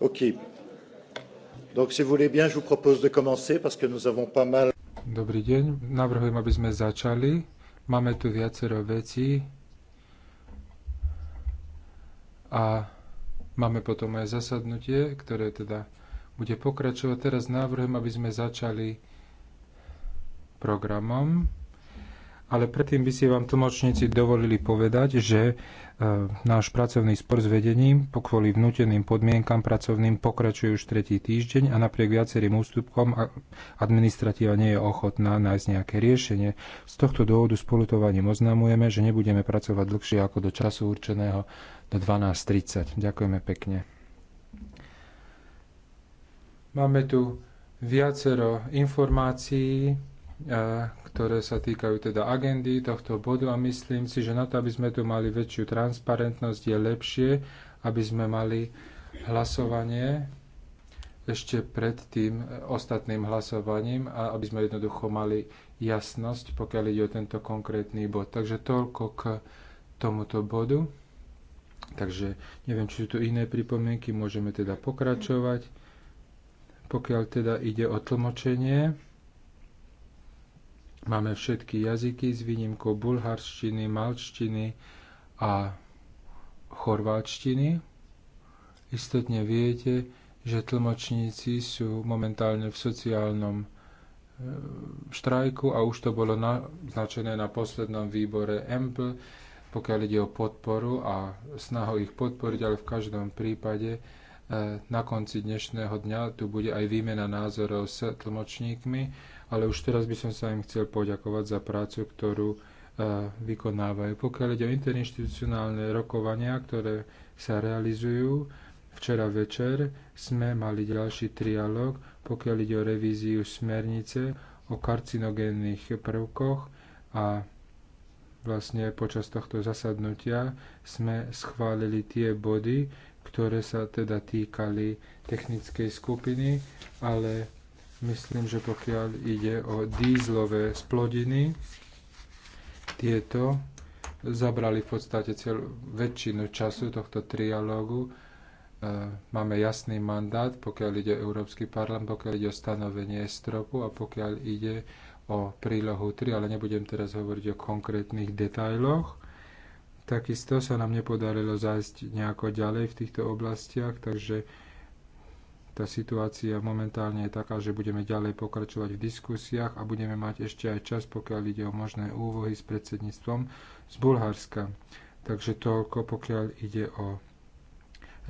OK. Donc, si vous voulez bien, je vous propose de commencer parce que nous avons pas mal... Dobrý deň. Navrhujem, aby sme začali. Máme tu viacero vecí. A máme potom aj zasadnutie, ktoré teda bude pokračovať. Teraz navrhujem, aby sme začali programom ale predtým by si vám tlmočníci dovolili povedať, že e, náš pracovný spor s vedením kvôli vnúteným podmienkam pracovným pokračuje už tretí týždeň a napriek viacerým ústupkom administratíva nie je ochotná nájsť nejaké riešenie. Z tohto dôvodu spolutovaním oznamujeme, že nebudeme pracovať dlhšie ako do času určeného do 12.30. Ďakujeme pekne. Máme tu viacero informácií ktoré sa týkajú teda agendy tohto bodu a myslím si, že na to, aby sme tu mali väčšiu transparentnosť, je lepšie, aby sme mali hlasovanie ešte pred tým e, ostatným hlasovaním a aby sme jednoducho mali jasnosť, pokiaľ ide o tento konkrétny bod. Takže toľko k tomuto bodu. Takže neviem, či sú tu iné pripomienky, môžeme teda pokračovať. Pokiaľ teda ide o tlmočenie, Máme všetky jazyky s výnimkou bulharštiny, malštiny a chorváčtiny. Istotne viete, že tlmočníci sú momentálne v sociálnom e, štrajku a už to bolo naznačené na poslednom výbore EMPL, pokiaľ ide o podporu a snahu ich podporiť, ale v každom prípade e, na konci dnešného dňa tu bude aj výmena názorov s tlmočníkmi ale už teraz by som sa im chcel poďakovať za prácu, ktorú e, vykonávajú. Pokiaľ ide o interinstitucionálne rokovania, ktoré sa realizujú, včera večer sme mali ďalší trialog, pokiaľ ide o revíziu smernice o karcinogénnych prvkoch a vlastne počas tohto zasadnutia sme schválili tie body, ktoré sa teda týkali technickej skupiny, ale Myslím, že pokiaľ ide o dízlové splodiny, tieto zabrali v podstate celú väčšinu času tohto trialógu. E, máme jasný mandát, pokiaľ ide o Európsky parlament, pokiaľ ide o stanovenie stropu a pokiaľ ide o prílohu 3, ale nebudem teraz hovoriť o konkrétnych detailoch. Takisto sa nám nepodarilo zájsť nejako ďalej v týchto oblastiach, takže tá situácia momentálne je taká, že budeme ďalej pokračovať v diskusiách a budeme mať ešte aj čas, pokiaľ ide o možné úvohy s predsedníctvom z Bulharska. Takže toľko, pokiaľ ide o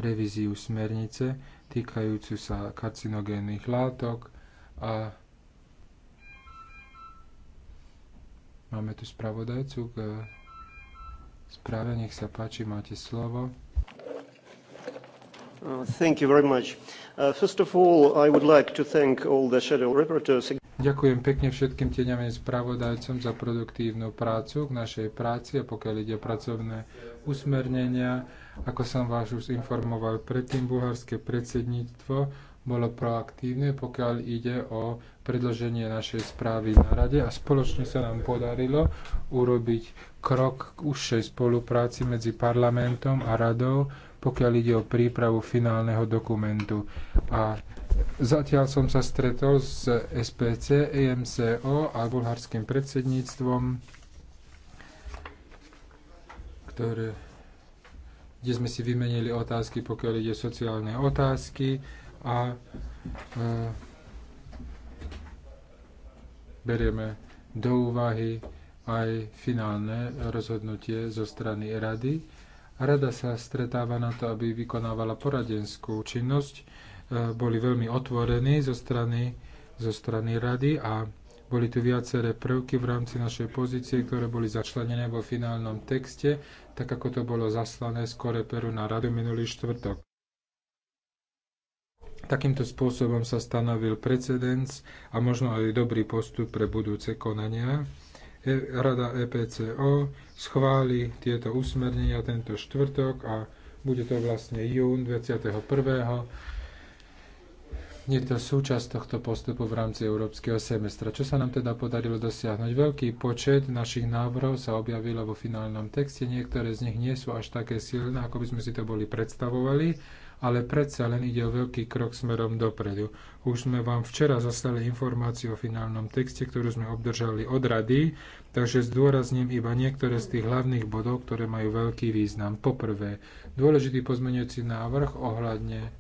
revíziu smernice týkajúcu sa karcinogénnych látok a máme tu spravodajcu k správe, nech sa páči, máte slovo. Ďakujem pekne všetkým tieňavým spravodajcom za produktívnu prácu k našej práci a pokiaľ ide o pracovné usmernenia, ako som vás už informoval predtým, bulharské predsedníctvo bolo proaktívne, pokiaľ ide o predloženie našej správy na rade a spoločne sa nám podarilo urobiť krok k užšej spolupráci medzi parlamentom a radou pokiaľ ide o prípravu finálneho dokumentu. A zatiaľ som sa stretol s SPC, EMCO a bulharským predsedníctvom, ktoré, kde sme si vymenili otázky, pokiaľ ide o sociálne otázky a e, berieme do úvahy aj finálne rozhodnutie zo strany rady Rada sa stretáva na to, aby vykonávala poradenskú činnosť. E, boli veľmi otvorení zo strany, zo strany rady a boli tu viaceré prvky v rámci našej pozície, ktoré boli začlenené vo finálnom texte, tak ako to bolo zaslané z Koreperu na radu minulý štvrtok. Takýmto spôsobom sa stanovil precedens a možno aj dobrý postup pre budúce konania. E, Rada EPCO schváli tieto usmernenia tento štvrtok a bude to vlastne jún 21. Je to súčasť tohto postupu v rámci európskeho semestra. Čo sa nám teda podarilo dosiahnuť? Veľký počet našich návrhov sa objavilo vo finálnom texte. Niektoré z nich nie sú až také silné, ako by sme si to boli predstavovali ale predsa len ide o veľký krok smerom dopredu. Už sme vám včera zaslali informáciu o finálnom texte, ktorú sme obdržali od rady, takže zdôrazním iba niektoré z tých hlavných bodov, ktoré majú veľký význam. Poprvé, dôležitý pozmeňujúci návrh ohľadne e,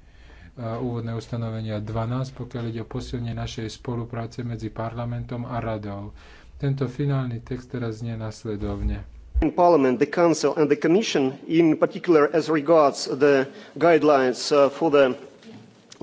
úvodné ustanovenia 12, pokiaľ ide o posilnenie našej spolupráce medzi parlamentom a radou. Tento finálny text teraz znie nasledovne in Parliament, the Council and the Commission, in particular as regards the guidelines uh, for, the,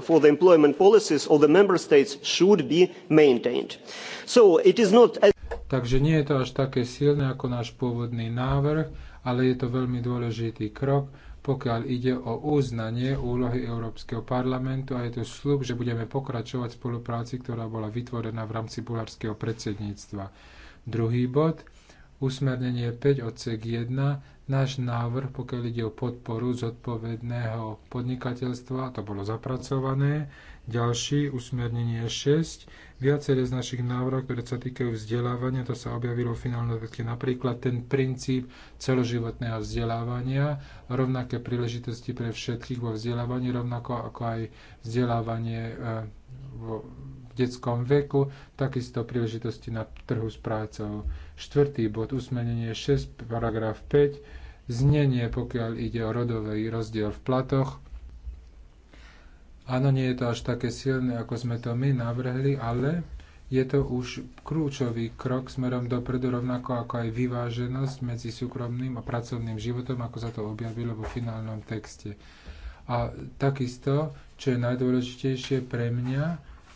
for the employment policies of the Member States should be maintained. So it is not as Takže nie je to až také silné ako náš pôvodný návrh, ale je to veľmi dôležitý krok, pokiaľ ide o uznanie úlohy Európskeho parlamentu a je to slub, že budeme pokračovať v spolupráci, ktorá bola vytvorená v rámci bulharského predsedníctva. Druhý bod usmernenie 5 odsek 1, náš návrh, pokiaľ ide o podporu zodpovedného podnikateľstva, to bolo zapracované. Ďalší, usmernenie 6, viaceré z našich návrhov, ktoré sa týkajú vzdelávania, to sa objavilo v finálnom veci, napríklad ten princíp celoživotného vzdelávania, rovnaké príležitosti pre všetkých vo vzdelávaní, rovnako ako aj vzdelávanie eh, v detskom veku, takisto príležitosti na trhu s prácou. Štvrtý bod, usmenenie 6, paragraf 5, znenie, pokiaľ ide o rodový rozdiel v platoch. Áno, nie je to až také silné, ako sme to my navrhli, ale je to už kľúčový krok smerom dopredu, rovnako ako aj vyváženosť medzi súkromným a pracovným životom, ako sa to objavilo vo finálnom texte. A takisto, čo je najdôležitejšie pre mňa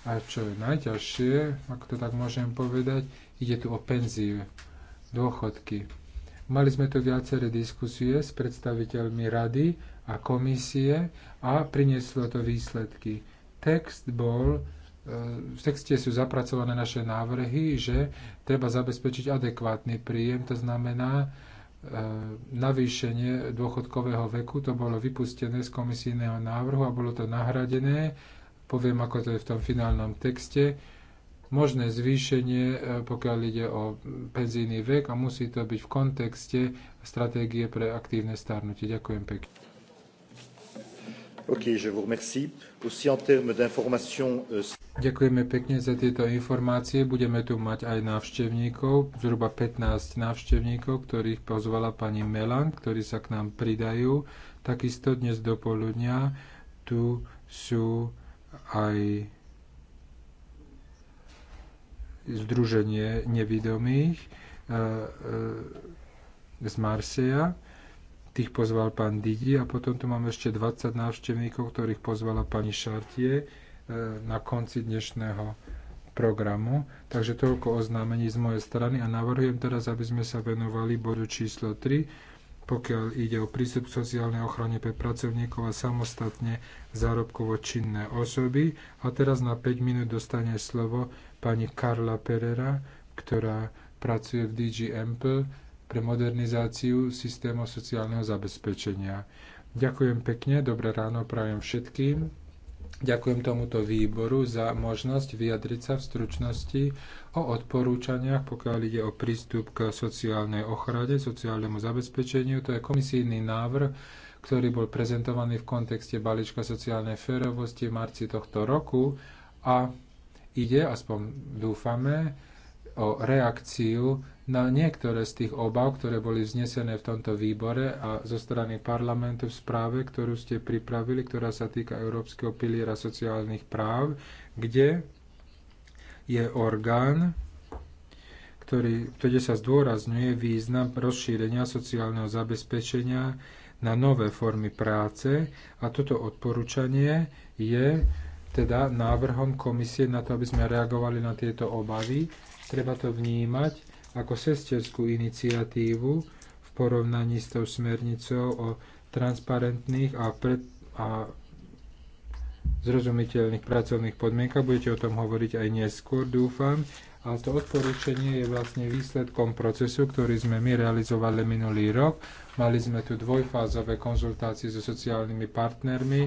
a čo je najťažšie, ak to tak môžem povedať, Ide tu o penzie, dôchodky. Mali sme tu viaceré diskusie s predstaviteľmi rady a komisie a prinieslo to výsledky. Text bol, e, v texte sú zapracované naše návrhy, že treba zabezpečiť adekvátny príjem, to znamená e, navýšenie dôchodkového veku, to bolo vypustené z komisijného návrhu a bolo to nahradené, poviem ako to je v tom finálnom texte, možné zvýšenie, e, pokiaľ ide o penzijný vek a musí to byť v kontexte stratégie pre aktívne starnutie. Ďakujem pekne. OK, je vous remercie. Aussi en termes d'informations... Euh, Ďakujeme pekne za tieto informácie. Budeme tu mať aj návštevníkov, zhruba 15 návštevníkov, ktorých pozvala pani Melan, ktorí sa k nám pridajú. Takisto dnes do poludnia tu sú aj Združenie nevidomých e, e, z Marseja. Tých pozval pán Didi a potom tu máme ešte 20 návštevníkov, ktorých pozvala pani Šartie e, na konci dnešného programu. Takže toľko oznámení z mojej strany a navrhujem teraz, aby sme sa venovali bodu číslo 3, pokiaľ ide o prístup k sociálnej ochrane pre pracovníkov a samostatne zárobkovo činné osoby. A teraz na 5 minút dostane slovo pani Karla Perera, ktorá pracuje v DG Ample pre modernizáciu systému sociálneho zabezpečenia. Ďakujem pekne, dobré ráno prajem všetkým. Ďakujem tomuto výboru za možnosť vyjadriť sa v stručnosti o odporúčaniach, pokiaľ ide o prístup k sociálnej ochrane, sociálnemu zabezpečeniu. To je komisijný návrh, ktorý bol prezentovaný v kontexte balíčka sociálnej férovosti v marci tohto roku a Ide, aspoň dúfame, o reakciu na niektoré z tých obav, ktoré boli vznesené v tomto výbore a zo strany parlamentu v správe, ktorú ste pripravili, ktorá sa týka Európskeho piliera sociálnych práv, kde je orgán, ktorý, ktorý sa zdôrazňuje význam rozšírenia sociálneho zabezpečenia na nové formy práce a toto odporúčanie je teda návrhom komisie na to, aby sme reagovali na tieto obavy. Treba to vnímať ako sesterskú iniciatívu v porovnaní s tou smernicou o transparentných a, pre, a zrozumiteľných pracovných podmienkach. Budete o tom hovoriť aj neskôr, dúfam. A to odporúčanie je vlastne výsledkom procesu, ktorý sme my realizovali minulý rok. Mali sme tu dvojfázové konzultácie so sociálnymi partnermi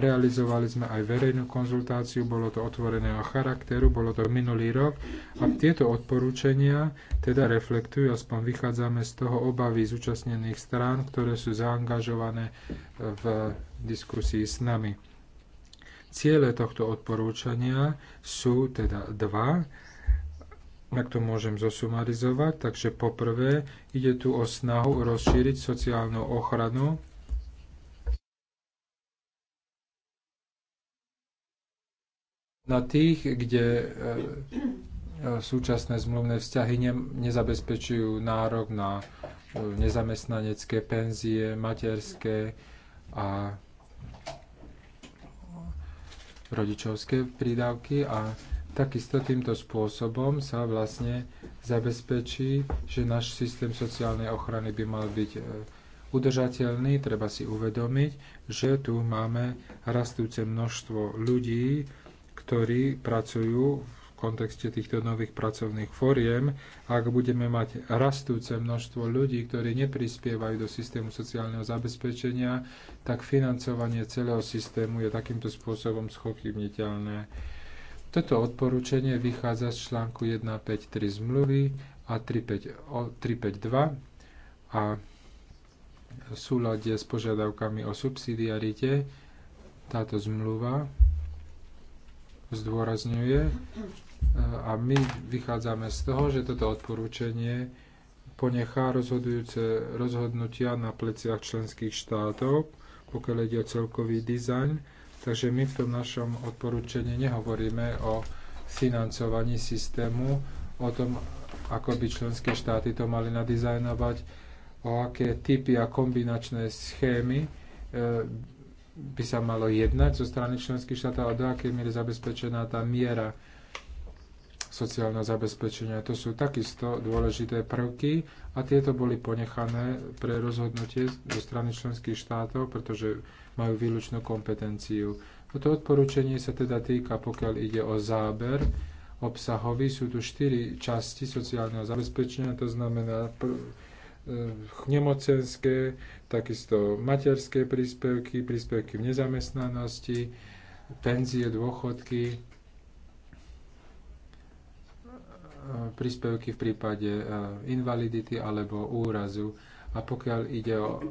Realizovali sme aj verejnú konzultáciu, bolo to otvoreného charakteru, bolo to minulý rok a tieto odporúčania teda reflektujú, aspoň vychádzame z toho obavy zúčastnených strán, ktoré sú zaangažované v diskusii s nami. Ciele tohto odporúčania sú teda dva ak to môžem zosumarizovať, takže poprvé ide tu o snahu rozšíriť sociálnu ochranu na tých, kde e, e, súčasné zmluvné vzťahy ne, nezabezpečujú nárok na e, nezamestnanecké penzie, materské a rodičovské prídavky a takisto týmto spôsobom sa vlastne zabezpečí, že náš systém sociálnej ochrany by mal byť udržateľný. Treba si uvedomiť, že tu máme rastúce množstvo ľudí, ktorí pracujú v kontexte týchto nových pracovných foriem, ak budeme mať rastúce množstvo ľudí, ktorí neprispievajú do systému sociálneho zabezpečenia, tak financovanie celého systému je takýmto spôsobom schopniteľné. Toto odporúčanie vychádza z článku 153 zmluvy a 352 a v súlade s požiadavkami o subsidiarite táto zmluva zdôrazňuje e, a my vychádzame z toho, že toto odporúčanie ponechá rozhodujúce rozhodnutia na pleciach členských štátov, pokiaľ ide o celkový dizajn. Takže my v tom našom odporúčení nehovoríme o financovaní systému, o tom, ako by členské štáty to mali nadizajnovať, o aké typy a kombinačné schémy e, by sa malo jednať zo strany členských štátov a do akej miery zabezpečená tá miera sociálneho zabezpečenia. To sú takisto dôležité prvky a tieto boli ponechané pre rozhodnutie zo strany členských štátov, pretože majú výlučnú kompetenciu. Toto odporúčanie sa teda týka, pokiaľ ide o záber obsahový, sú tu štyri časti sociálneho zabezpečenia, to znamená pr- nemocenské, takisto materské príspevky, príspevky v nezamestnanosti, penzie, dôchodky, e, príspevky v prípade e, invalidity alebo úrazu. A pokiaľ ide o e,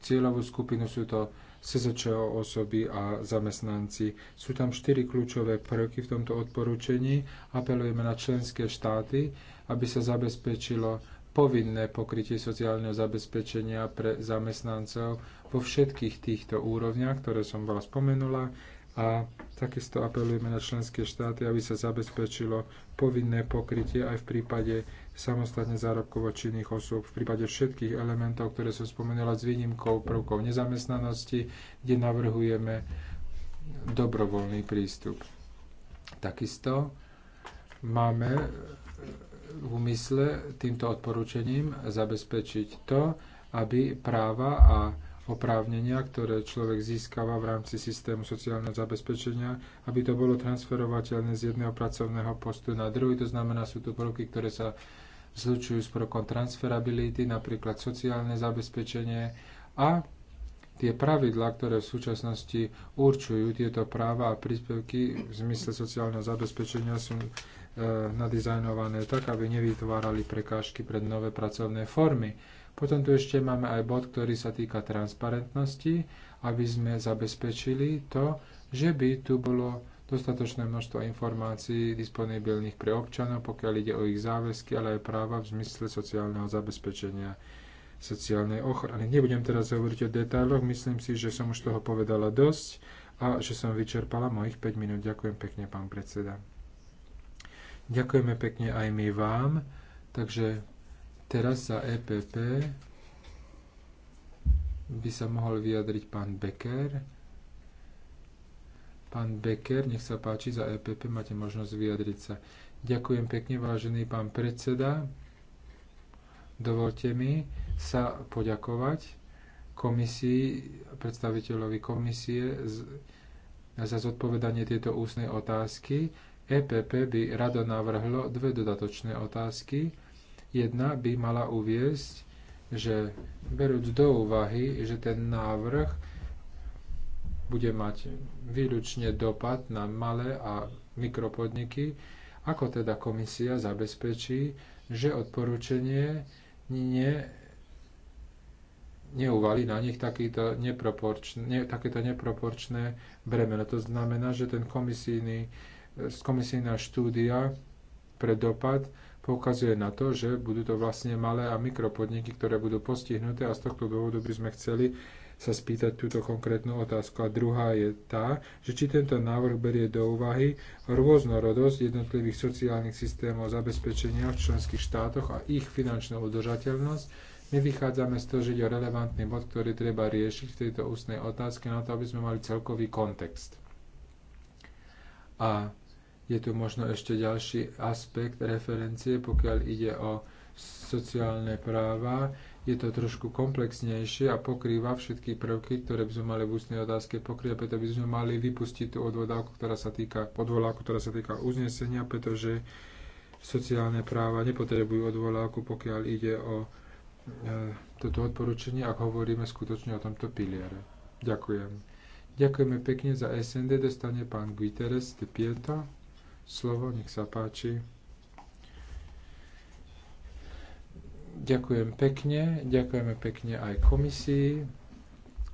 cieľovú skupinu, sú to SZČO osoby a zamestnanci. Sú tam štyri kľúčové prvky v tomto odporúčení. Apelujeme na členské štáty, aby sa zabezpečilo povinné pokrytie sociálneho zabezpečenia pre zamestnancov vo všetkých týchto úrovniach, ktoré som vás spomenula, a takisto apelujeme na členské štáty, aby sa zabezpečilo povinné pokrytie aj v prípade samostatne zárobkovo činných osôb v prípade všetkých elementov, ktoré som spomenula s výnimkou prvkov nezamestnanosti, kde navrhujeme dobrovoľný prístup. Takisto máme v úmysle týmto odporúčením zabezpečiť to, aby práva a oprávnenia, ktoré človek získava v rámci systému sociálneho zabezpečenia, aby to bolo transferovateľné z jedného pracovného postu na druhý. To znamená, sú to prvky, ktoré sa zlučujú s prvkom transferability, napríklad sociálne zabezpečenie a tie pravidlá, ktoré v súčasnosti určujú tieto práva a príspevky v zmysle sociálneho zabezpečenia sú e, nadizajnované tak, aby nevytvárali prekážky pred nové pracovné formy. Potom tu ešte máme aj bod, ktorý sa týka transparentnosti, aby sme zabezpečili to, že by tu bolo dostatočné množstvo informácií disponibilných pre občanov, pokiaľ ide o ich záväzky, ale aj práva v zmysle sociálneho zabezpečenia sociálnej ochrany. Nebudem teraz hovoriť o detailoch, myslím si, že som už toho povedala dosť a že som vyčerpala mojich 5 minút. Ďakujem pekne, pán predseda. Ďakujeme pekne aj my vám. Takže teraz za EPP by sa mohol vyjadriť pán Becker. Pán Becker, nech sa páči za EPP, máte možnosť vyjadriť sa. Ďakujem pekne, vážený pán predseda. Dovolte mi sa poďakovať komisii, predstaviteľovi komisie za zodpovedanie tieto ústnej otázky. EPP by rado navrhlo dve dodatočné otázky. Jedna by mala uviesť, že berúc do úvahy, že ten návrh bude mať výlučne dopad na malé a mikropodniky, ako teda komisia zabezpečí, že odporúčanie nie, neuvali na nich takýto neproporčné, takéto neproporčné bremeno. To znamená, že ten komisijný, komisijná štúdia pre dopad poukazuje na to, že budú to vlastne malé a mikropodniky, ktoré budú postihnuté a z tohto dôvodu by sme chceli sa spýtať túto konkrétnu otázku. A druhá je tá, že či tento návrh berie do úvahy rôznorodosť jednotlivých sociálnych systémov zabezpečenia v členských štátoch a ich finančnú udržateľnosť. My vychádzame z toho, že ide o relevantný bod, ktorý treba riešiť v tejto ústnej otázke na to, aby sme mali celkový kontext. A je tu možno ešte ďalší aspekt referencie, pokiaľ ide o sociálne práva je to trošku komplexnejšie a pokrýva všetky prvky, ktoré by sme mali v ústnej otázke pokryť, preto by sme mali vypustiť tú odvodávku, ktorá sa týka, odvolávku, ktorá sa týka uznesenia, pretože sociálne práva nepotrebujú odvolávku, pokiaľ ide o e, toto odporúčanie, ak hovoríme skutočne o tomto piliere. Ďakujem. Ďakujeme pekne za SND, dostane pán Guiteres de Pieta. Slovo, nech sa páči. Ďakujem pekne, ďakujeme pekne aj komisii,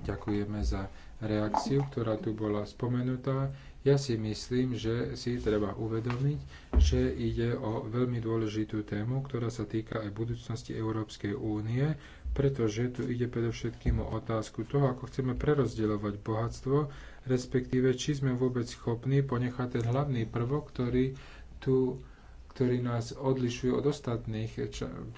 ďakujeme za reakciu, ktorá tu bola spomenutá. Ja si myslím, že si treba uvedomiť, že ide o veľmi dôležitú tému, ktorá sa týka aj budúcnosti Európskej únie, pretože tu ide predovšetkým o otázku toho, ako chceme prerozdeľovať bohatstvo, respektíve či sme vôbec schopní ponechať ten hlavný prvok, ktorý tu ktorý nás odlišujú od ostatných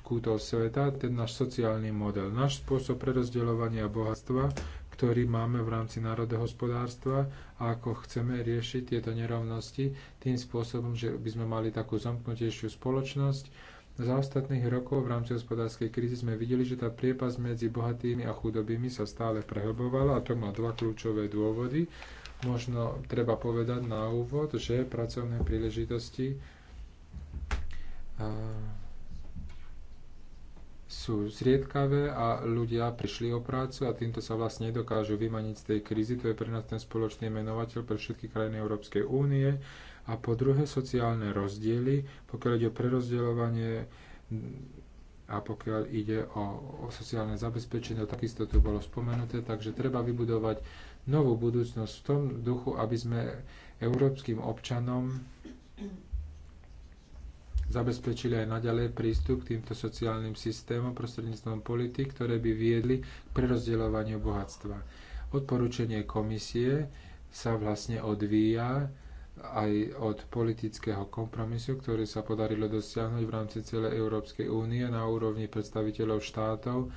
kútov sveta, ten náš sociálny model, náš spôsob prerozdeľovania bohatstva, ktorý máme v rámci národného hospodárstva a ako chceme riešiť tieto nerovnosti tým spôsobom, že by sme mali takú zamknutejšiu spoločnosť. Za ostatných rokov v rámci hospodárskej krízy sme videli, že tá priepas medzi bohatými a chudobými sa stále prehlbovala a to má dva kľúčové dôvody. Možno treba povedať na úvod, že pracovné príležitosti sú zriedkavé a ľudia prišli o prácu a týmto sa vlastne nedokážu vymaniť z tej krízy. To je pre nás ten spoločný menovateľ pre všetky krajiny Európskej únie. A po druhé sociálne rozdiely, pokiaľ ide o prerozdeľovanie a pokiaľ ide o, o sociálne zabezpečenie, takisto tu bolo spomenuté, takže treba vybudovať novú budúcnosť v tom duchu, aby sme európskym občanom zabezpečili aj naďalej prístup k týmto sociálnym systémom prostredníctvom politik, ktoré by viedli k prerozdeľovaniu bohatstva. Odporúčanie komisie sa vlastne odvíja aj od politického kompromisu, ktorý sa podarilo dosiahnuť v rámci celej Európskej únie na úrovni predstaviteľov štátov,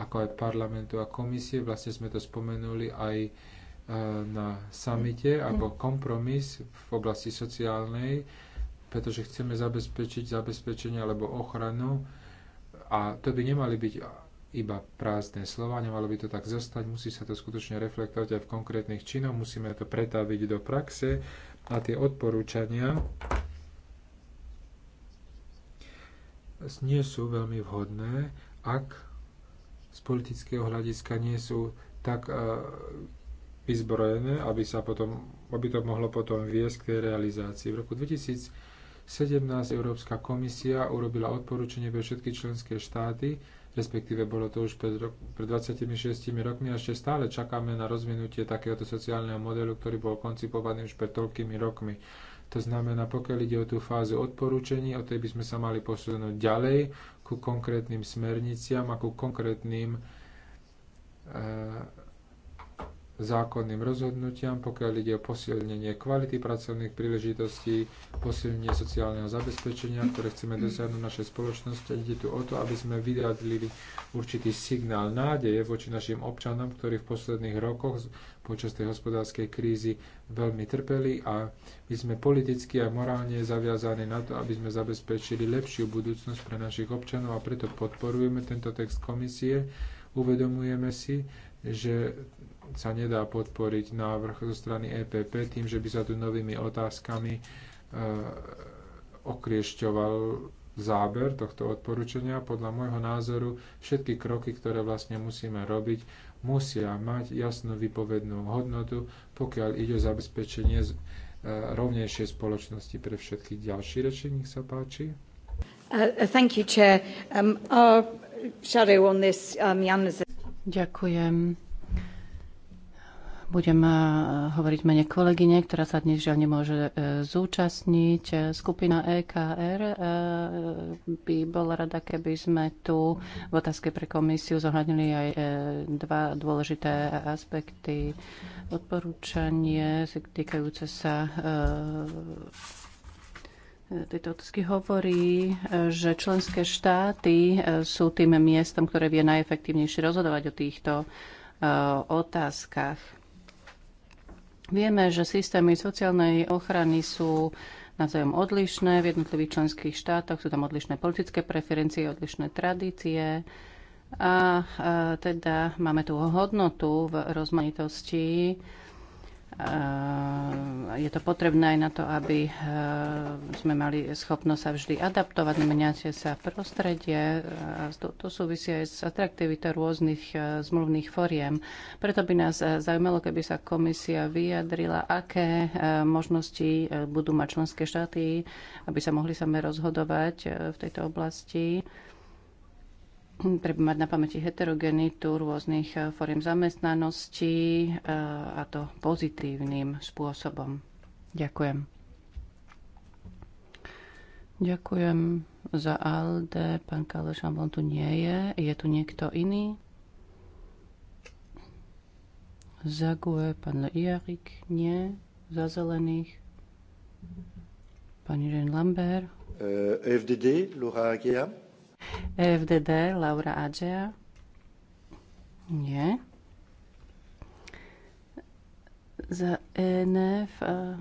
ako aj parlamentu a komisie. Vlastne sme to spomenuli aj e, na samite ako kompromis v oblasti sociálnej pretože chceme zabezpečiť zabezpečenie alebo ochranu a to by nemali byť iba prázdne slova, nemalo by to tak zostať, musí sa to skutočne reflektovať aj v konkrétnych činoch, musíme to pretaviť do praxe a tie odporúčania nie sú veľmi vhodné, ak z politického hľadiska nie sú tak e, vyzbrojené, aby, sa potom, aby to mohlo potom viesť k tej realizácii. V roku 2000 17 Európska komisia urobila odporúčanie pre všetky členské štáty, respektíve bolo to už pred, pred 26 rokmi a ešte stále čakáme na rozvinutie takéhoto sociálneho modelu, ktorý bol koncipovaný už pred toľkými rokmi. To znamená, pokiaľ ide o tú fázu odporúčení, o tej by sme sa mali posunúť ďalej ku konkrétnym smerniciam a ku konkrétnym e, zákonným rozhodnutiam, pokiaľ ide o posilnenie kvality pracovných príležitostí, posilnenie sociálneho zabezpečenia, ktoré chceme dosiahnuť v našej spoločnosti. A ide tu o to, aby sme vyjadrili určitý signál nádeje voči našim občanom, ktorí v posledných rokoch počas tej hospodárskej krízy veľmi trpeli a my sme politicky a morálne zaviazaní na to, aby sme zabezpečili lepšiu budúcnosť pre našich občanov a preto podporujeme tento text komisie. Uvedomujeme si, že sa nedá podporiť návrh zo strany EPP tým, že by sa tu novými otázkami eh, okriešťoval záber tohto odporúčania. Podľa môjho názoru všetky kroky, ktoré vlastne musíme robiť, musia mať jasnú vypovednú hodnotu, pokiaľ ide o zabezpečenie eh, rovnejšej spoločnosti pre všetkých. Ďalší rečeník sa páči. Uh, uh you, um, this, um, Ďakujem. Budem e, hovoriť mene kolegyne, ktorá sa dnes žiaľ nemôže e, zúčastniť. E, skupina EKR by bola rada, keby sme tu v otázke pre komisiu zohľadnili aj dva dôležité aspekty. Odporúčanie týkajúce sa tejto otázky hovorí, že členské štáty sú tým miestom, ktoré vie najefektívnejšie rozhodovať o týchto otázkach. Vieme, že systémy sociálnej ochrany sú navzájom odlišné v jednotlivých členských štátoch, sú tam odlišné politické preferencie, odlišné tradície a, a e, teda máme tú hodnotu v rozmanitosti Eh, je to potrebné aj na to, aby eh, sme mali schopnosť sa vždy adaptovať na meniacie sa prostredie. To, to súvisí aj s atraktivitou rôznych eh, zmluvných foriem. Preto by nás zaujímalo, keby sa komisia vyjadrila, aké možnosti budú mať členské štáty, aby sa mohli same rozhodovať v tejto oblasti Hm, treba mať na pamäti heterogenitu rôznych eh, foriem zamestnanosti eh, a to pozitívnym spôsobom. Ďakujem. Ďakujem za Alde. Pán Kaleš tu nie je. Je tu niekto iný? Za GUE, pán Iarik, nie. Za zelených. Pani Jean Lambert. Uh, eh, FDD, Laura Aguiar. FDD, Laura Adžia. Nie. Za ENF... E,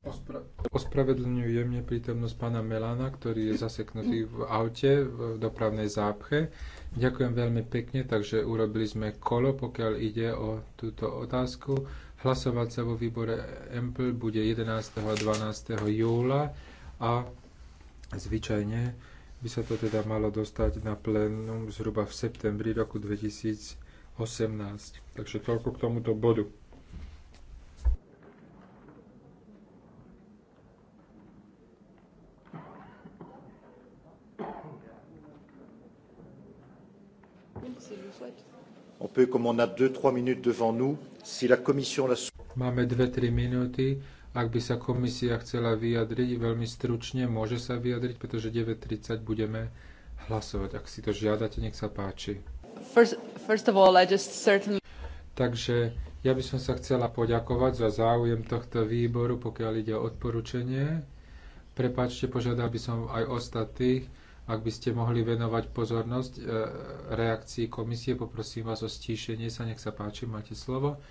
Ospra- ospravedlňujem prítomnosť pána Melana, ktorý je zaseknutý v aute v dopravnej zápche. Ďakujem veľmi pekne, takže urobili sme kolo, pokiaľ ide o túto otázku. Hlasovať sa vo výbore EMPL bude 11. a 12. júla a zvyčajne by sa to teda malo dostať na plénum zhruba v septembri roku 2018. Takže toľko k tomuto bodu. Máme 2-3 minúty, ak by sa komisia chcela vyjadriť veľmi stručne, môže sa vyjadriť, pretože 9.30 budeme hlasovať. Ak si to žiadate, nech sa páči. First, first of all, I just certainly... Takže ja by som sa chcela poďakovať za záujem tohto výboru, pokiaľ ide o odporúčanie. Prepačte, požiadal by som aj ostatných, ak by ste mohli venovať pozornosť e, reakcii komisie, poprosím vás o stíšenie sa, nech sa páči, máte slovo.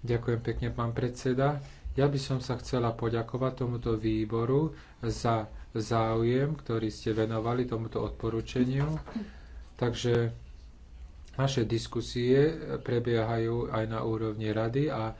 Ďakujem pekne, pán predseda. Ja by som sa chcela poďakovať tomuto výboru za záujem, ktorý ste venovali tomuto odporúčeniu. Takže naše diskusie prebiehajú aj na úrovni rady a e,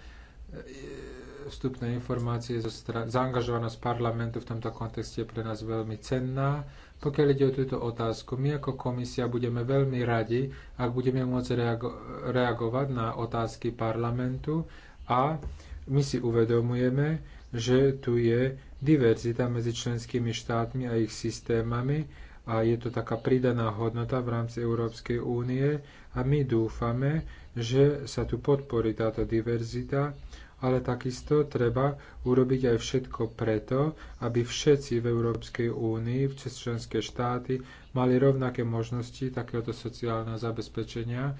vstupné informácie zo zaangažovanosť parlamentu v tomto kontexte je pre nás veľmi cenná. Pokiaľ ide o túto otázku, my ako komisia budeme veľmi radi, ak budeme môcť reago- reagovať na otázky parlamentu a my si uvedomujeme, že tu je diverzita medzi členskými štátmi a ich systémami a je to taká pridaná hodnota v rámci Európskej únie a my dúfame, že sa tu podporí táto diverzita, ale takisto treba urobiť aj všetko preto, aby všetci v Európskej únii, v členské štáty, mali rovnaké možnosti takéhoto sociálneho zabezpečenia.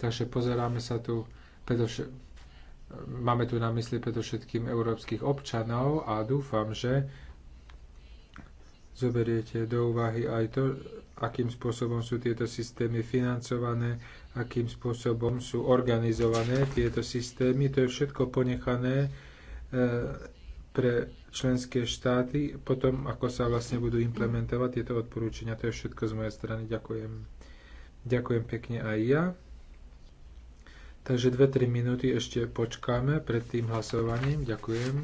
Takže pozeráme sa tu predovšetkým Máme tu na mysli predovšetkým európskych občanov a dúfam, že zoberiete do úvahy aj to, akým spôsobom sú tieto systémy financované, akým spôsobom sú organizované tieto systémy. To je všetko ponechané e, pre členské štáty, potom ako sa vlastne budú implementovať tieto odporúčania. To je všetko z mojej strany. Ďakujem. Ďakujem pekne aj ja. Takže 2-3 minúty ešte počkáme pred tým hlasovaním. Ďakujem.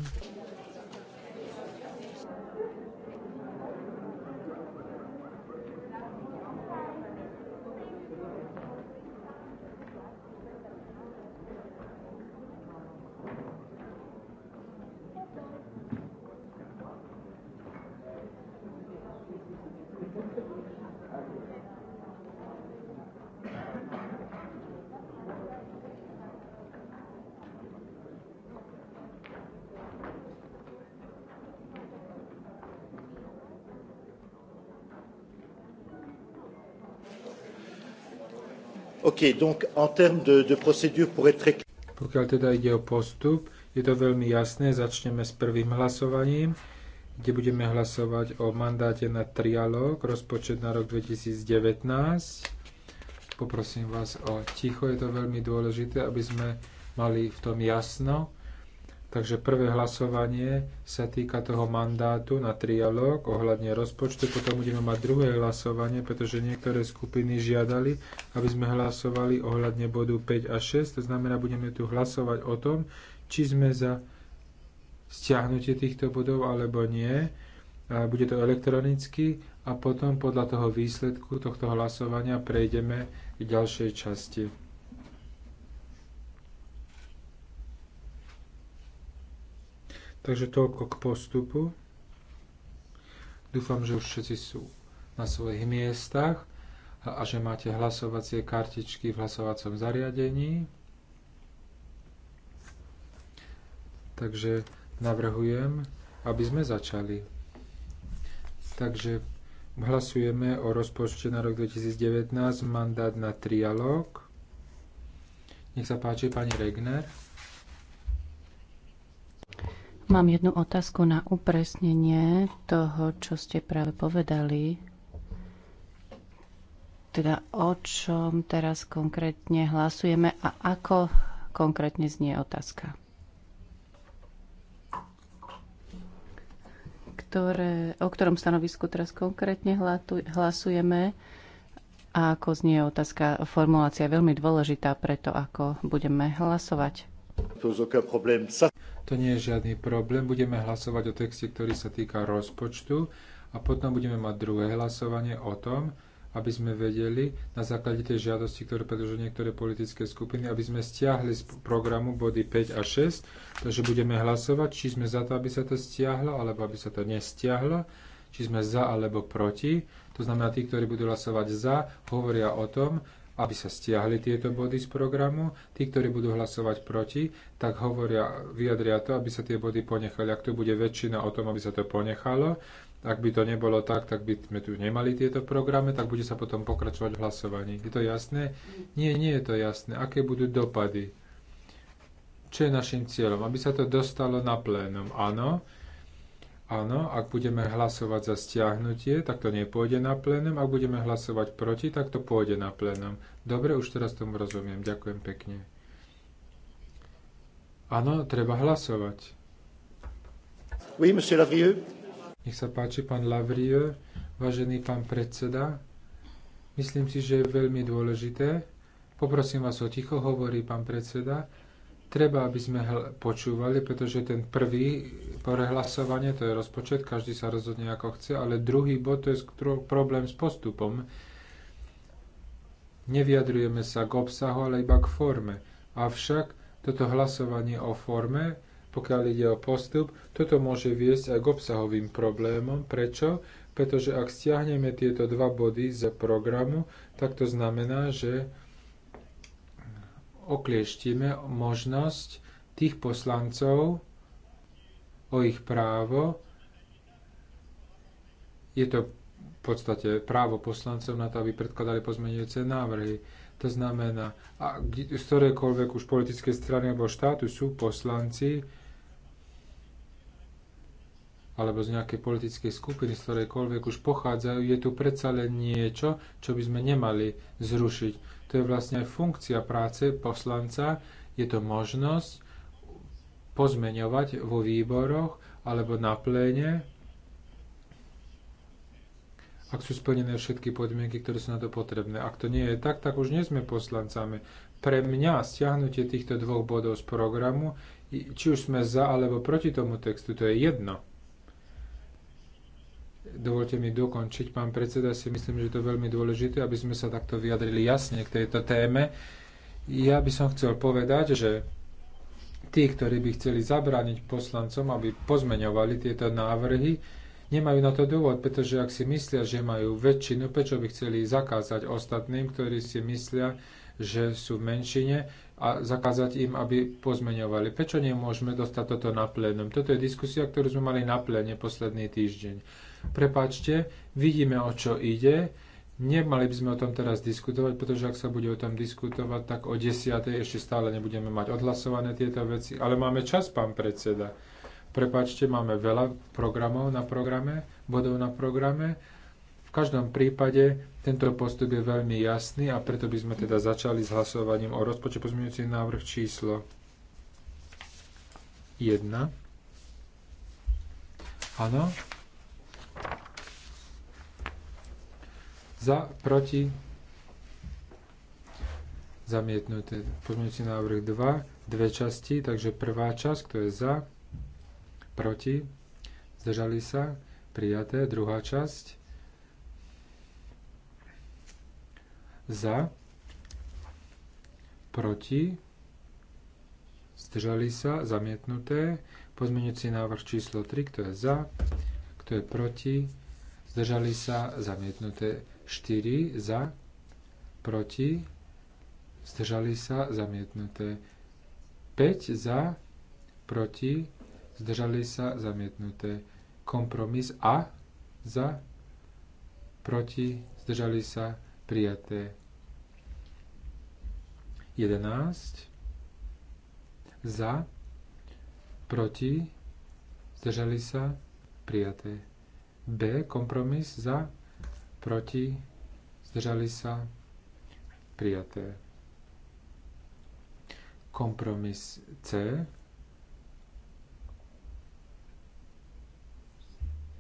okay, donc en termes de, de procédure pour être très... Pokiaľ teda ide o postup, je to veľmi jasné. Začneme s prvým hlasovaním, kde budeme hlasovať o mandáte na trialog, rozpočet na rok 2019. Poprosím vás o ticho, je to veľmi dôležité, aby sme mali v tom jasno. Takže prvé hlasovanie sa týka toho mandátu na trialóg ohľadne rozpočtu, potom budeme mať druhé hlasovanie, pretože niektoré skupiny žiadali, aby sme hlasovali ohľadne bodu 5 a 6, to znamená, budeme tu hlasovať o tom, či sme za stiahnutie týchto bodov alebo nie. Bude to elektronicky a potom podľa toho výsledku tohto hlasovania prejdeme k ďalšej časti. Takže toľko k postupu. Dúfam, že už všetci sú na svojich miestach a že máte hlasovacie kartičky v hlasovacom zariadení. Takže navrhujem, aby sme začali. Takže hlasujeme o rozpočte na rok 2019, mandát na trialog. Nech sa páči, pani Regner. Mám jednu otázku na upresnenie toho, čo ste práve povedali. Teda o čom teraz konkrétne hlasujeme a ako konkrétne znie otázka? Ktoré, o ktorom stanovisku teraz konkrétne hlasujeme a ako znie otázka? Formulácia je veľmi dôležitá preto, ako budeme hlasovať. To nie je žiadny problém. Budeme hlasovať o texte, ktorý sa týka rozpočtu a potom budeme mať druhé hlasovanie o tom, aby sme vedeli na základe tej žiadosti, ktoré predložili niektoré politické skupiny, aby sme stiahli z programu body 5 a 6. Takže budeme hlasovať, či sme za to, aby sa to stiahlo, alebo aby sa to nestiahlo, či sme za alebo proti. To znamená, tí, ktorí budú hlasovať za, hovoria o tom, aby sa stiahli tieto body z programu. Tí, ktorí budú hlasovať proti, tak hovoria, vyjadria to, aby sa tie body ponechali. Ak tu bude väčšina o tom, aby sa to ponechalo, ak by to nebolo tak, tak by sme tu nemali tieto programy, tak bude sa potom pokračovať v hlasovaní. Je to jasné? Nie, nie je to jasné. Aké budú dopady? Čo je našim cieľom? Aby sa to dostalo na plénum. Áno, Áno, ak budeme hlasovať za stiahnutie, tak to nepôjde na plénum. Ak budeme hlasovať proti, tak to pôjde na plénum. Dobre, už teraz tomu rozumiem. Ďakujem pekne. Áno, treba hlasovať. Oui, monsieur Lavrieux. Nech sa páči, pán Lavrieux, vážený pán predseda. Myslím si, že je veľmi dôležité. Poprosím vás o ticho, hovorí pán predseda Treba, aby sme počúvali, pretože ten prvý prehlasovanie, to je rozpočet, každý sa rozhodne ako chce, ale druhý bod, to je problém s postupom. Nevyjadrujeme sa k obsahu, ale iba k forme. Avšak toto hlasovanie o forme, pokiaľ ide o postup, toto môže viesť aj k obsahovým problémom. Prečo? Pretože ak stiahneme tieto dva body z programu, tak to znamená, že oklieštime možnosť tých poslancov o ich právo. Je to v podstate právo poslancov na to, aby predkladali pozmenujúce návrhy. To znamená, a z ktorejkoľvek už politickej strany alebo štátu sú poslanci, alebo z nejakej politickej skupiny, z ktorejkoľvek už pochádzajú, je tu predsa len niečo, čo by sme nemali zrušiť. To je vlastne aj funkcia práce poslanca. Je to možnosť pozmeňovať vo výboroch alebo na pléne, ak sú splnené všetky podmienky, ktoré sú na to potrebné. Ak to nie je tak, tak už nie sme poslancami. Pre mňa stiahnutie týchto dvoch bodov z programu, či už sme za alebo proti tomu textu, to je jedno. Dovolte mi dokončiť, pán predseda, si myslím, že to je veľmi dôležité, aby sme sa takto vyjadrili jasne k tejto téme. Ja by som chcel povedať, že tí, ktorí by chceli zabrániť poslancom, aby pozmeňovali tieto návrhy, nemajú na to dôvod, pretože ak si myslia, že majú väčšinu, prečo by chceli zakázať ostatným, ktorí si myslia, že sú v menšine, a zakázať im, aby pozmeňovali. Prečo nemôžeme dostať toto na plénum? Toto je diskusia, ktorú sme mali na pléne posledný týždeň prepáčte, vidíme o čo ide, Nemali by sme o tom teraz diskutovať, pretože ak sa bude o tom diskutovať, tak o 10. ešte stále nebudeme mať odhlasované tieto veci. Ale máme čas, pán predseda. Prepačte, máme veľa programov na programe, bodov na programe. V každom prípade tento postup je veľmi jasný a preto by sme teda začali s hlasovaním o rozpočet pozmeňujúci návrh číslo 1. Áno, Za, proti, zamietnuté. Pozmeňujúci návrh 2, dve časti, takže prvá časť, kto je za, proti, zdržali sa, prijaté, druhá časť, za, proti, zdržali sa, zamietnuté, pozmeňujúci návrh číslo 3, kto je za, kto je proti, zdržali sa, zamietnuté 4 za, proti, zdržali sa, zamietnuté. 5 za, proti, zdržali sa, zamietnuté. Kompromis A za, proti, zdržali sa, prijaté. 11 za, proti, zdržali sa, prijaté. B, kompromis za, proti, zdržali sa, prijaté. Kompromis C,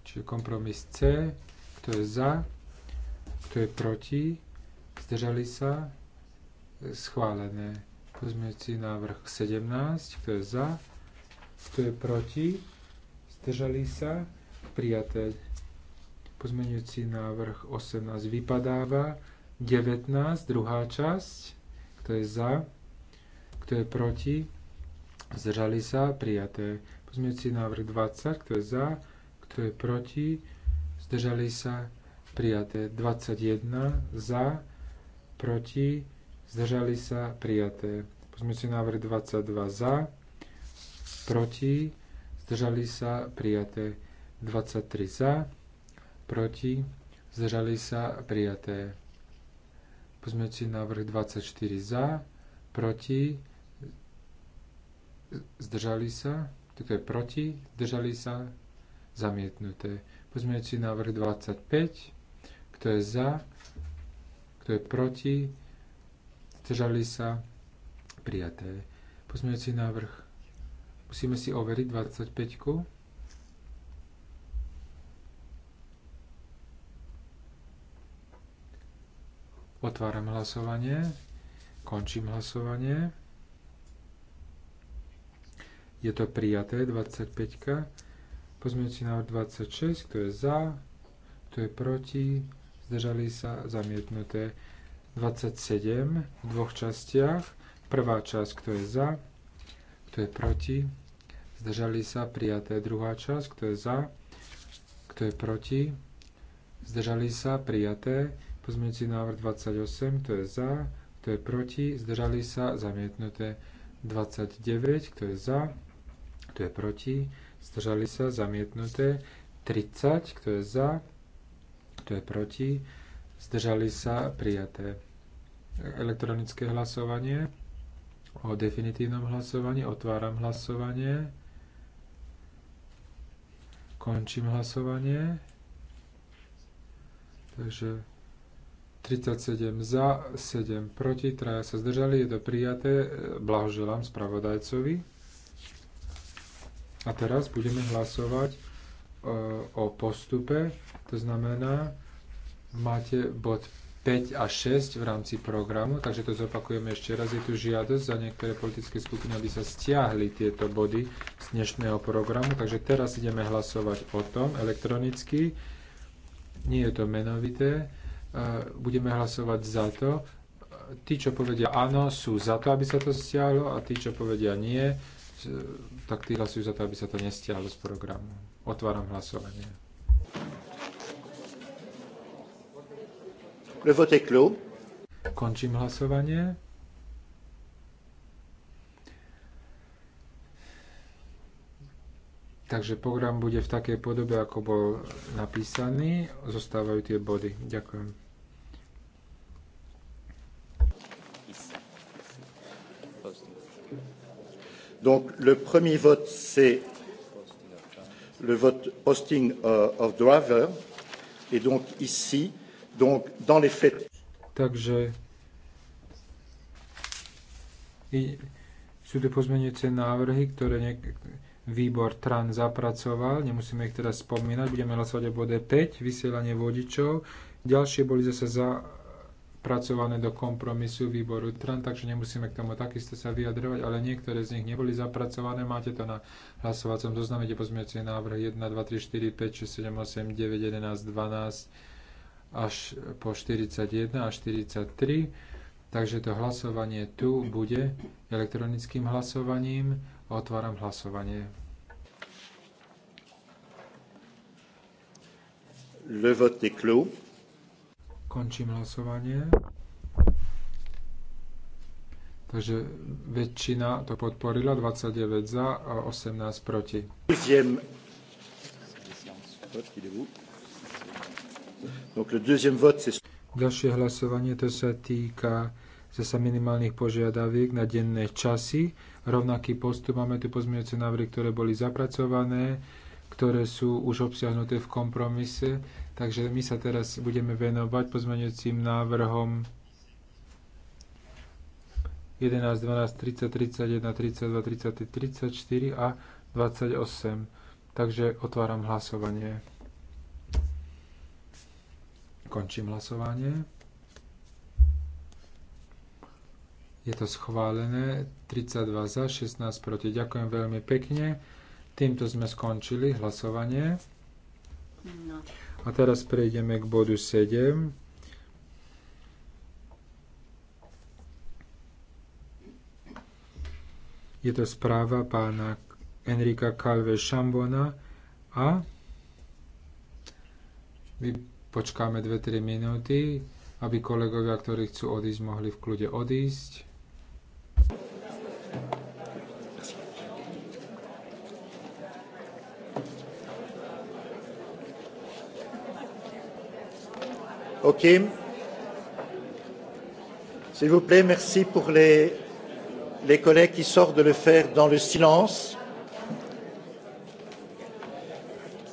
čiže kompromis C, kto je za, kto je proti, zdržali sa, schválené. Pozmeňujúci návrh 17, kto je za, kto je proti, zdržali sa, prijaté Pozmeňujúci návrh 18 vypadáva. 19, druhá časť. Kto je za? Kto je proti? Zdržali sa? Prijaté. Pozmeňujúci návrh 20. Kto je za? Kto je proti? Zdržali sa? Prijaté. 21. Za? Proti? Zdržali sa? Prijaté. Pozmeňujúci návrh 22. Za? Proti? Zdržali sa? Prijaté. 23. Za? proti, zdržali sa prijaté. Pozmeňujúci návrh 24 za, proti, zdržali sa, toto je proti, zdržali sa, zamietnuté. Pozmeňujúci návrh 25, kto je za, kto je proti, zdržali sa, prijaté. Pozmeňujúci návrh, musíme si overiť 25. -ku. Otváram hlasovanie. Končím hlasovanie. Je to prijaté 25. Pozmeňujúci návrh 26, kto je za, kto je proti, zdržali sa zamietnuté 27 v dvoch častiach. Prvá časť, kto je za, kto je proti, zdržali sa prijaté druhá časť, kto je za, kto je proti, zdržali sa prijaté Pozmeňujúci návrh 28, kto je za, kto je proti, zdržali sa, zamietnuté. 29, kto je za, kto je proti, zdržali sa, zamietnuté. 30, kto je za, kto je proti, zdržali sa, prijaté. Elektronické hlasovanie o definitívnom hlasovaní. Otváram hlasovanie. Končím hlasovanie. Takže 37 za, 7 proti, traja sa zdržali, je to prijaté. Blahoželám spravodajcovi. A teraz budeme hlasovať e, o postupe, to znamená, máte bod 5 a 6 v rámci programu, takže to zopakujeme ešte raz. Je tu žiadosť za niektoré politické skupiny, aby sa stiahli tieto body z dnešného programu, takže teraz ideme hlasovať o tom elektronicky. Nie je to menovité, budeme hlasovať za to. Tí, čo povedia áno, sú za to, aby sa to stiahlo a tí, čo povedia nie, tak tí hlasujú za to, aby sa to nestiahlo z programu. Otváram hlasovanie. Končím hlasovanie. Takže program bude v takej podobe, ako bol napísaný. Zostávajú tie body. Ďakujem. Donc le premier vote, c'est le vote posting uh, of driver. Et donc ici, donc dans les faits. Takže I, sú to pozmeňujúce návrhy, ktoré niek- výbor TRAN zapracoval, nemusíme ich teraz spomínať, budeme hlasovať o bode 5, vysielanie vodičov. Ďalšie boli zase zapracované do kompromisu výboru TRAN, takže nemusíme k tomu takisto sa vyjadrovať, ale niektoré z nich neboli zapracované. Máte to na hlasovacom zozname, kde pozmeňujúce návrh 1, 2, 3, 4, 5, 6, 7, 8, 9, 11, 12 až po 41 a 43. Takže to hlasovanie tu bude elektronickým hlasovaním Otváram hlasovanie. Le vote est clos. Končím hlasovanie. Takže väčšina to podporila, 29 za a 18 proti. Deuxième. Donc le deuxième vote, c'est... Ďalšie hlasovanie to sa týka zasa minimálnych požiadaviek na denné časy rovnaký postup. Máme tu pozmeňujúce návrhy, ktoré boli zapracované, ktoré sú už obsiahnuté v kompromise. Takže my sa teraz budeme venovať pozmeňujúcim návrhom 11, 12, 30, 31, 32, 33, 34 a 28. Takže otváram hlasovanie. Končím hlasovanie. Je to schválené. 32 za, 16 proti. Ďakujem veľmi pekne. Týmto sme skončili hlasovanie. No. A teraz prejdeme k bodu 7. Je to správa pána Enrika Calve Šambona a my počkáme 2-3 minúty, aby kolegovia, ktorí chcú odísť, mohli v kľude odísť. OK. S'il vous plaît, merci pour les, les collègues qui sortent de le faire dans le silence.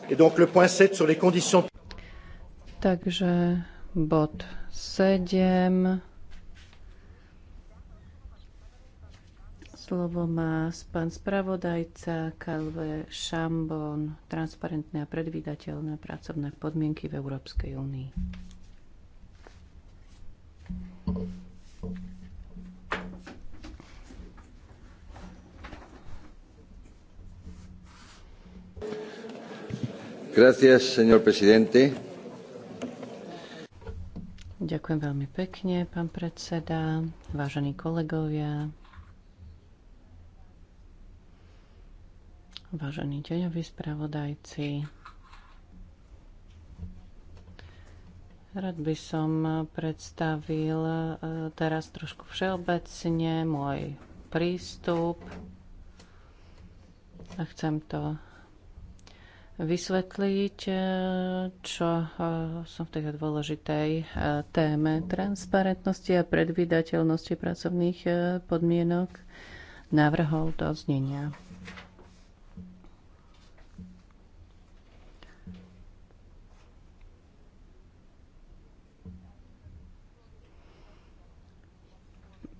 Et donc le point 7 sur les conditions. Takže bod 7 Slovo má pán spravodajca Kalve Šambon, transparentné a predvídateľné pracovné podmienky v Európskej únii. Gracias, señor presidente. Ďakujem veľmi pekne, pán predseda, vážení kolegovia, vážení deňoví spravodajci. Rád by som predstavil e, teraz trošku všeobecne môj prístup a chcem to vysvetliť, e, čo e, som v tej dôležitej téme transparentnosti a predvydateľnosti pracovných podmienok navrhol do znenia.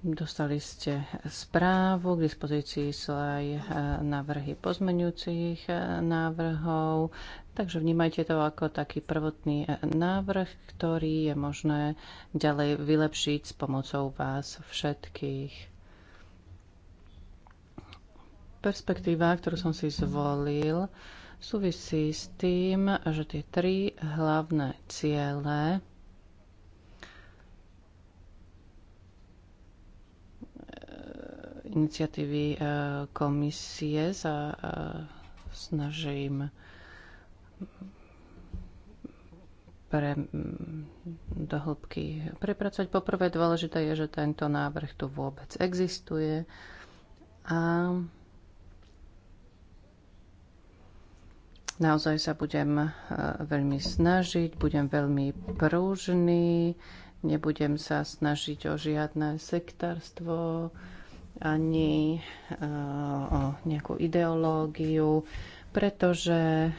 Dostali ste správu, k dispozícii sú aj eh, návrhy pozmenujúcich eh, návrhov, takže vnímajte to ako taký prvotný eh, návrh, ktorý je možné ďalej vylepšiť s pomocou vás všetkých. Perspektíva, ktorú som si zvolil, súvisí s tým, že tie tri hlavné ciele iniciatívy e, komisie sa e, snažím pre, do hĺbky prepracovať. Poprvé dôležité je, že tento návrh tu vôbec existuje a naozaj sa budem e, veľmi snažiť, budem veľmi prúžný, nebudem sa snažiť o žiadne sektárstvo, ani eh, o nejakú ideológiu, pretože eh,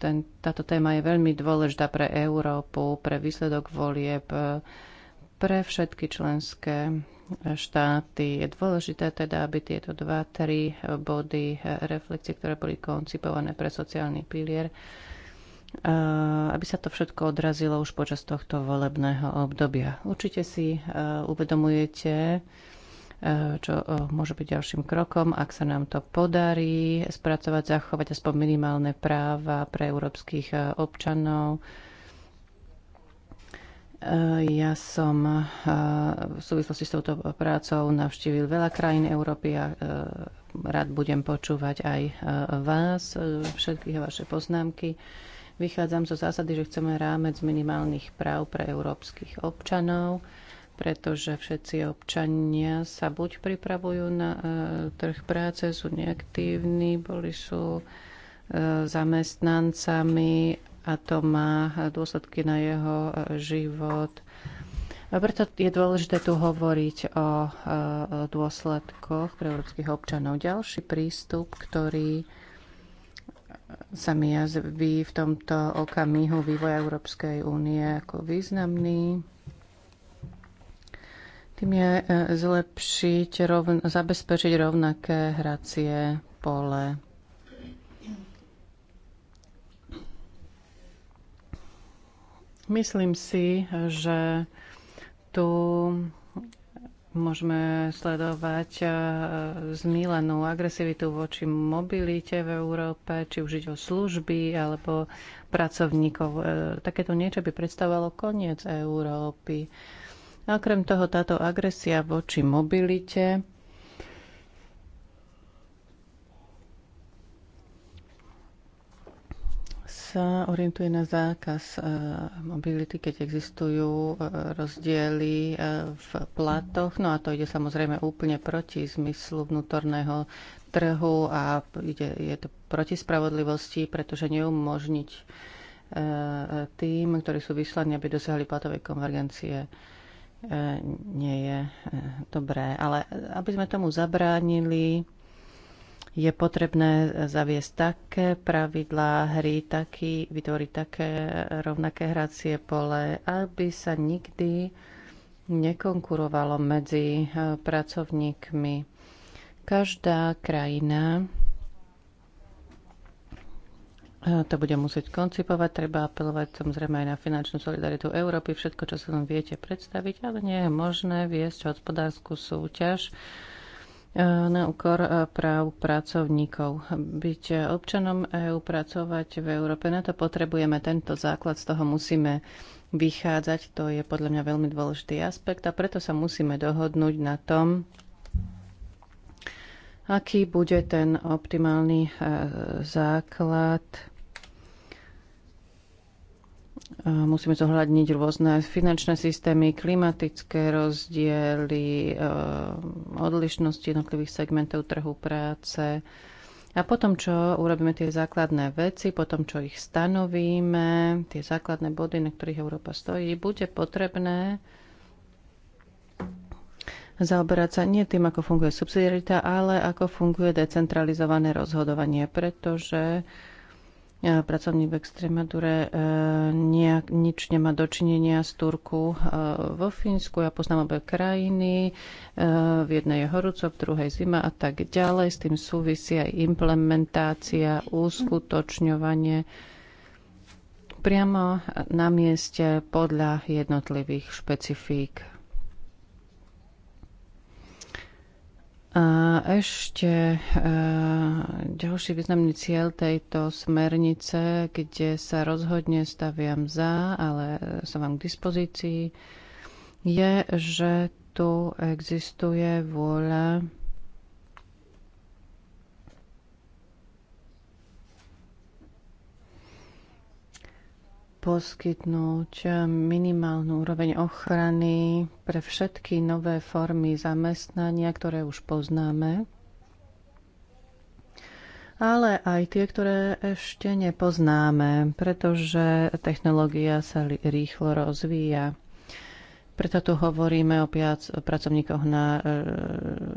ten, táto téma je veľmi dôležitá pre Európu, pre výsledok volieb, pre všetky členské štáty. Je dôležité teda, aby tieto dva, tri body reflexie, ktoré boli koncipované pre sociálny pilier, eh, aby sa to všetko odrazilo už počas tohto volebného obdobia. Určite si uvedomujete, čo e, môže byť ďalším krokom, ak sa nám to podarí spracovať, zachovať aspoň minimálne práva pre európskych e, občanov. E, ja som v súvislosti s touto prácou navštívil veľa krajín Európy a rád budem počúvať aj vás, všetky vaše poznámky. Vychádzam zo zásady, že chceme rámec minimálnych práv pre európskych občanov pretože všetci občania sa buď pripravujú na e, trh práce, sú neaktívni, boli sú e, zamestnancami a to má dôsledky na jeho e, život. A preto je dôležité tu hovoriť o dôsledkoch pre európskych občanov. Ďalší prístup, ktorý sa mi jazví v tomto okamihu vývoja Európskej únie ako významný, tým je e, zlepšiť, rovn, zabezpečiť rovnaké hracie pole. Myslím si, že tu môžeme sledovať e, zmílenú agresivitu voči mobilite v Európe, či už ide o služby alebo pracovníkov. E, takéto niečo by predstavovalo koniec Európy. A okrem toho táto agresia voči mobilite sa orientuje na zákaz e, mobility, keď existujú e, rozdiely e, v platoch. No a to ide samozrejme úplne proti zmyslu vnútorného trhu a ide, je to proti spravodlivosti, pretože neumožniť tým, ktorí sú vyslaní, aby dosiahli platové konvergencie E, nie je e, dobré. Ale aby sme tomu zabránili, je potrebné zaviesť také pravidlá hry, taký, vytvoriť také rovnaké hracie pole, aby sa nikdy nekonkurovalo medzi e, pracovníkmi. Každá krajina E, to bude musieť koncipovať. Treba apelovať samozrejme aj na finančnú solidaritu Európy, všetko, čo sa vám viete predstaviť, ale nie je možné viesť hospodárskú súťaž e, na úkor e, práv pracovníkov. Byť občanom EÚ, pracovať v Európe, na to potrebujeme tento základ, z toho musíme vychádzať. To je podľa mňa veľmi dôležitý aspekt a preto sa musíme dohodnúť na tom, aký bude ten optimálny základ Musíme zohľadniť rôzne finančné systémy, klimatické rozdiely, eh, odlišnosti jednotlivých segmentov trhu práce. A potom, čo urobíme tie základné veci, potom, čo ich stanovíme, tie základné body, na ktorých Európa stojí, bude potrebné zaoberať sa nie tým, ako funguje subsidiarita, ale ako funguje decentralizované rozhodovanie, pretože E, pracovník v Extremadure e, nejak, nič nemá dočinenia s Turku e, vo Fínsku. Ja poznám obe krajiny. V jednej je horúco, v druhej zima a tak ďalej. S tým súvisí aj implementácia, uskutočňovanie priamo na mieste podľa jednotlivých špecifík. A ešte e, ďalší významný cieľ tejto smernice, kde sa rozhodne staviam za, ale som vám k dispozícii, je, že tu existuje vôľa poskytnúť minimálnu úroveň ochrany pre všetky nové formy zamestnania, ktoré už poznáme, ale aj tie, ktoré ešte nepoznáme, pretože technológia sa rýchlo rozvíja. Preto tu hovoríme o, piac, o pracovníkoch na e,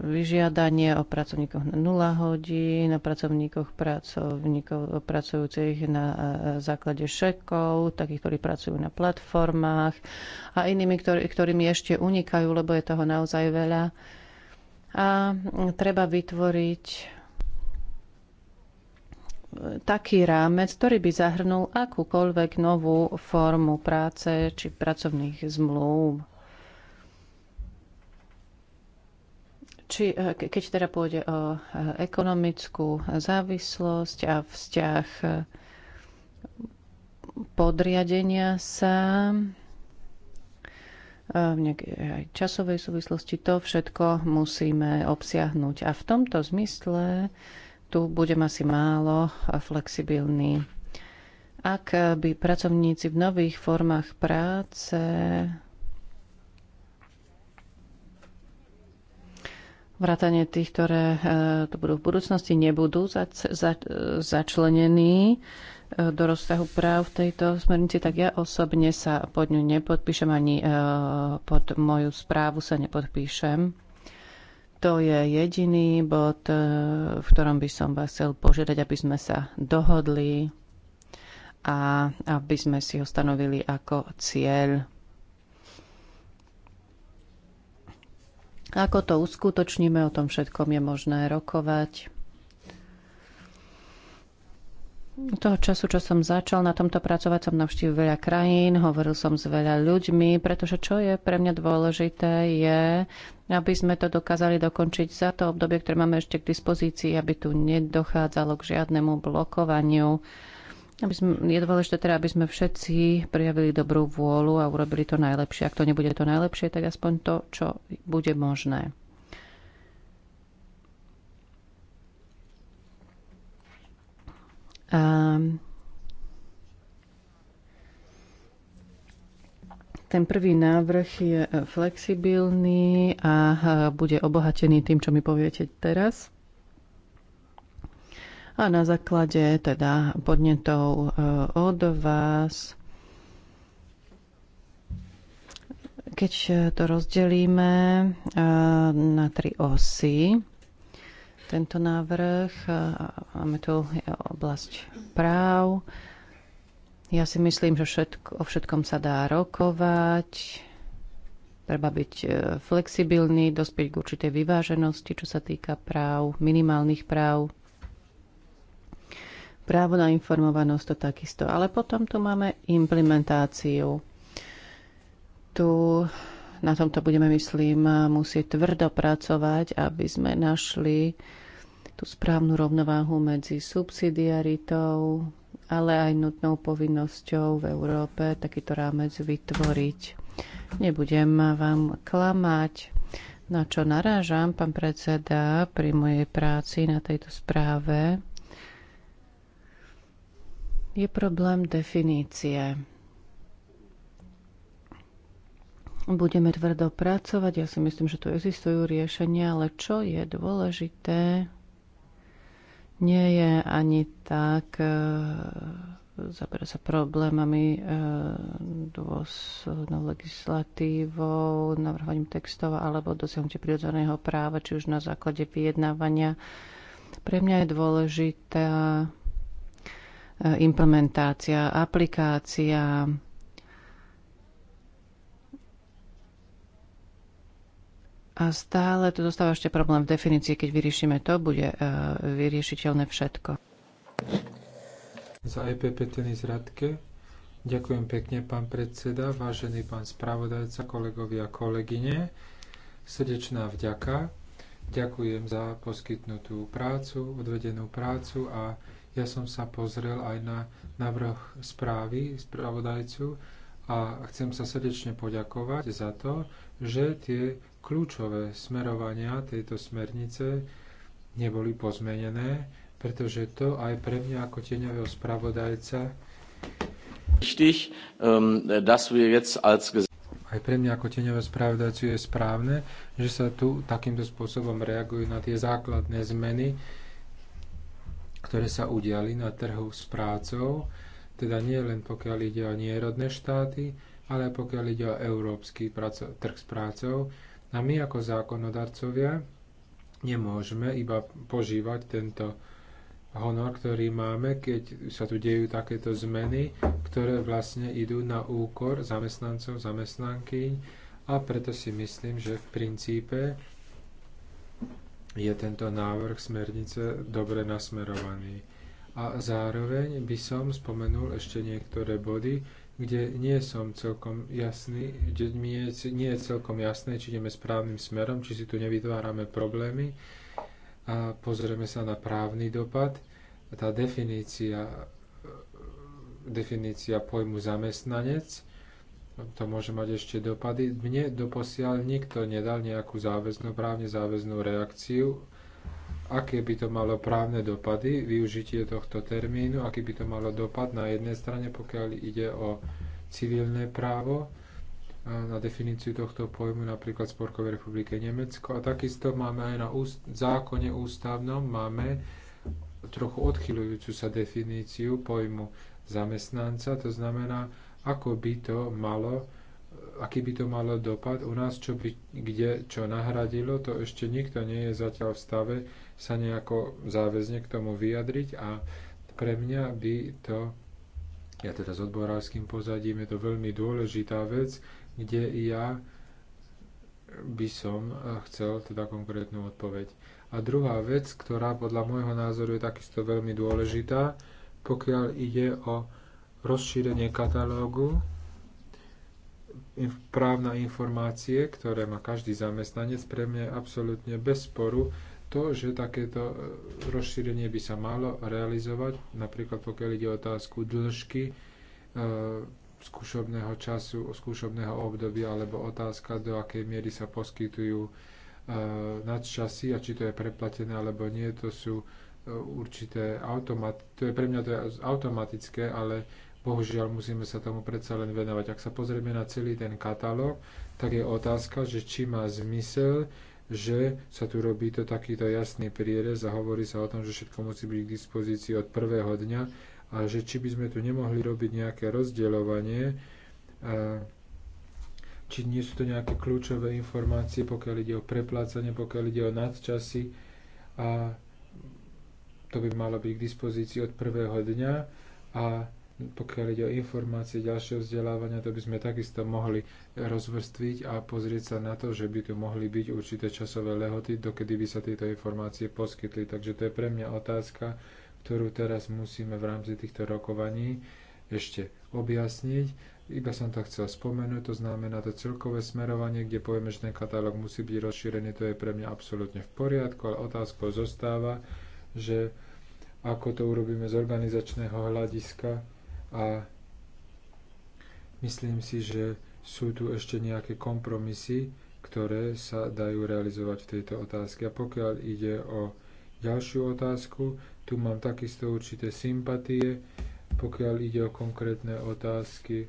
vyžiadanie, o pracovníkoch na 0 hodín, o pracovníkoch pracovníkov, pracujúcich na e, základe šekov, takých, ktorí pracujú na platformách a inými, ktorý, ktorými ešte unikajú, lebo je toho naozaj veľa. A treba vytvoriť taký rámec, ktorý by zahrnul akúkoľvek novú formu práce či pracovných zmluv. Či, eh, keď teda pôjde o eh, ekonomickú závislosť a vzťah eh, podriadenia sa v nejakej časovej súvislosti, to všetko musíme obsiahnuť. A v tomto zmysle tu budem asi málo flexibilný. Ak by pracovníci v nových formách práce vrátane tých, ktoré eh, to budú v budúcnosti, nebudú zač- za- začlenení eh, do rozsahu práv v tejto smernici, tak ja osobne sa pod ňu nepodpíšem, ani eh, pod moju správu sa nepodpíšem. To je jediný bod, e, v ktorom by som vás chcel požiadať, aby sme sa dohodli a aby sme si ho stanovili ako cieľ. Ako to uskutočníme, o tom všetkom je možné rokovať toho času, čo som začal na tomto pracovať, som navštívil veľa krajín, hovoril som s veľa ľuďmi, pretože čo je pre mňa dôležité je, aby sme to dokázali dokončiť za to obdobie, ktoré máme ešte k dispozícii, aby tu nedochádzalo k žiadnemu blokovaniu. Aby sme, je dôležité teda, aby sme všetci prijavili dobrú vôľu a urobili to najlepšie. Ak to nebude to najlepšie, tak aspoň to, čo bude možné. Um, ten prvý návrh je e, flexibilný a e, bude obohatený tým, čo mi poviete teraz. A na základe teda podnetov e, od vás, keď to rozdelíme na tri osy, tento návrh. Máme tu oblasť práv. Ja si myslím, že všetko, o všetkom sa dá rokovať. Treba byť e, flexibilný, dospieť k určitej vyváženosti, čo sa týka práv, minimálnych práv. Právo na informovanosť to takisto. Ale potom tu máme implementáciu. Tu na tomto budeme, myslím, musieť tvrdo pracovať, aby sme našli tú správnu rovnováhu medzi subsidiaritou, ale aj nutnou povinnosťou v Európe takýto rámec vytvoriť. Nebudem vám klamať, na čo narážam, pán predseda, pri mojej práci na tejto správe, je problém definície. Budeme tvrdo pracovať, ja si myslím, že tu existujú riešenia, ale čo je dôležité nie je ani tak e, zaberá sa problémami e, dôslednou legislatívou, navrhovaním textov alebo dosiahnutie prirodzeného práva, či už na základe vyjednávania. Pre mňa je dôležitá e, implementácia, aplikácia, A stále tu dostáva ešte problém v definícii. Keď vyriešime to, bude e, vyriešiteľné všetko. Za EPP tenis Radke. Ďakujem pekne, pán predseda, vážený pán spravodajca, kolegovia a kolegyne. Srdečná vďaka. Ďakujem za poskytnutú prácu, odvedenú prácu a ja som sa pozrel aj na navrh správy spravodajcu a chcem sa srdečne poďakovať za to, že tie kľúčové smerovania tejto smernice neboli pozmenené, pretože to aj pre mňa ako tieňového spravodajca ähm, aj pre mňa ako tieňového spravodajcu je správne, že sa tu takýmto spôsobom reagujú na tie základné zmeny, ktoré sa udiali na trhu s prácou, teda nie len pokiaľ ide o nierodné štáty, ale pokiaľ ide o európsky trh s prácou, a my ako zákonodarcovia nemôžeme iba požívať tento honor, ktorý máme, keď sa tu dejú takéto zmeny, ktoré vlastne idú na úkor zamestnancov, zamestnanky a preto si myslím, že v princípe je tento návrh smernice dobre nasmerovaný. A zároveň by som spomenul ešte niektoré body, kde nie som celkom jasný, kde nie, nie je celkom jasné, či ideme správnym smerom, či si tu nevytvárame problémy a pozrieme sa na právny dopad. Tá definícia, definícia pojmu zamestnanec, to môže mať ešte dopady. Mne doposiaľ nikto nedal nejakú záväznú, právne záväznú reakciu aké by to malo právne dopady, využitie tohto termínu, aký by to malo dopad na jednej strane, pokiaľ ide o civilné právo, na definíciu tohto pojmu napríklad v Sporkovej republike Nemecko. A takisto máme aj na úst- zákone ústavnom máme trochu odchylujúcu sa definíciu pojmu zamestnanca, to znamená, ako by to malo, aký by to malo dopad u nás, čo by kde čo nahradilo, to ešte nikto nie je zatiaľ v stave sa nejako záväzne k tomu vyjadriť a pre mňa by to, ja teda s odborárským pozadím, je to veľmi dôležitá vec, kde ja by som chcel teda konkrétnu odpoveď. A druhá vec, ktorá podľa môjho názoru je takisto veľmi dôležitá, pokiaľ ide o rozšírenie katalógu právna informácie, ktoré má každý zamestnanec, pre mňa je absolútne bez sporu to, že takéto e, rozšírenie by sa malo realizovať, napríklad pokiaľ ide o otázku dĺžky e, skúšobného času, skúšobného obdobia, alebo otázka, do akej miery sa poskytujú e, nadčasy a či to je preplatené alebo nie, to sú e, určité automat, to je pre mňa to je automatické, ale bohužiaľ musíme sa tomu predsa len venovať. Ak sa pozrieme na celý ten katalóg, tak je otázka, že či má zmysel že sa tu robí to takýto jasný prierez a hovorí sa o tom, že všetko musí byť k dispozícii od prvého dňa a že či by sme tu nemohli robiť nejaké rozdeľovanie, či nie sú to nejaké kľúčové informácie, pokiaľ ide o preplácanie, pokiaľ ide o nadčasy a to by malo byť k dispozícii od prvého dňa a pokiaľ ide o informácie ďalšieho vzdelávania, to by sme takisto mohli rozvrstviť a pozrieť sa na to, že by tu mohli byť určité časové lehoty, dokedy by sa tieto informácie poskytli. Takže to je pre mňa otázka, ktorú teraz musíme v rámci týchto rokovaní ešte objasniť. Iba som to chcel spomenúť, to znamená to celkové smerovanie, kde povieme, že ten katalóg musí byť rozšírený, to je pre mňa absolútne v poriadku, ale otázkou zostáva, že ako to urobíme z organizačného hľadiska, a myslím si, že sú tu ešte nejaké kompromisy, ktoré sa dajú realizovať v tejto otázke. A pokiaľ ide o ďalšiu otázku, tu mám takisto určité sympatie, pokiaľ ide o konkrétne otázky. E,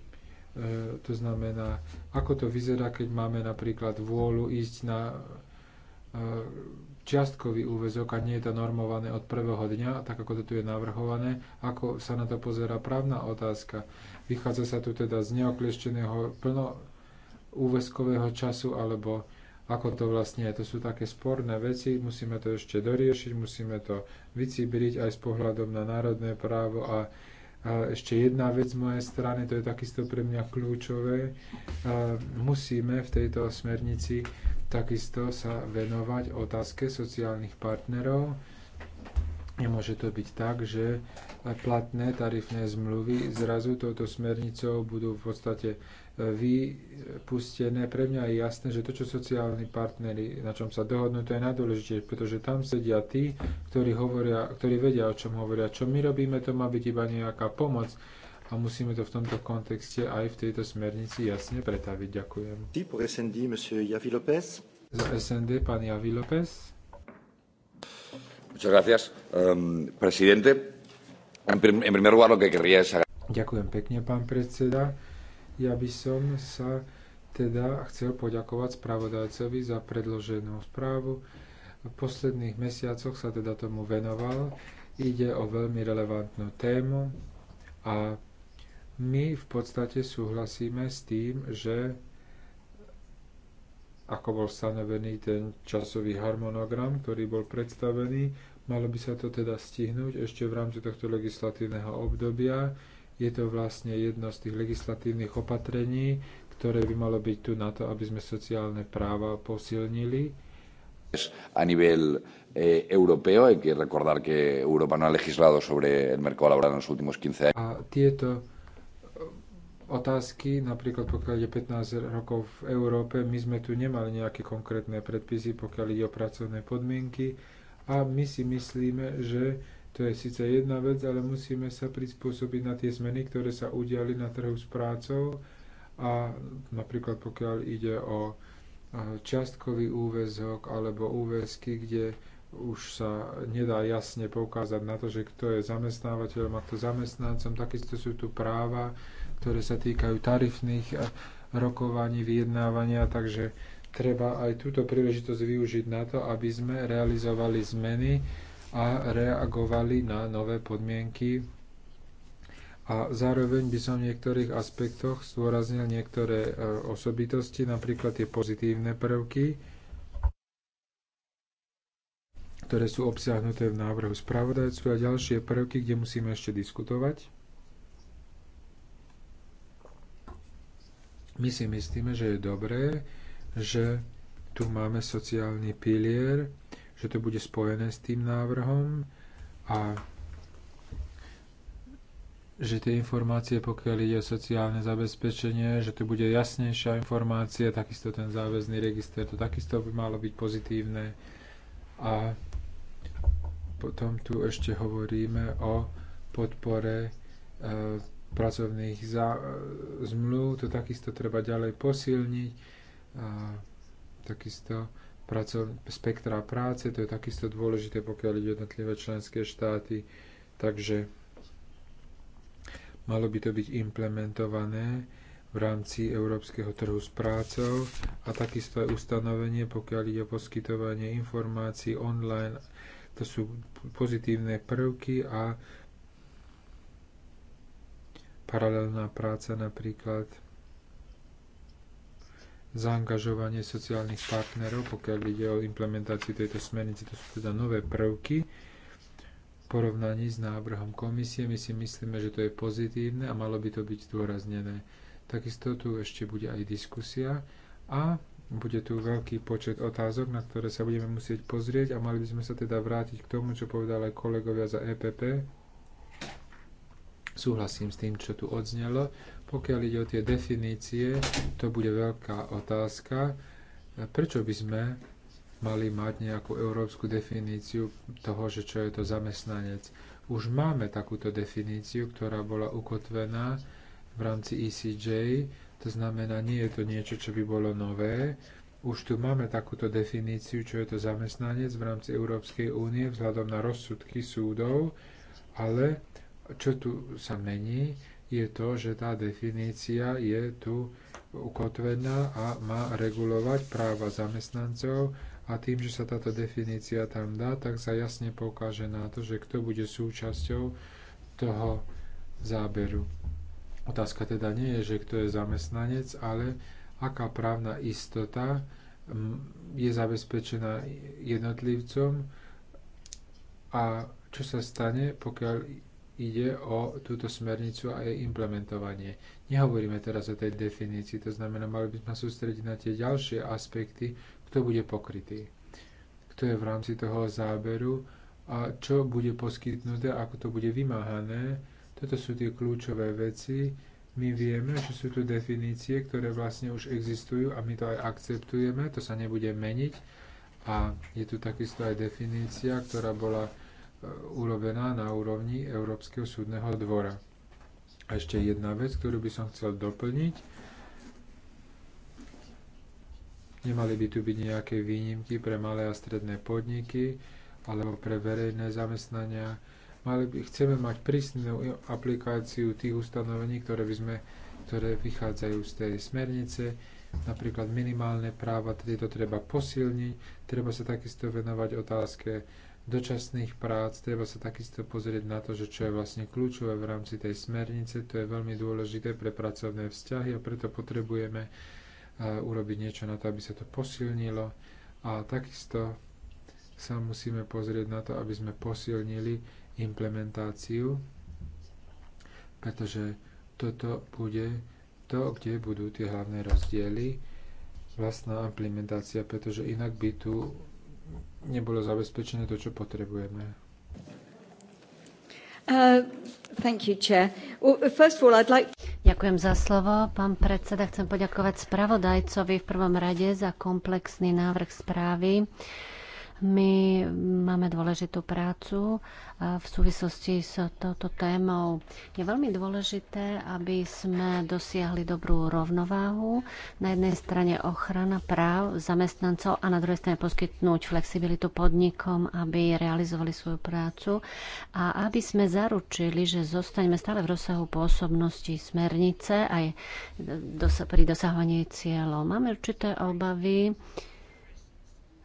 to znamená, ako to vyzerá, keď máme napríklad vôľu ísť na e, čiastkový úvezok a nie je to normované od prvého dňa, tak ako to tu je navrhované, ako sa na to pozera právna otázka. Vychádza sa tu teda z neokliešteného plno úvezkového času alebo ako to vlastne je. To sú také sporné veci, musíme to ešte doriešiť, musíme to vycibriť aj s pohľadom na národné právo a ešte jedna vec z mojej strany, to je takisto pre mňa kľúčové. Musíme v tejto smernici takisto sa venovať otázke sociálnych partnerov. Nemôže to byť tak, že platné tarifné zmluvy zrazu touto smernicou budú v podstate e, vypustené. Pre mňa je jasné, že to, čo sociálni partnery, na čom sa dohodnú, to je najdôležitejšie, pretože tam sedia tí, ktorí, hovoria, ktorí vedia, o čom hovoria. Čo my robíme, to má byť iba nejaká pomoc a musíme to v tomto kontexte aj v tejto smernici jasne pretaviť. Ďakujem. Za SND pán Javi López. Muchas gracias, um, presidente. en primer lugar, lo que querría es... Ďakujem pekne, pán predseda. Ja by som sa teda chcel poďakovať spravodajcovi za predloženú správu. V posledných mesiacoch sa teda tomu venoval. Ide o veľmi relevantnú tému a my v podstate súhlasíme s tým, že ako bol stanovený ten časový harmonogram, ktorý bol predstavený, malo by sa to teda stihnúť ešte v rámci tohto legislatívneho obdobia. Je to vlastne jedno z tých legislatívnych opatrení, ktoré by malo byť tu na to, aby sme sociálne práva posilnili. A nivel eh, europeo, hay que recordar que Europa no ha legislado sobre el mercado laboral en los últimos 15 años. A tieto otázky, napríklad pokiaľ ide 15 rokov v Európe, my sme tu nemali nejaké konkrétne predpisy, pokiaľ ide o pracovné podmienky a my si myslíme, že to je síce jedna vec, ale musíme sa prispôsobiť na tie zmeny, ktoré sa udiali na trhu s prácou a napríklad pokiaľ ide o čiastkový úväzok alebo úväzky, kde už sa nedá jasne poukázať na to, že kto je zamestnávateľom a kto zamestnancom, takisto sú tu práva, ktoré sa týkajú tarifných eh, rokovaní, vyjednávania, takže treba aj túto príležitosť využiť na to, aby sme realizovali zmeny a reagovali na nové podmienky. A zároveň by som v niektorých aspektoch zdôraznil niektoré eh, osobitosti, napríklad tie pozitívne prvky, ktoré sú obsiahnuté v návrhu spravodajcu a ďalšie prvky, kde musíme ešte diskutovať. My si myslíme, že je dobré, že tu máme sociálny pilier, že to bude spojené s tým návrhom a že tie informácie, pokiaľ ide o sociálne zabezpečenie, že tu bude jasnejšia informácia, takisto ten záväzný register, to takisto by malo byť pozitívne. A potom tu ešte hovoríme o podpore e, pracovných za, e, zmluv, to takisto treba ďalej posilniť, a takisto pracov, spektra práce, to je takisto dôležité, pokiaľ ide jednotlivé členské štáty, takže malo by to byť implementované v rámci európskeho trhu s prácou a takisto aj ustanovenie, pokiaľ ide o poskytovanie informácií online, to sú pozitívne prvky a paralelná práca napríklad, zaangažovanie sociálnych partnerov, pokiaľ ide o implementáciu tejto smernice, to sú teda nové prvky v porovnaní s návrhom komisie. My si myslíme, že to je pozitívne a malo by to byť zdôraznené. Takisto tu ešte bude aj diskusia a bude tu veľký počet otázok, na ktoré sa budeme musieť pozrieť a mali by sme sa teda vrátiť k tomu, čo povedal aj kolegovia za EPP, Súhlasím s tým, čo tu odznelo. Pokiaľ ide o tie definície, to bude veľká otázka. Prečo by sme mali mať nejakú európsku definíciu toho, že čo je to zamestnanec? Už máme takúto definíciu, ktorá bola ukotvená v rámci ECJ, to znamená, nie je to niečo, čo by bolo nové. Už tu máme takúto definíciu, čo je to zamestnanec v rámci Európskej únie vzhľadom na rozsudky súdov, ale čo tu sa mení, je to, že tá definícia je tu ukotvená a má regulovať práva zamestnancov a tým, že sa táto definícia tam dá, tak sa jasne poukáže na to, že kto bude súčasťou toho záberu. Otázka teda nie je, že kto je zamestnanec, ale aká právna istota je zabezpečená jednotlivcom a čo sa stane, pokiaľ ide o túto smernicu a jej implementovanie. Nehovoríme teraz o tej definícii, to znamená, mali by sme sústrediť na tie ďalšie aspekty, kto bude pokrytý, kto je v rámci toho záberu a čo bude poskytnuté, ako to bude vymáhané. Toto sú tie kľúčové veci. My vieme, že sú tu definície, ktoré vlastne už existujú a my to aj akceptujeme, to sa nebude meniť. A je tu takisto aj definícia, ktorá bola E, urobená na úrovni Európskeho súdneho dvora. A ešte jedna vec, ktorú by som chcel doplniť. Nemali by tu byť nejaké výnimky pre malé a stredné podniky alebo pre verejné zamestnania. Mali by, chceme mať prísnu aplikáciu tých ustanovení, ktoré, by sme, ktoré vychádzajú z tej smernice, napríklad minimálne práva, to treba posilniť, treba sa takisto venovať otázke dočasných prác. Treba sa takisto pozrieť na to, že čo je vlastne kľúčové v rámci tej smernice. To je veľmi dôležité pre pracovné vzťahy a preto potrebujeme eh, urobiť niečo na to, aby sa to posilnilo. A takisto sa musíme pozrieť na to, aby sme posilnili implementáciu, pretože toto bude to, kde budú tie hlavné rozdiely, vlastná implementácia, pretože inak by tu nebolo zabezpečené to, čo potrebujeme. Uh, you, well, all, like... Ďakujem za slovo. Pán predseda, chcem poďakovať spravodajcovi v prvom rade za komplexný návrh správy. Uh, my máme dôležitú prácu v súvislosti s touto témou. Je veľmi dôležité, aby sme dosiahli dobrú rovnováhu. Na jednej strane ochrana práv zamestnancov a na druhej strane poskytnúť flexibilitu podnikom, aby realizovali svoju prácu a aby sme zaručili, že zostaneme stále v rozsahu pôsobnosti smernice aj pri dosahovaní cieľov. Máme určité obavy,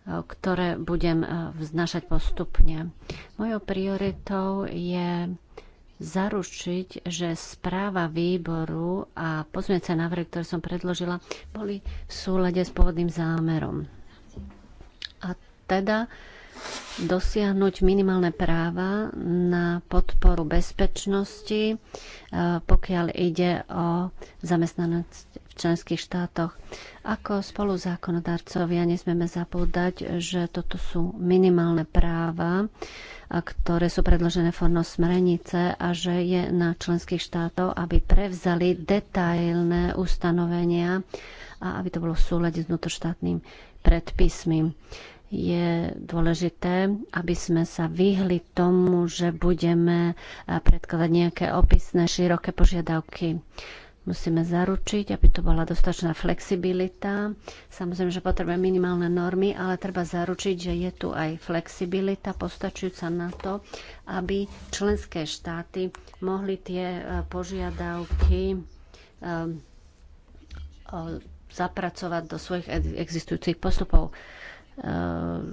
ktoré budem e, vznašať postupne. Mojou prioritou je zaručiť, že správa výboru a pozmeňce návrhy, ktoré som predložila, boli v súlade s pôvodným zámerom. A teda dosiahnuť minimálne práva na podporu bezpečnosti, e, pokiaľ ide o zamestnanosť v členských štátoch. Ako spoluzákonodarcovia nesmieme zapúdať, že toto sú minimálne práva, e, ktoré sú predložené formou smerenice a že je na členských štátoch, aby prevzali detailné ustanovenia a aby to bolo v súlade s vnútroštátnym predpismi je dôležité, aby sme sa vyhli tomu, že budeme eh, predkladať nejaké opisné široké požiadavky. Musíme zaručiť, aby to bola dostačná flexibilita. Samozrejme, že potrebujeme minimálne normy, ale treba zaručiť, že je tu aj flexibilita postačujúca na to, aby členské štáty mohli tie eh, požiadavky eh, zapracovať do svojich existujúcich postupov.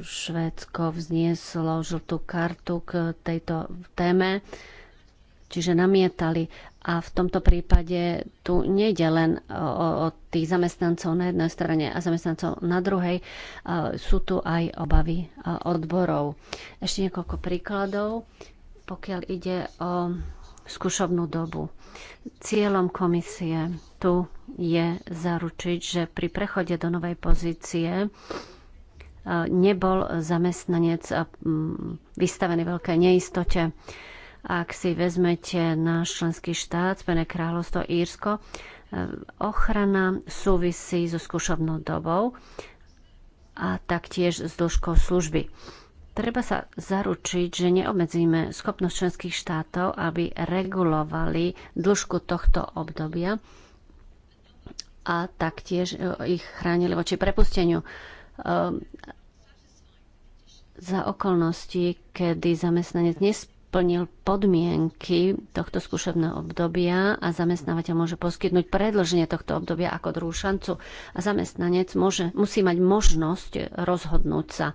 Švédsko vznieslo žltú kartu k tejto téme, čiže namietali. A v tomto prípade tu nejde len o, o tých zamestnancov na jednej strane a zamestnancov na druhej. Sú tu aj obavy odborov. Ešte niekoľko príkladov, pokiaľ ide o skúšobnú dobu. Cieľom komisie tu je zaručiť, že pri prechode do novej pozície nebol zamestnanec mm, vystavený veľké neistote. Ak si vezmete náš členský štát, Spojené kráľovstvo Írsko, e, ochrana súvisí so skúšobnou dobou a taktiež s dĺžkou služby. Treba sa zaručiť, že neobmedzíme schopnosť členských štátov, aby regulovali dĺžku tohto obdobia a taktiež e, ich chránili voči prepusteniu. Ehm, za okolnosti, kedy zamestnanec nesplnil podmienky tohto skúšobného obdobia a zamestnávateľ môže poskytnúť predlženie tohto obdobia ako druhú šancu a zamestnanec môže, musí mať možnosť rozhodnúť sa.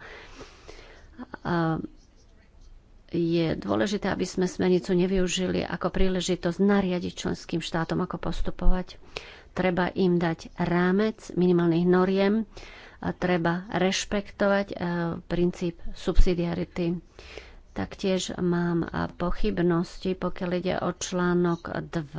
Je dôležité, aby sme smernicu nevyužili ako príležitosť nariadiť členským štátom, ako postupovať. Treba im dať rámec minimálnych noriem, treba rešpektovať e, princíp subsidiarity. Taktiež mám e, pochybnosti, pokiaľ ide o článok 2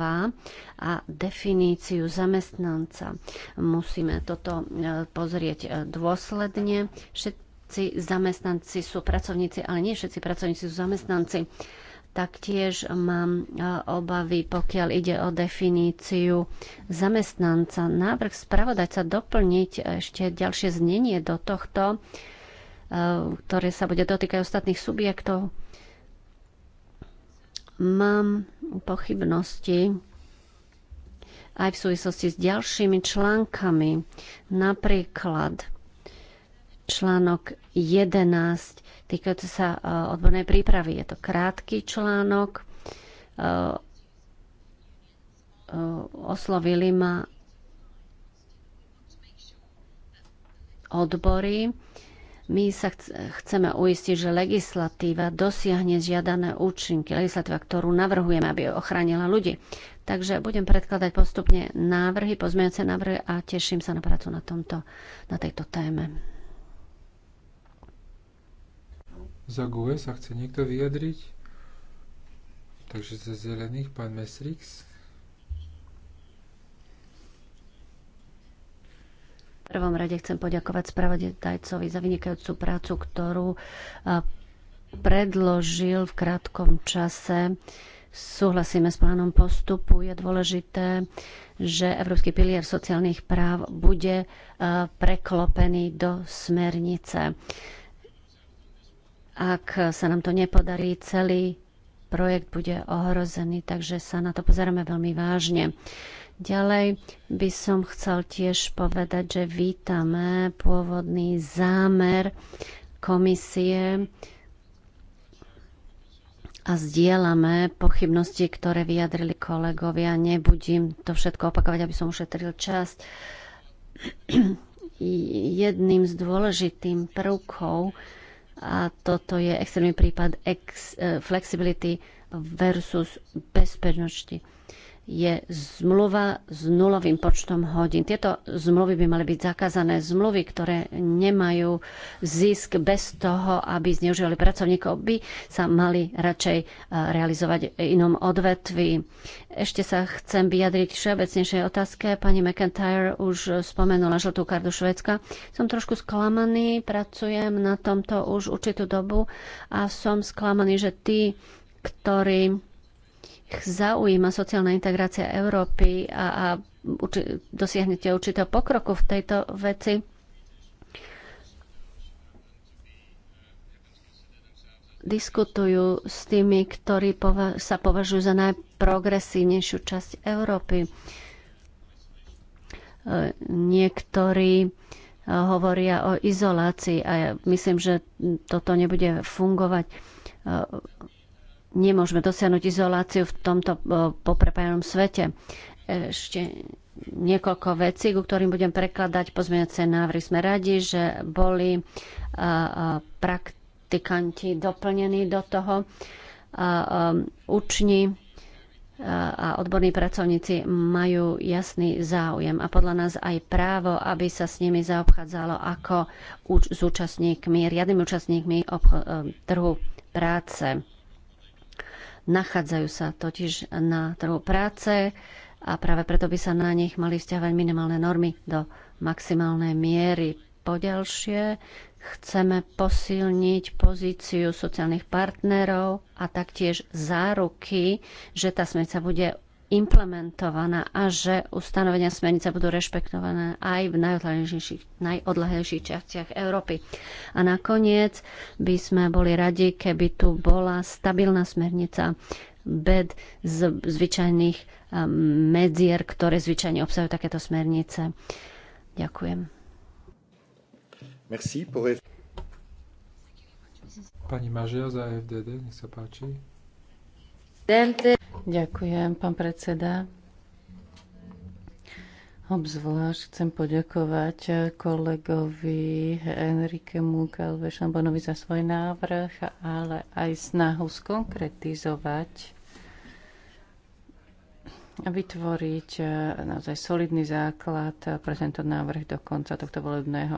a definíciu zamestnanca. Musíme toto e, pozrieť dôsledne. Všetci zamestnanci sú pracovníci, ale nie všetci pracovníci sú zamestnanci. Taktiež mám e, obavy, pokiaľ ide o definíciu zamestnanca. Návrh spravodajca doplniť ešte ďalšie znenie do tohto, e, ktoré sa bude dotýkať ostatných subjektov. Mám pochybnosti aj v súvislosti s ďalšími článkami. Napríklad článok 11 týkajúce sa e, odbornej prípravy. Je to krátky článok. E, e, oslovili ma odbory. My sa chceme uistiť, že legislatíva dosiahne žiadané účinky. Legislatíva, ktorú navrhujeme, aby ochránila ľudí. Takže budem predkladať postupne návrhy, pozmeňujúce návrhy a teším sa na prácu na, tomto, na tejto téme. Za GUE sa chce niekto vyjadriť? Takže za zelených pán Mesrix. V prvom rade chcem poďakovať spravodajcovi za vynikajúcu prácu, ktorú predložil v krátkom čase. Súhlasíme s plánom postupu. Je dôležité, že Európsky pilier sociálnych práv bude preklopený do smernice. Ak sa nám to nepodarí, celý projekt bude ohrozený, takže sa na to pozeráme veľmi vážne. Ďalej by som chcel tiež povedať, že vítame pôvodný zámer komisie a zdieľame pochybnosti, ktoré vyjadrili kolegovia. Nebudím to všetko opakovať, aby som ušetril časť. Jedným z dôležitým prvkov a toto je extrémny prípad ex, eh, flexibility versus bezpečnosti je zmluva s nulovým počtom hodín. Tieto zmluvy by mali byť zakázané. Zmluvy, ktoré nemajú zisk bez toho, aby zneužívali pracovníkov, by sa mali radšej e, realizovať inom odvetvi. Ešte sa chcem vyjadriť k všeobecnejšej otázke. Pani McIntyre už spomenula žltú kardu Švedska. Som trošku sklamaný, pracujem na tomto už určitú dobu a som sklamaný, že tí, ktorí ich zaujíma sociálna integrácia Európy a, a uči, dosiahnete určitého pokroku v tejto veci. Diskutujú s tými, ktorí pova- sa považujú za najprogresívnejšiu časť Európy. E, niektorí e, hovoria o izolácii a ja myslím, že toto nebude fungovať e, nemôžeme dosiahnuť izoláciu v tomto poprepájanom svete. Ešte niekoľko vecí, ku ktorým budem prekladať pozmeňujúce návrhy. Sme radi, že boli praktikanti doplnení do toho. Učni a odborní pracovníci majú jasný záujem a podľa nás aj právo, aby sa s nimi zaobchádzalo ako s účastníkmi, riadnymi účastníkmi e, trhu práce Nachádzajú sa totiž na trhu práce a práve preto by sa na nich mali vzťahovať minimálne normy do maximálnej miery. Poďalšie chceme posilniť pozíciu sociálnych partnerov a taktiež záruky, že tá smernica bude implementovaná a že ustanovenia smernice budú rešpektované aj v najodlahlejších, častiach Európy. A nakoniec by sme boli radi, keby tu bola stabilná smernica bed z zvyčajných um, medzier, ktoré zvyčajne obsahujú takéto smernice. Ďakujem. Merci pour... Pani Mažia za FDD, nech sa páči. Ďakujem, pán predseda. Obzvlášť chcem poďakovať kolegovi Enrikemu Kalve Šambonovi za svoj návrh, ale aj snahu skonkretizovať a vytvoriť naozaj solidný základ pre tento návrh do konca tohto volebného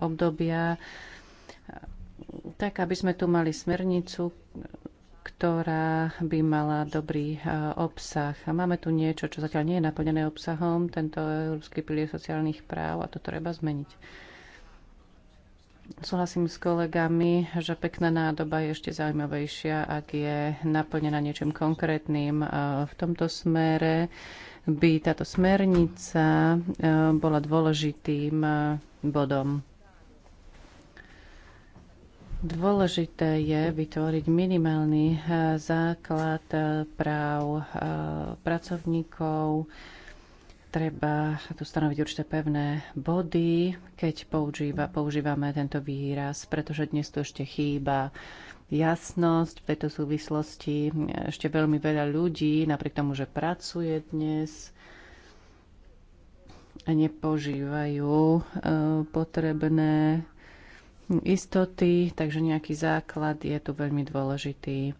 obdobia, tak aby sme tu mali smernicu, ktorá by mala dobrý e, obsah. A máme tu niečo, čo zatiaľ nie je naplnené obsahom, tento Európsky pilier sociálnych práv a to treba zmeniť. Súhlasím s kolegami, že pekná nádoba je ešte zaujímavejšia, ak je naplnená niečím konkrétnym. E, v tomto smere by táto smernica e, bola dôležitým bodom. Dôležité je vytvoriť minimálny eh, základ eh, práv eh, pracovníkov. Treba tu stanoviť určité pevné body, keď používa, používame tento výraz, pretože dnes tu ešte chýba jasnosť v tejto súvislosti. Ešte veľmi veľa ľudí, napriek tomu, že pracuje dnes, nepožívajú potrebné istoty, takže nejaký základ je tu veľmi dôležitý.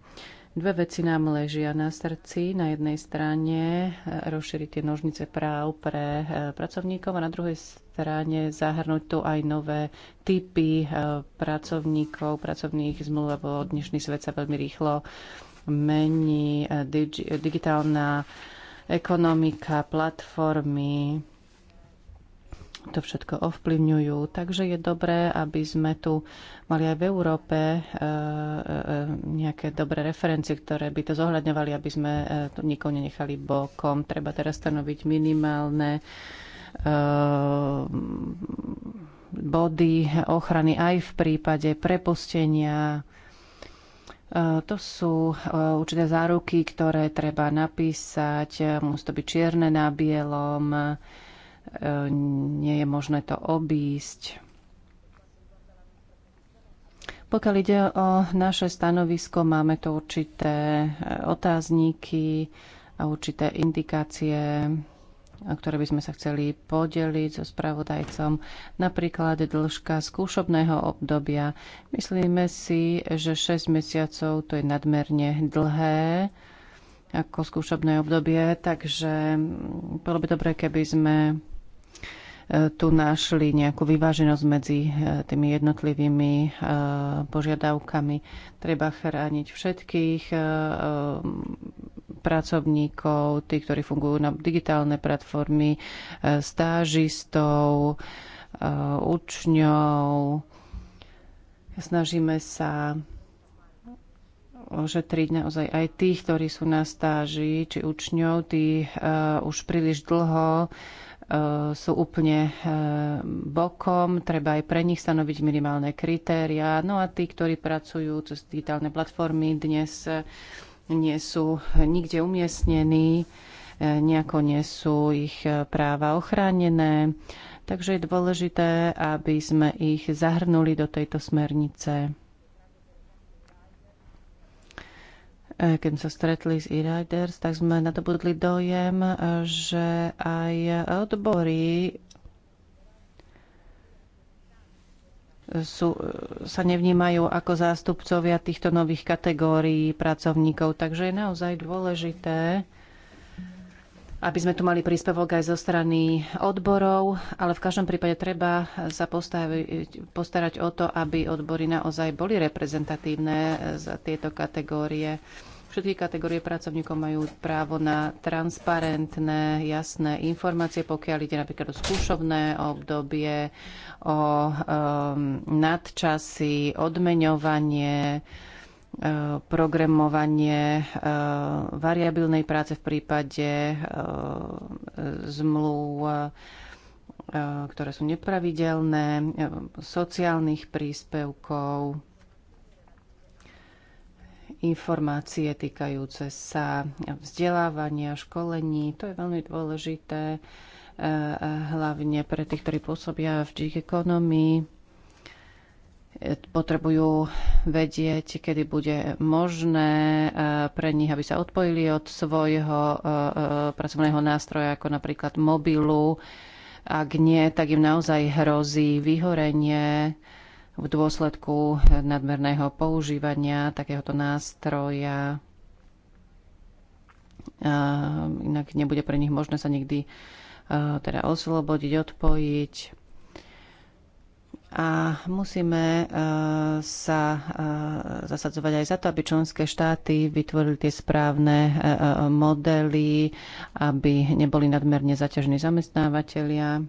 Dve veci nám ležia na srdci. Na jednej strane eh, rozšíriť tie nožnice práv pre eh, pracovníkov a na druhej strane zahrnúť tu aj nové typy eh, pracovníkov, pracovných zmluv, lebo dnešný svet sa veľmi rýchlo mení. Digi digitálna ekonomika, platformy, to všetko ovplyvňujú. Takže je dobré, aby sme tu mali aj v Európe e, e, e, nejaké dobré referencie, ktoré by to zohľadňovali, aby sme to nikoho nenechali bokom. Treba teraz stanoviť minimálne body ochrany aj v prípade prepustenia to sú určité záruky, ktoré treba napísať. Musí to byť čierne na bielom nie je možné to obísť. Pokiaľ ide o naše stanovisko, máme tu určité eh, otázníky a určité indikácie, ktoré by sme sa chceli podeliť so spravodajcom, napríklad dĺžka skúšobného obdobia. Myslíme si, že 6 mesiacov to je nadmerne dlhé ako skúšobné obdobie, takže bolo by dobré, keby sme E, tu našli nejakú vyváženosť medzi e, tými jednotlivými e, požiadavkami. Treba chrániť všetkých pracovníkov, tí, ktorí fungujú na digitálne platformy, stážistov, učňov. Snažíme sa ošetriť naozaj aj tých, ktorí sú na stáži, či učňov, tí uh, už príliš dlho E, sú úplne e, bokom. Treba aj pre nich stanoviť minimálne kritériá. No a tí, ktorí pracujú cez digitálne platformy, dnes e, nie sú nikde umiestnení, nejako nie sú ich práva ochránené. Takže je dôležité, aby sme ich zahrnuli do tejto smernice. E, keď sme sa stretli s e-riders, tak sme nadobudli dojem, e, že aj odbory sú, e, sa nevnímajú ako zástupcovia týchto nových kategórií pracovníkov. Takže je naozaj dôležité, aby sme tu mali príspevok aj zo strany odborov, ale v každom prípade treba sa postaviť, postarať o to, aby odbory naozaj boli reprezentatívne za tieto kategórie. Všetky kategórie pracovníkov majú právo na transparentné, jasné informácie, pokiaľ ide napríklad o skúšovné obdobie, o um, nadčasy, odmeňovanie, programovanie e, variabilnej práce v prípade e, zmluv, e, ktoré sú nepravidelné, sociálnych príspevkov, informácie týkajúce sa vzdelávania, školení. To je veľmi dôležité, hlavne pre tých, ktorí pôsobia v gig ekonomii potrebujú vedieť, kedy bude možné e, pre nich, aby sa odpojili od svojho e, e, pracovného nástroja, ako napríklad mobilu. Ak nie, tak im naozaj hrozí vyhorenie v dôsledku nadmerného používania takéhoto nástroja. Inak nebude pre nich možné sa nikdy teda oslobodiť, odpojiť a musíme e, sa e, zasadzovať aj za to, aby členské štáty vytvorili tie správne e, modely, aby neboli nadmerne zaťažní zamestnávateľia.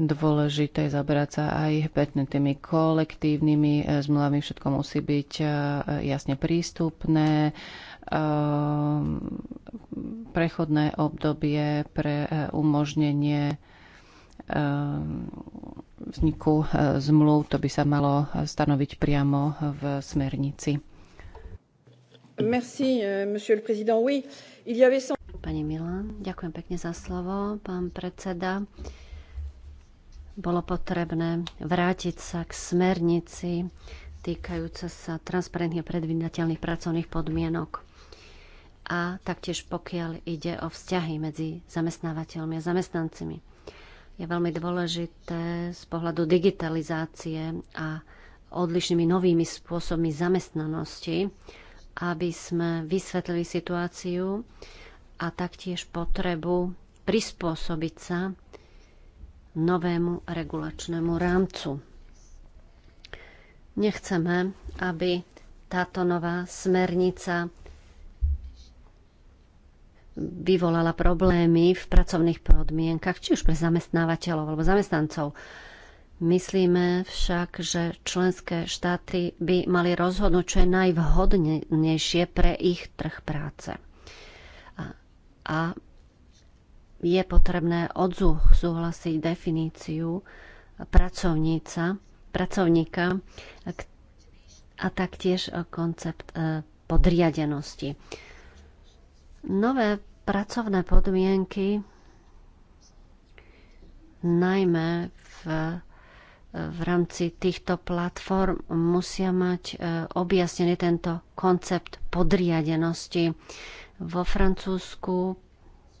Dôležité je zaberať sa aj pätne tými kolektívnymi zmluvami. Všetko musí byť jasne prístupné ehm, prechodné obdobie pre umožnenie Ehm, vzniku e, zmluv. To by sa malo e, stanoviť priamo v smernici. Merci, e, monsieur le président. Oui, il y avait... Pani Milan, ďakujem pekne za slovo, pán predseda. Bolo potrebné vrátiť sa k smernici týkajúce sa transparentne predvydateľných pracovných podmienok a taktiež pokiaľ ide o vzťahy medzi zamestnávateľmi a zamestnancami je veľmi dôležité z pohľadu digitalizácie a odlišnými novými spôsobmi zamestnanosti, aby sme vysvetlili situáciu a taktiež potrebu prispôsobiť sa novému regulačnému rámcu. Nechceme, aby táto nová smernica vyvolala problémy v pracovných podmienkach, či už pre zamestnávateľov alebo zamestnancov. Myslíme však, že členské štáty by mali rozhodnúť, čo je najvhodnejšie pre ich trh práce. A, a je potrebné odzuch súhlasiť definíciu pracovníca, pracovníka a taktiež koncept e, podriadenosti. Nové Pracovné podmienky, najmä v, v rámci týchto platform, musia mať e, objasnený tento koncept podriadenosti. Vo Francúzsku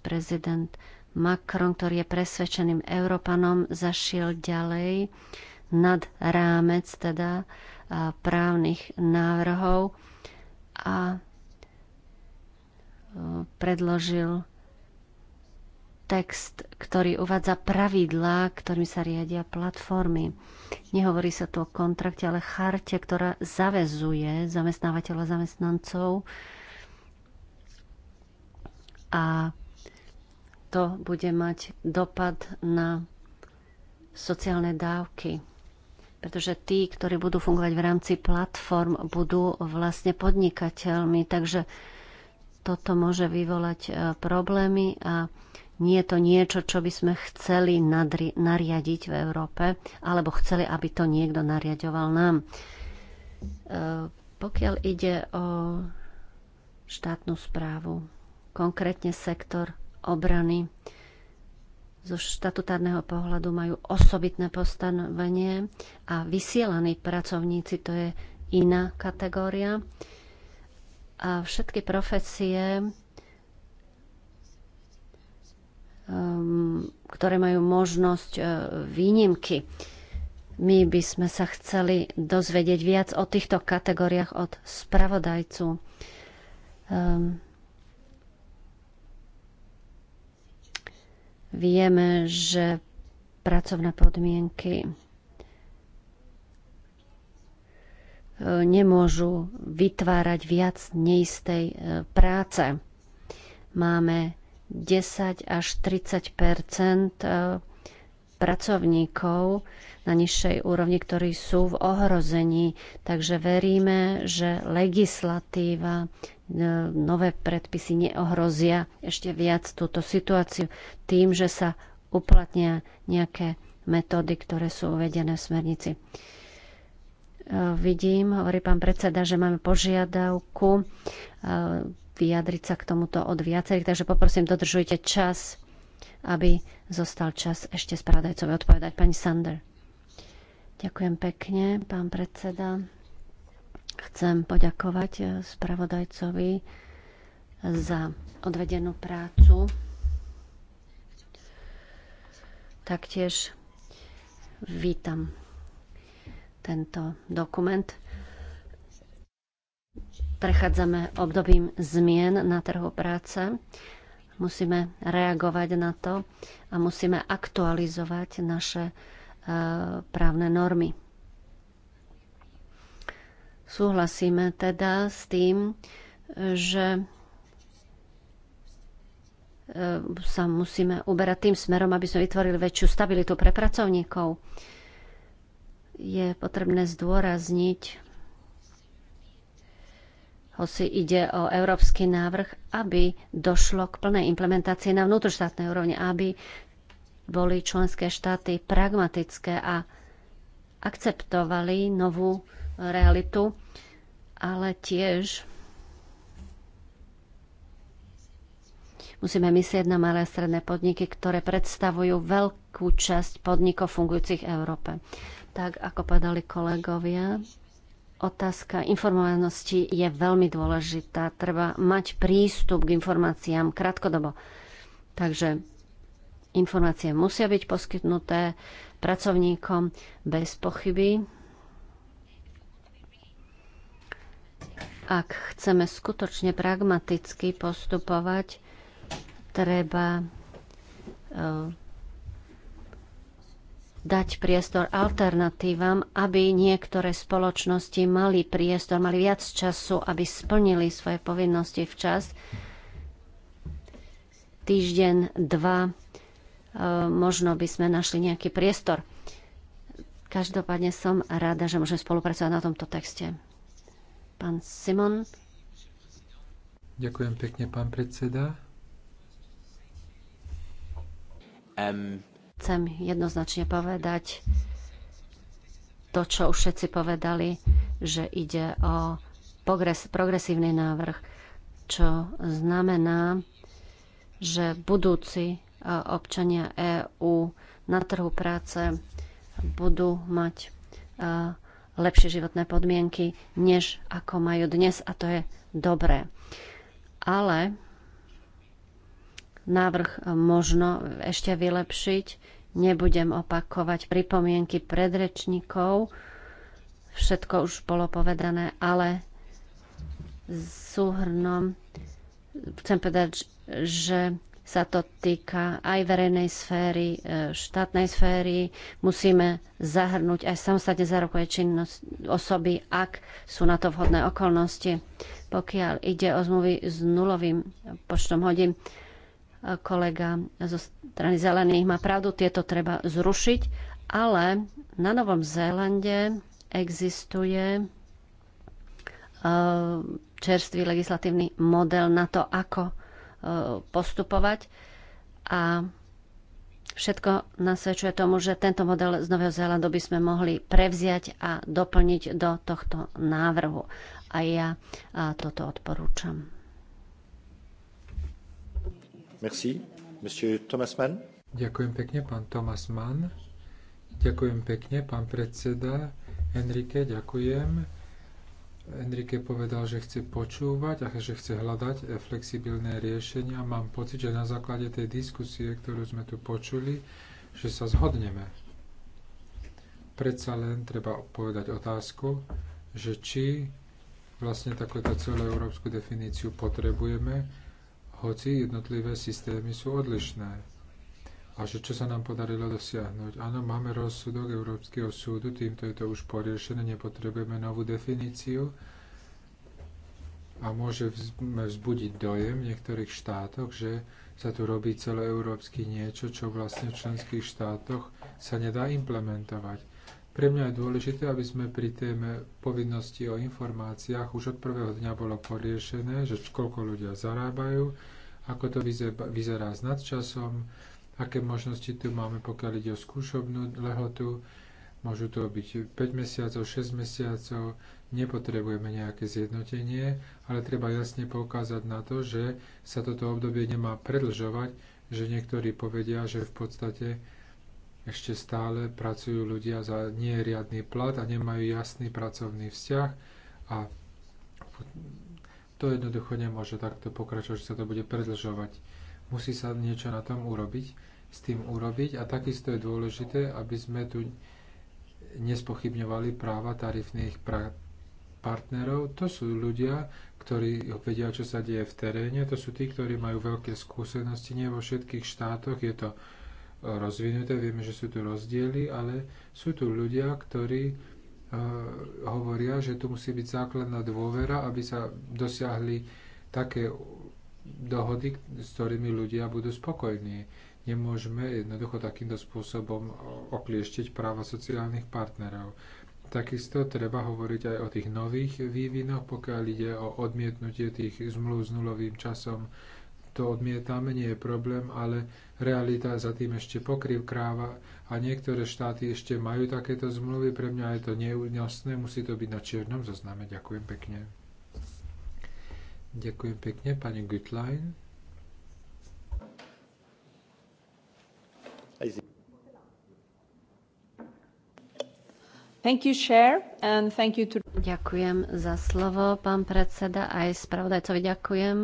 prezident Macron, ktorý je presvedčeným Európanom, zašiel ďalej nad rámec teda právnych návrhov a predložil text, ktorý uvádza pravidlá, ktorým sa riadia platformy. Nehovorí sa tu o kontrakte, ale charte, ktorá zavezuje zamestnávateľa zamestnancov. A to bude mať dopad na sociálne dávky. Pretože tí, ktorí budú fungovať v rámci platform, budú vlastne podnikateľmi. Takže toto môže vyvolať e, problémy a nie je to niečo, čo by sme chceli nadri- nariadiť v Európe, alebo chceli, aby to niekto nariadoval nám. E, pokiaľ ide o štátnu správu, konkrétne sektor obrany, zo štatutárneho pohľadu majú osobitné postanovenie a vysielaní pracovníci to je iná kategória a všetky profesie, ehm, ktoré majú možnosť e, výnimky. My by sme sa chceli dozvedieť viac o týchto kategóriách od spravodajcu. Ehm, vieme, že pracovné podmienky nemôžu vytvárať viac neistej e, práce. Máme 10 až 30 e, pracovníkov na nižšej úrovni, ktorí sú v ohrození. Takže veríme, že legislatíva, e, nové predpisy neohrozia ešte viac túto situáciu tým, že sa uplatnia nejaké metódy, ktoré sú uvedené v smernici. Vidím, hovorí pán predseda, že máme požiadavku eh, vyjadriť sa k tomuto od viacerých, takže poprosím, dodržujte čas, aby zostal čas ešte spravodajcovi odpovedať. Pani Sander. Ďakujem pekne, pán predseda. Chcem poďakovať eh, spravodajcovi eh, za odvedenú prácu. Taktiež vítam tento dokument. Prechádzame obdobím zmien na trhu práce. Musíme reagovať na to a musíme aktualizovať naše e, právne normy. Súhlasíme teda s tým, že e, sa musíme uberať tým smerom, aby sme vytvorili väčšiu stabilitu pre pracovníkov je potrebné zdôrazniť, hoci ide o európsky návrh, aby došlo k plnej implementácii na vnútroštátnej úrovni, aby boli členské štáty pragmatické a akceptovali novú realitu, ale tiež musíme myslieť na malé a stredné podniky, ktoré predstavujú veľkú časť podnikov fungujúcich v Európe tak ako povedali kolegovia, otázka informovanosti je veľmi dôležitá. Treba mať prístup k informáciám krátkodobo. Takže informácie musia byť poskytnuté pracovníkom bez pochyby. Ak chceme skutočne pragmaticky postupovať, treba eh, dať priestor alternatívam, aby niektoré spoločnosti mali priestor, mali viac času, aby splnili svoje povinnosti včas. Týždeň, dva, e, možno by sme našli nejaký priestor. Každopádne som rada, že môžem spolupracovať na tomto texte. Pán Simon. Ďakujem pekne, pán predseda. Um, chcem jednoznačne povedať to, čo už všetci povedali, že ide o progres, progresívny návrh, čo znamená, že budúci e, občania EÚ na trhu práce budú mať e, lepšie životné podmienky, než ako majú dnes a to je dobré. Ale návrh možno ešte vylepšiť Nebudem opakovať pripomienky predrečníkov, všetko už bolo povedané, ale súhrnom chcem povedať, že sa to týka aj verejnej sféry, e, štátnej sféry. Musíme zahrnúť aj samostatne zárokové činnosť osoby, ak sú na to vhodné okolnosti. Pokiaľ ide o zmluvy s nulovým počtom hodín, kolega zo strany zelených má pravdu, tieto treba zrušiť, ale na Novom Zélande existuje e, čerstvý legislatívny model na to, ako e, postupovať a všetko nasvedčuje tomu, že tento model z Nového Zélandu by sme mohli prevziať a doplniť do tohto návrhu. A ja toto odporúčam. Merci. Monsieur Thomas Mann. Ďakujem pekne, pán Thomas Mann. Ďakujem pekne, pán predseda. Enrique, ďakujem. Enrique povedal, že chce počúvať a že chce hľadať eh, flexibilné riešenia. Mám pocit, že na základe tej diskusie, ktorú sme tu počuli, že sa zhodneme. Predsa len treba povedať otázku, že či vlastne takúto celoeurópsku definíciu potrebujeme, hoci jednotlivé systémy sú odlišné. A že čo sa nám podarilo dosiahnuť? Áno, máme rozsudok Európskeho súdu, týmto je to už poriešené, nepotrebujeme novú definíciu a môžeme vzbudiť dojem v niektorých štátoch, že sa tu robí celoeurópsky niečo, čo vlastne v členských štátoch sa nedá implementovať. Pre mňa je dôležité, aby sme pri téme povinnosti o informáciách už od prvého dňa bolo poriešené, že koľko ľudia zarábajú, ako to vyzerá s nadčasom, aké možnosti tu máme, pokiaľ ide o skúšobnú lehotu. Môžu to byť 5 mesiacov, 6 mesiacov, nepotrebujeme nejaké zjednotenie, ale treba jasne poukázať na to, že sa toto obdobie nemá predlžovať, že niektorí povedia, že v podstate ešte stále pracujú ľudia za neriadný plat a nemajú jasný pracovný vzťah a to jednoducho nemôže takto pokračovať, že sa to bude predlžovať. Musí sa niečo na tom urobiť, s tým urobiť a takisto je dôležité, aby sme tu nespochybňovali práva tarifných pra- partnerov. To sú ľudia, ktorí vedia, čo sa deje v teréne. To sú tí, ktorí majú veľké skúsenosti. Nie vo všetkých štátoch je to rozvinuté, vieme, že sú tu rozdiely, ale sú tu ľudia, ktorí e, hovoria, že tu musí byť základná dôvera, aby sa dosiahli také dohody, s ktorými ľudia budú spokojní. Nemôžeme jednoducho takýmto spôsobom e, oklieštiť práva sociálnych partnerov. Takisto treba hovoriť aj o tých nových vývinoch, pokiaľ ide o odmietnutie tých zmluv s nulovým časom to odmietame, nie je problém, ale realita za tým ešte kráva a niektoré štáty ešte majú takéto zmluvy. Pre mňa je to neúnosné, musí to byť na čiernom zozname. Ďakujem pekne. Ďakujem pekne, pani Gütlein. You, Chair, to... Ďakujem za slovo, pán predseda, aj spravodajcovi ďakujem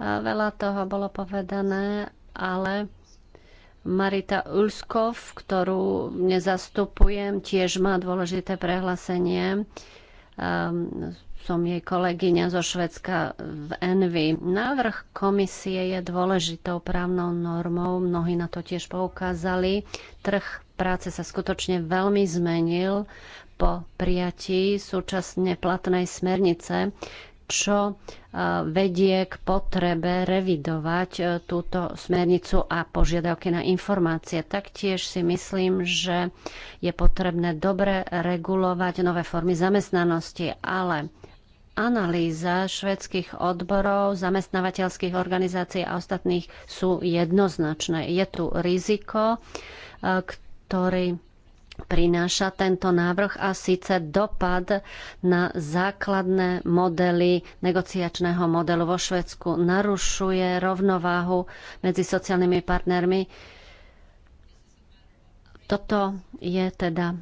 Veľa toho bolo povedané, ale Marita Ulskov, ktorú nezastupujem, tiež má dôležité prehlásenie. Ehm, som jej kolegyňa zo Švedska v Envy. Návrh komisie je dôležitou právnou normou, mnohí na to tiež poukázali. Trh práce sa skutočne veľmi zmenil po prijatí súčasne platnej smernice, čo e, vedie k potrebe revidovať e, túto smernicu a požiadavky na informácie. Taktiež si myslím, že je potrebné dobre regulovať nové formy zamestnanosti, ale analýza švedských odborov, zamestnávateľských organizácií a ostatných sú jednoznačné. Je tu riziko, e, ktorý prináša tento návrh a síce dopad na základné modely negociačného modelu vo Švedsku. Narušuje rovnováhu medzi sociálnymi partnermi. Toto je teda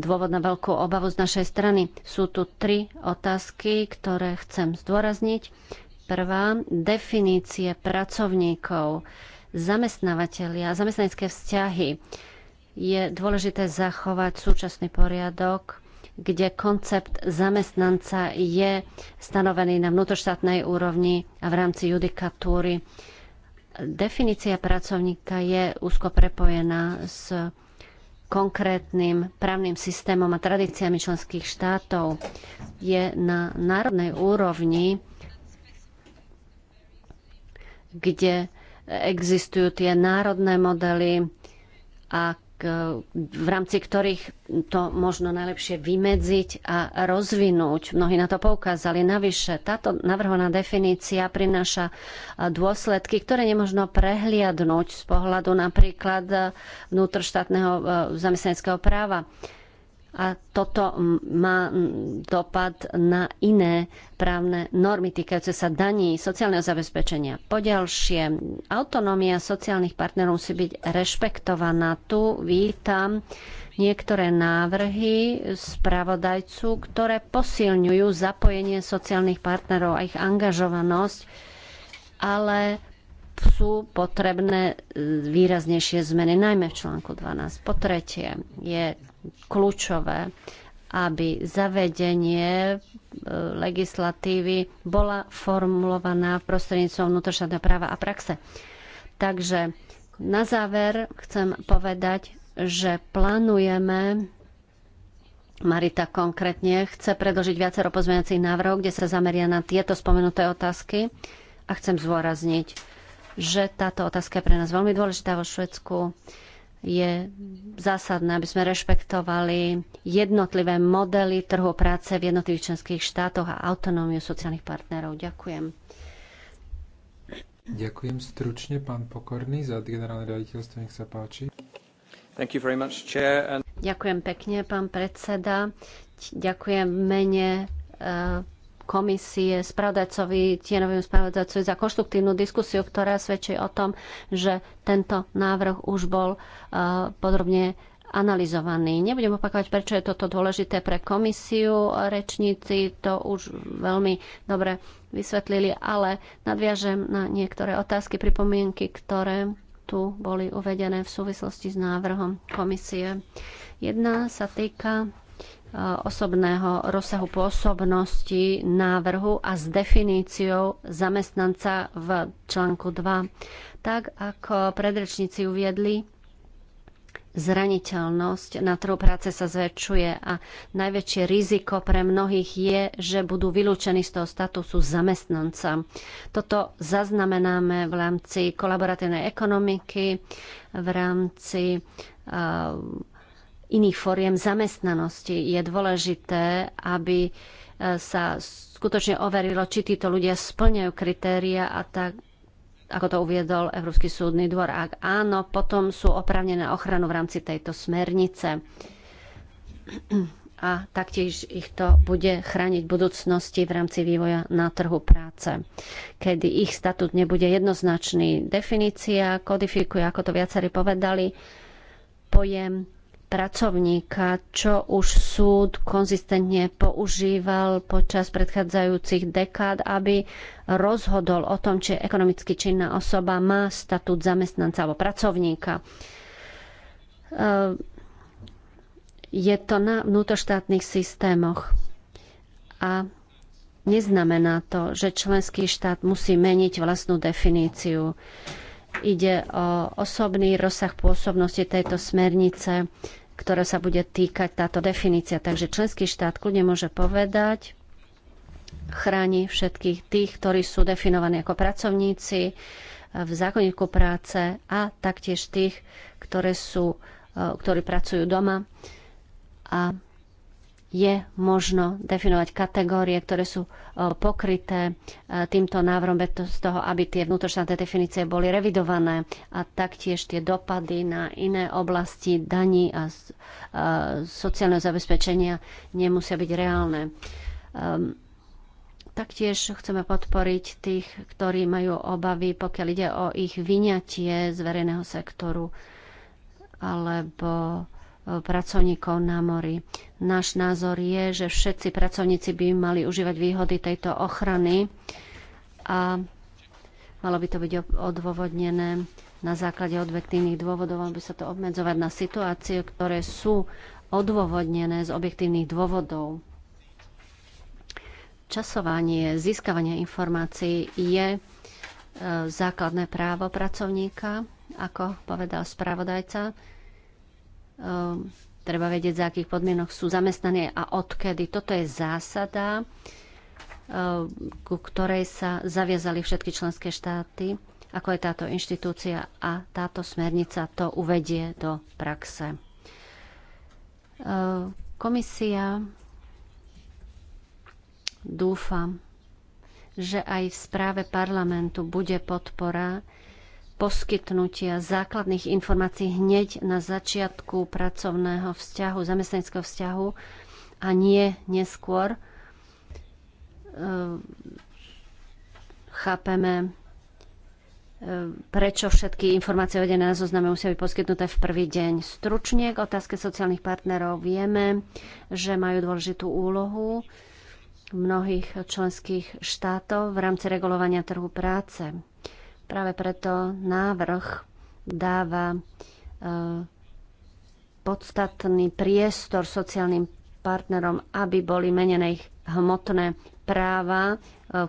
dôvod na veľkú obavu z našej strany. Sú tu tri otázky, ktoré chcem zdôrazniť. Prvá, definície pracovníkov, zamestnávateľia, zamestnanecké vzťahy je dôležité zachovať súčasný poriadok, kde koncept zamestnanca je stanovený na vnútroštátnej úrovni a v rámci judikatúry. Definícia pracovníka je úzko prepojená s konkrétnym právnym systémom a tradíciami členských štátov. Je na národnej úrovni, kde existujú tie národné modely a v rámci ktorých to možno najlepšie vymedziť a rozvinúť. Mnohí na to poukázali. Navyše, táto navrhovaná definícia prináša dôsledky, ktoré nemožno prehliadnúť z pohľadu napríklad vnútroštátneho zamestnaneckého práva a toto má dopad na iné právne normy týkajúce sa daní, sociálneho zabezpečenia. Poďalšie, autonómia sociálnych partnerov musí byť rešpektovaná. Tu vítam niektoré návrhy spravodajcu, ktoré posilňujú zapojenie sociálnych partnerov a ich angažovanosť, ale sú potrebné e, výraznejšie zmeny, najmä v článku 12. Po tretie je kľúčové, aby zavedenie e, legislatívy bola formulovaná prostredníctvom vnútroštátneho práva a praxe. Takže na záver chcem povedať, že plánujeme Marita konkrétne chce predložiť viacero pozmeňacích návrhov, kde sa zameria na tieto spomenuté otázky. A chcem zdôrazniť, že táto otázka je pre nás veľmi dôležitá vo Švedsku je zásadné, aby sme rešpektovali jednotlivé modely trhu práce v jednotlivých členských štátoch a autonómiu sociálnych partnerov. Ďakujem. Ďakujem stručne, pán Pokorný, za generálne riaditeľstvo, nech sa páči. Thank you very much, chair, and... Ďakujem pekne, pán predseda. Ďakujem mene uh, komisie, spravodajcovi, tienovým spravodajcovi za konštruktívnu diskusiu, ktorá svedčí o tom, že tento návrh už bol eh, podrobne analyzovaný. Nebudem opakovať, prečo je toto dôležité pre komisiu. Rečníci to už veľmi dobre vysvetlili, ale nadviažem na niektoré otázky, pripomienky, ktoré tu boli uvedené v súvislosti s návrhom komisie. Jedna sa týka osobného rozsahu pôsobnosti návrhu a s definíciou zamestnanca v článku 2. Tak ako predrečníci uviedli, zraniteľnosť na trhu práce sa zväčšuje a najväčšie riziko pre mnohých je, že budú vylúčení z toho statusu zamestnanca. Toto zaznamenáme v rámci kolaboratívnej ekonomiky, v rámci uh, iných foriem zamestnanosti. Je dôležité, aby e, sa skutočne overilo, či títo ľudia splňajú kritéria a tak, ako to uviedol Európsky súdny dvor. Ak áno, potom sú opravnené ochranu v rámci tejto smernice. A taktiež ich to bude chrániť v budúcnosti v rámci vývoja na trhu práce, kedy ich statút nebude jednoznačný. Definícia kodifikuje, ako to viacerí povedali, pojem pracovníka, čo už súd konzistentne používal počas predchádzajúcich dekád, aby rozhodol o tom, či ekonomicky činná osoba má statút zamestnanca alebo pracovníka. Ehm, je to na vnútoštátnych systémoch a neznamená to, že členský štát musí meniť vlastnú definíciu. Ide o osobný rozsah pôsobnosti tejto smernice, ktorá sa bude týkať táto definícia. Takže členský štát kľudne môže povedať, chráni všetkých tých, ktorí sú definovaní ako pracovníci e, v zákonníku práce a taktiež tých, ktoré sú, e, ktorí pracujú doma a je možno definovať kategórie, ktoré sú e, pokryté e, týmto návrhom z toho, aby tie vnútroštátne definície boli revidované a taktiež tie dopady na iné oblasti daní a e, sociálneho zabezpečenia nemusia byť reálne. Ehm, taktiež chceme podporiť tých, ktorí majú obavy, pokiaľ ide o ich vyňatie z verejného sektoru alebo E, pracovníkov na mori. Náš názor je, že všetci pracovníci by mali užívať výhody tejto ochrany a malo by to byť odôvodnené na základe objektívnych dôvodov, malo by sa to obmedzovať na situácie, ktoré sú odôvodnené z objektívnych dôvodov. Časovanie získavanie informácií je e, základné právo pracovníka, ako povedal spravodajca. Ehm, treba vedieť, za akých podmienok sú zamestnané. a odkedy. Toto je zásada, ehm, ku ktorej sa zaviazali všetky členské štáty, ako je táto inštitúcia a táto smernica to uvedie do praxe. Ehm, komisia dúfam, že aj v správe parlamentu bude podpora poskytnutia základných informácií hneď na začiatku pracovného vzťahu, zamestnaneckého vzťahu a nie neskôr. Ehm, chápeme, ehm, prečo všetky informácie vedené na zozname musia byť poskytnuté v prvý deň. Stručne k otázke sociálnych partnerov vieme, že majú dôležitú úlohu mnohých členských štátov v rámci regulovania trhu práce. Práve preto návrh dáva e, podstatný priestor sociálnym partnerom, aby boli menené ich hmotné práva e,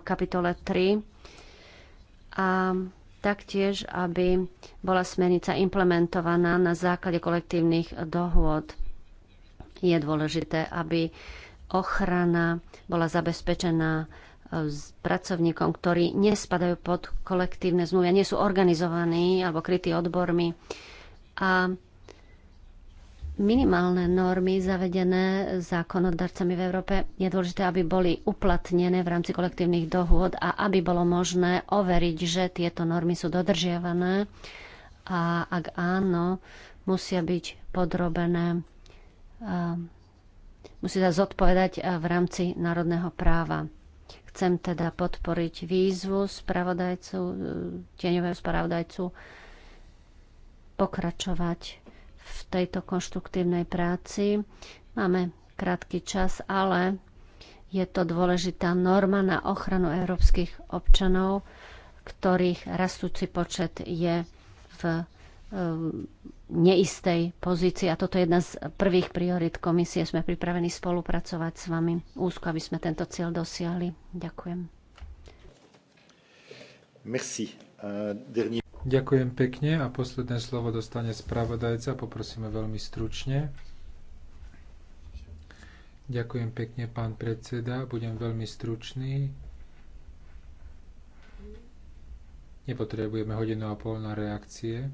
v kapitole 3 a taktiež, aby bola smernica implementovaná na základe kolektívnych dohôd. Je dôležité, aby ochrana bola zabezpečená s pracovníkom, ktorí nespadajú pod kolektívne zmluvy a nie sú organizovaní alebo krytí odbormi. A minimálne normy zavedené zákonodarcami v Európe je dôležité, aby boli uplatnené v rámci kolektívnych dohôd a aby bolo možné overiť, že tieto normy sú dodržiavané a ak áno, musia byť podrobené, musia zodpovedať v rámci národného práva. Chcem teda podporiť výzvu spravodajcu, e, tieňového spravodajcu pokračovať v tejto konštruktívnej práci. Máme krátky čas, ale je to dôležitá norma na ochranu európskych občanov, ktorých rastúci počet je v e, neistej pozícii a toto je jedna z prvých priorit komisie. Sme pripravení spolupracovať s vami úzko, aby sme tento cieľ dosiahli. Ďakujem. Merci. Ďakujem pekne a posledné slovo dostane spravodajca. Poprosíme veľmi stručne. Ďakujem pekne, pán predseda. Budem veľmi stručný. Nepotrebujeme hodinu a pol na reakcie.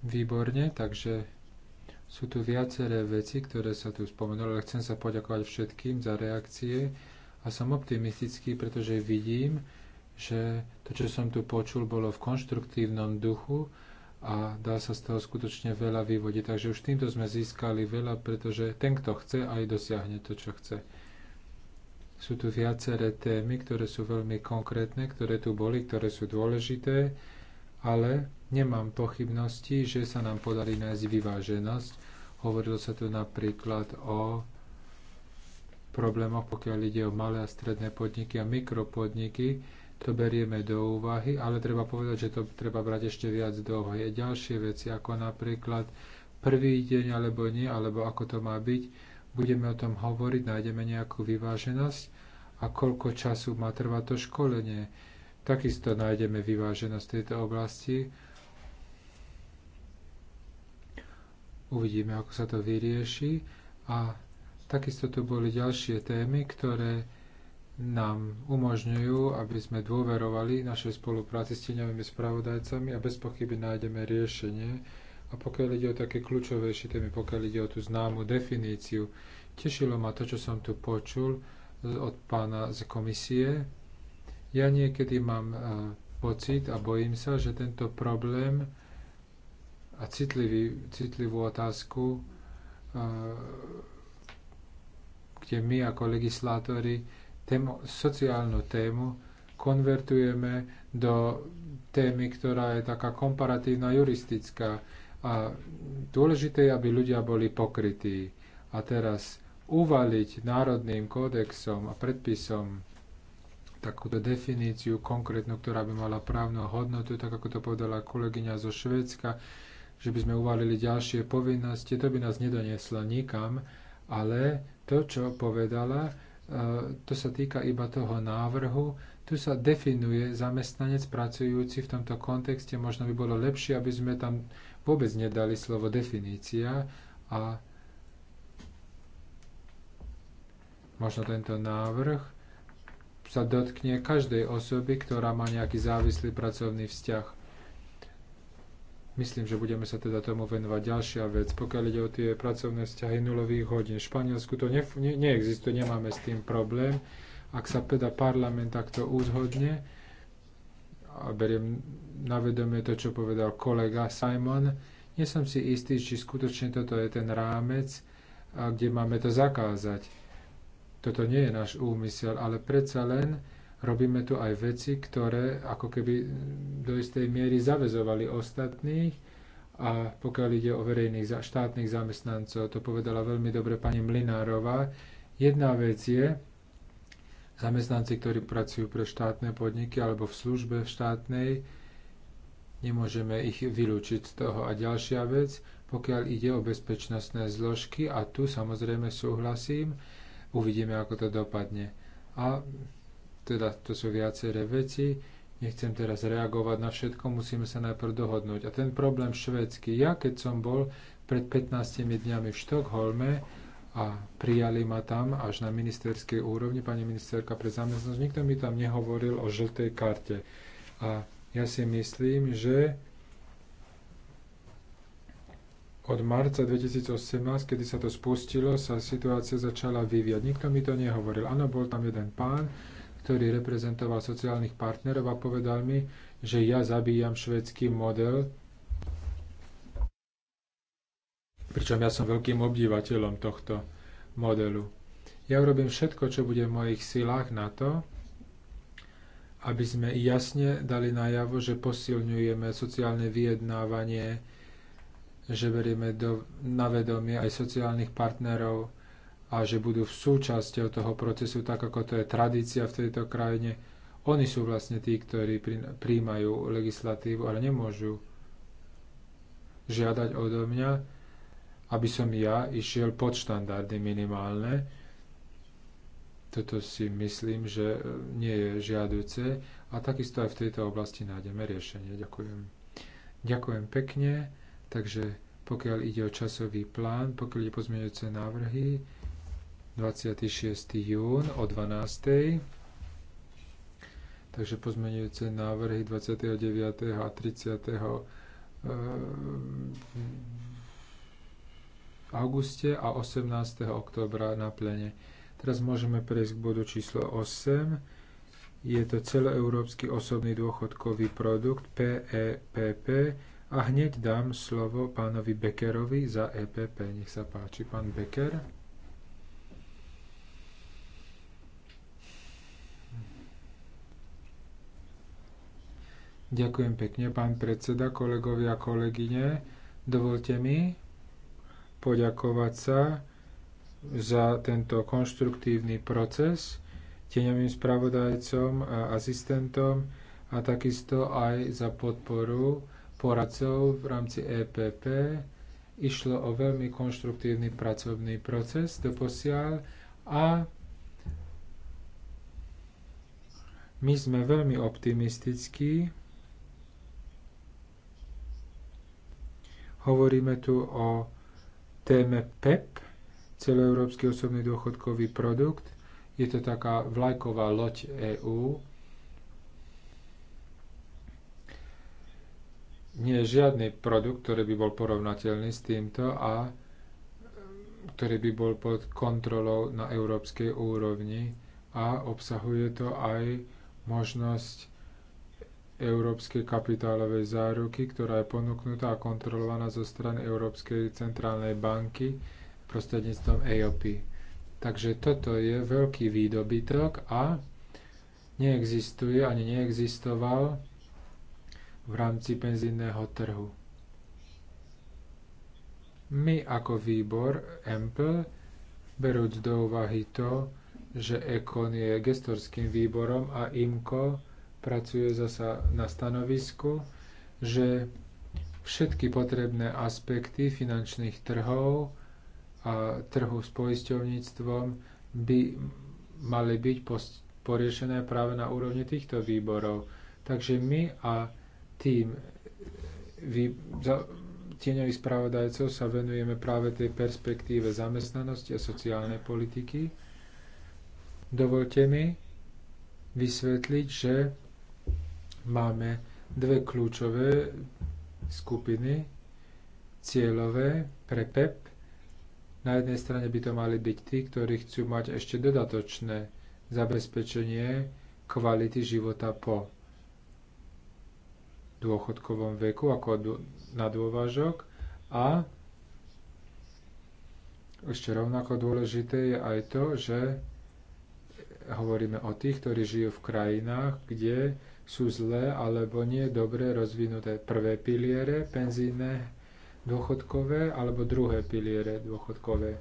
Výborne, takže sú tu viaceré veci, ktoré sa tu spomenuli, ale chcem sa poďakovať všetkým za reakcie a som optimistický, pretože vidím, že to, čo som tu počul, bolo v konštruktívnom duchu a dá sa z toho skutočne veľa vyvodiť. Takže už týmto sme získali veľa, pretože ten, kto chce, aj dosiahne to, čo chce. Sú tu viaceré témy, ktoré sú veľmi konkrétne, ktoré tu boli, ktoré sú dôležité, ale Nemám pochybnosti, že sa nám podarí nájsť vyváženosť. Hovorilo sa tu napríklad o problémoch, pokiaľ ide o malé a stredné podniky a mikropodniky. To berieme do úvahy, ale treba povedať, že to treba brať ešte viac do úvahy. Ďalšie veci, ako napríklad prvý deň alebo nie, alebo ako to má byť, budeme o tom hovoriť, nájdeme nejakú vyváženosť a koľko času má trvať to školenie. Takisto nájdeme vyváženosť v tejto oblasti Uvidíme, ako sa to vyrieši. A takisto tu boli ďalšie témy, ktoré nám umožňujú, aby sme dôverovali našej spolupráci s tieňovými spravodajcami a bez pochyby nájdeme riešenie. A pokiaľ ide o také kľúčovejšie témy, pokiaľ ide o tú známu definíciu, tešilo ma to, čo som tu počul od pána z komisie. Ja niekedy mám eh, pocit a bojím sa, že tento problém a citlivý, citlivú otázku, e, kde my ako legislátori tému, sociálnu tému konvertujeme do témy, ktorá je taká komparatívna juristická. A dôležité je, aby ľudia boli pokrytí. A teraz uvaliť národným kódexom a predpisom takúto definíciu konkrétnu, ktorá by mala právnu hodnotu, tak ako to povedala kolegyňa zo Švedska že by sme uvalili ďalšie povinnosti, to by nás nedonieslo nikam, ale to, čo povedala, e, to sa týka iba toho návrhu, tu sa definuje zamestnanec pracujúci v tomto kontexte, možno by bolo lepšie, aby sme tam vôbec nedali slovo definícia a možno tento návrh sa dotkne každej osoby, ktorá má nejaký závislý pracovný vzťah. Myslím, že budeme sa teda tomu venovať. Ďalšia vec, pokiaľ ide o tie pracovné vzťahy nulových hodín, v Španielsku to ne, ne, neexistuje, nemáme s tým problém. Ak sa teda parlament takto úzhodne, a beriem na vedomie to, čo povedal kolega Simon, nie som si istý, či skutočne toto je ten rámec, kde máme to zakázať. Toto nie je náš úmysel, ale predsa len Robíme tu aj veci, ktoré ako keby do istej miery zavezovali ostatných a pokiaľ ide o verejných štátnych zamestnancov, to povedala veľmi dobre pani Mlinárová, jedna vec je, zamestnanci, ktorí pracujú pre štátne podniky alebo v službe v štátnej, nemôžeme ich vylúčiť z toho. A ďalšia vec, pokiaľ ide o bezpečnostné zložky, a tu samozrejme súhlasím, uvidíme, ako to dopadne. A teda to sú viaceré veci, nechcem teraz reagovať na všetko, musíme sa najprv dohodnúť. A ten problém švédsky, ja keď som bol pred 15 dňami v Štokholme a prijali ma tam až na ministerskej úrovni, pani ministerka pre zamestnosť, nikto mi tam nehovoril o žltej karte. A ja si myslím, že od marca 2018, kedy sa to spustilo, sa situácia začala vyvíjať. Nikto mi to nehovoril. Áno, bol tam jeden pán, ktorý reprezentoval sociálnych partnerov a povedal mi, že ja zabíjam švedský model, pričom ja som veľkým obdívateľom tohto modelu. Ja urobím všetko, čo bude v mojich silách na to, aby sme jasne dali najavo, že posilňujeme sociálne vyjednávanie, že berieme do, na vedomie aj sociálnych partnerov, a že budú v súčasťou toho procesu, tak ako to je tradícia v tejto krajine. Oni sú vlastne tí, ktorí príjmajú legislatívu, ale nemôžu žiadať odo mňa, aby som ja išiel pod štandardy minimálne. Toto si myslím, že e, nie je žiaduce a takisto aj v tejto oblasti nájdeme riešenie. Ďakujem. Ďakujem pekne, takže pokiaľ ide o časový plán, pokiaľ ide pozmeňujúce návrhy, 26. jún o 12. Takže pozmenujúce návrhy 29. a 30. Ehm, auguste a 18. oktobra na plene. Teraz môžeme prejsť k bodu číslo 8. Je to celoeurópsky osobný dôchodkový produkt PEPP e a hneď dám slovo pánovi Beckerovi za EPP. Nech sa páči, pán Becker. Ďakujem pekne, pán predseda, kolegovia a kolegyne. Dovolte mi poďakovať sa za tento konštruktívny proces tieňovým spravodajcom a asistentom a takisto aj za podporu poradcov v rámci EPP. Išlo o veľmi konštruktívny pracovný proces doposiaľ a my sme veľmi optimistickí Hovoríme tu o téme PEP, celoeurópsky osobný dôchodkový produkt. Je to taká vlajková loď EÚ. Nie je žiadny produkt, ktorý by bol porovnateľný s týmto a e, ktorý by bol pod kontrolou na európskej úrovni a obsahuje to aj možnosť európskej kapitálovej záruky, ktorá je ponúknutá a kontrolovaná zo strany Európskej centrálnej banky prostredníctvom AOP. Takže toto je veľký výdobytok a neexistuje ani neexistoval v rámci penzínneho trhu. My ako výbor EMPL, berúc do úvahy to, že EKON je gestorským výborom a IMCO pracuje zasa na stanovisku, že všetky potrebné aspekty finančných trhov a trhu s poisťovníctvom by mali byť poriešené práve na úrovni týchto výborov. Takže my a tým tieňových spravodajcov sa venujeme práve tej perspektíve zamestnanosti a sociálnej politiky. Dovolte mi vysvetliť, že máme dve kľúčové skupiny cieľové pre PEP. Na jednej strane by to mali byť tí, ktorí chcú mať ešte dodatočné zabezpečenie kvality života po dôchodkovom veku ako na a ešte rovnako dôležité je aj to, že hovoríme o tých, ktorí žijú v krajinách, kde sú zlé alebo nie dobre rozvinuté prvé piliere penzíne dôchodkové alebo druhé piliere dôchodkové.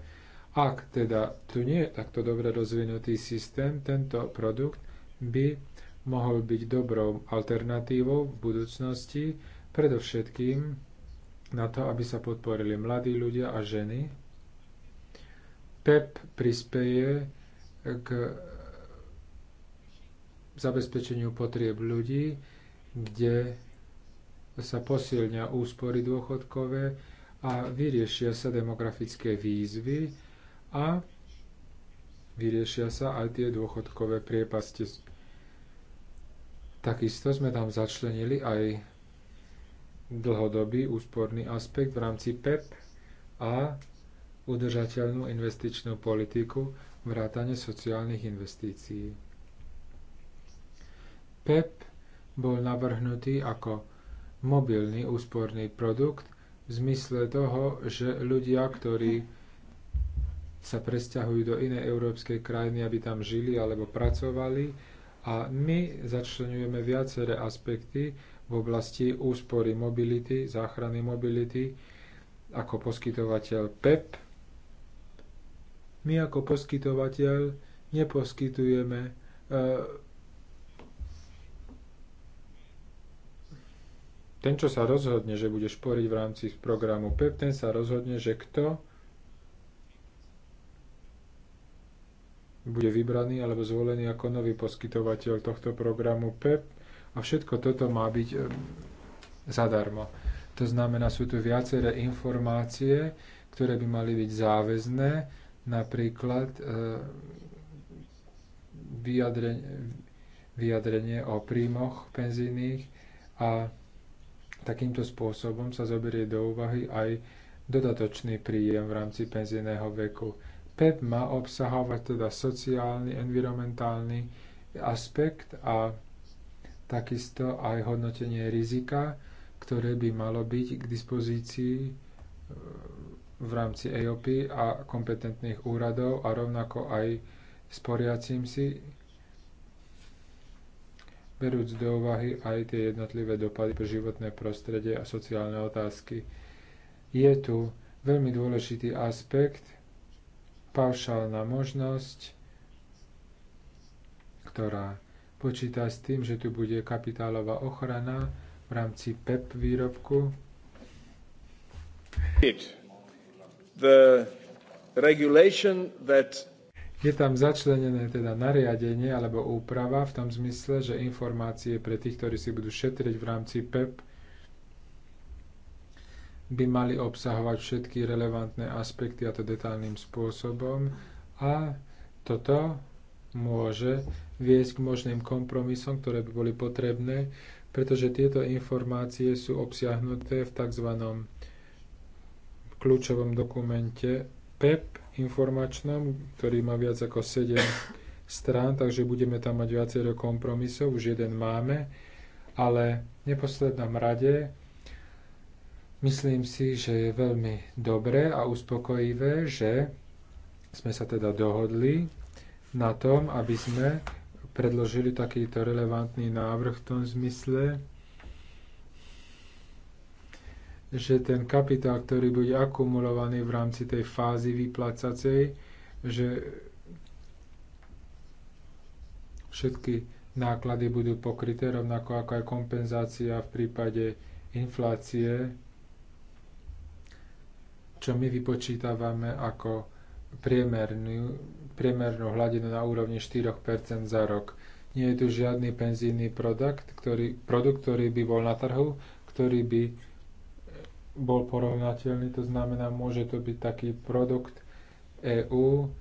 Ak teda tu nie je takto dobre rozvinutý systém, tento produkt by mohol byť dobrou alternatívou v budúcnosti, predovšetkým na to, aby sa podporili mladí ľudia a ženy. PEP prispeje k zabezpečeniu potrieb ľudí, kde sa posilňa úspory dôchodkové a vyriešia sa demografické výzvy a vyriešia sa aj tie dôchodkové priepasti. Takisto sme tam začlenili aj dlhodobý úsporný aspekt v rámci PEP a udržateľnú investičnú politiku vrátane sociálnych investícií. PEP e bol navrhnutý ako mobilný úsporný produkt v zmysle toho, že ľudia, ktorí sa presťahujú do inej európskej krajiny, aby tam žili alebo pracovali. A my začlenujeme viaceré aspekty v oblasti úspory mobility, záchrany mobility ako poskytovateľ PEP. E my ako poskytovateľ neposkytujeme e, ten, čo sa rozhodne, že bude šporiť v rámci programu PEP, ten sa rozhodne, že kto bude vybraný alebo zvolený ako nový poskytovateľ tohto programu PEP a všetko toto má byť e, zadarmo. To znamená, sú tu viaceré informácie, ktoré by mali byť záväzné, napríklad e, vyjadrenie, vyjadrenie o príjmoch penzijných a takýmto spôsobom sa zoberie do úvahy aj dodatočný príjem v rámci penzijného veku. PEP má obsahovať teda sociálny, environmentálny aspekt a takisto aj hodnotenie rizika, ktoré by malo byť k dispozícii e, v rámci EOP a kompetentných úradov a rovnako aj sporiacím si berúc do úvahy aj tie jednotlivé dopady pre životné prostredie a sociálne otázky. Je tu veľmi dôležitý aspekt, paušálna možnosť, ktorá počíta s tým, že tu bude kapitálová ochrana v rámci PEP výrobku. It. The regulation that je tam začlenené teda nariadenie alebo úprava v tom zmysle, že informácie pre tých, ktorí si budú šetriť v rámci PEP, e by mali obsahovať všetky relevantné aspekty a to detálnym spôsobom a toto môže viesť k možným kompromisom, ktoré by boli potrebné, pretože tieto informácie sú obsiahnuté v tzv. kľúčovom dokumente PEP e informačnom, ktorý má viac ako 7 strán, takže budeme tam mať viacero kompromisov, už jeden máme, ale v neposlednom rade myslím si, že je veľmi dobré a uspokojivé, že sme sa teda dohodli na tom, aby sme predložili takýto relevantný návrh v tom zmysle, že ten kapitál, ktorý bude akumulovaný v rámci tej fázy vyplácacej, že všetky náklady budú pokryté, rovnako ako aj kompenzácia v prípade inflácie, čo my vypočítavame ako priemernú, priemernú hladinu na úrovni 4% za rok. Nie je tu žiadny penzijný produkt, ktorý, produkt, ktorý by bol na trhu, ktorý by bol porovnateľný, to znamená, môže to byť taký produkt EÚ,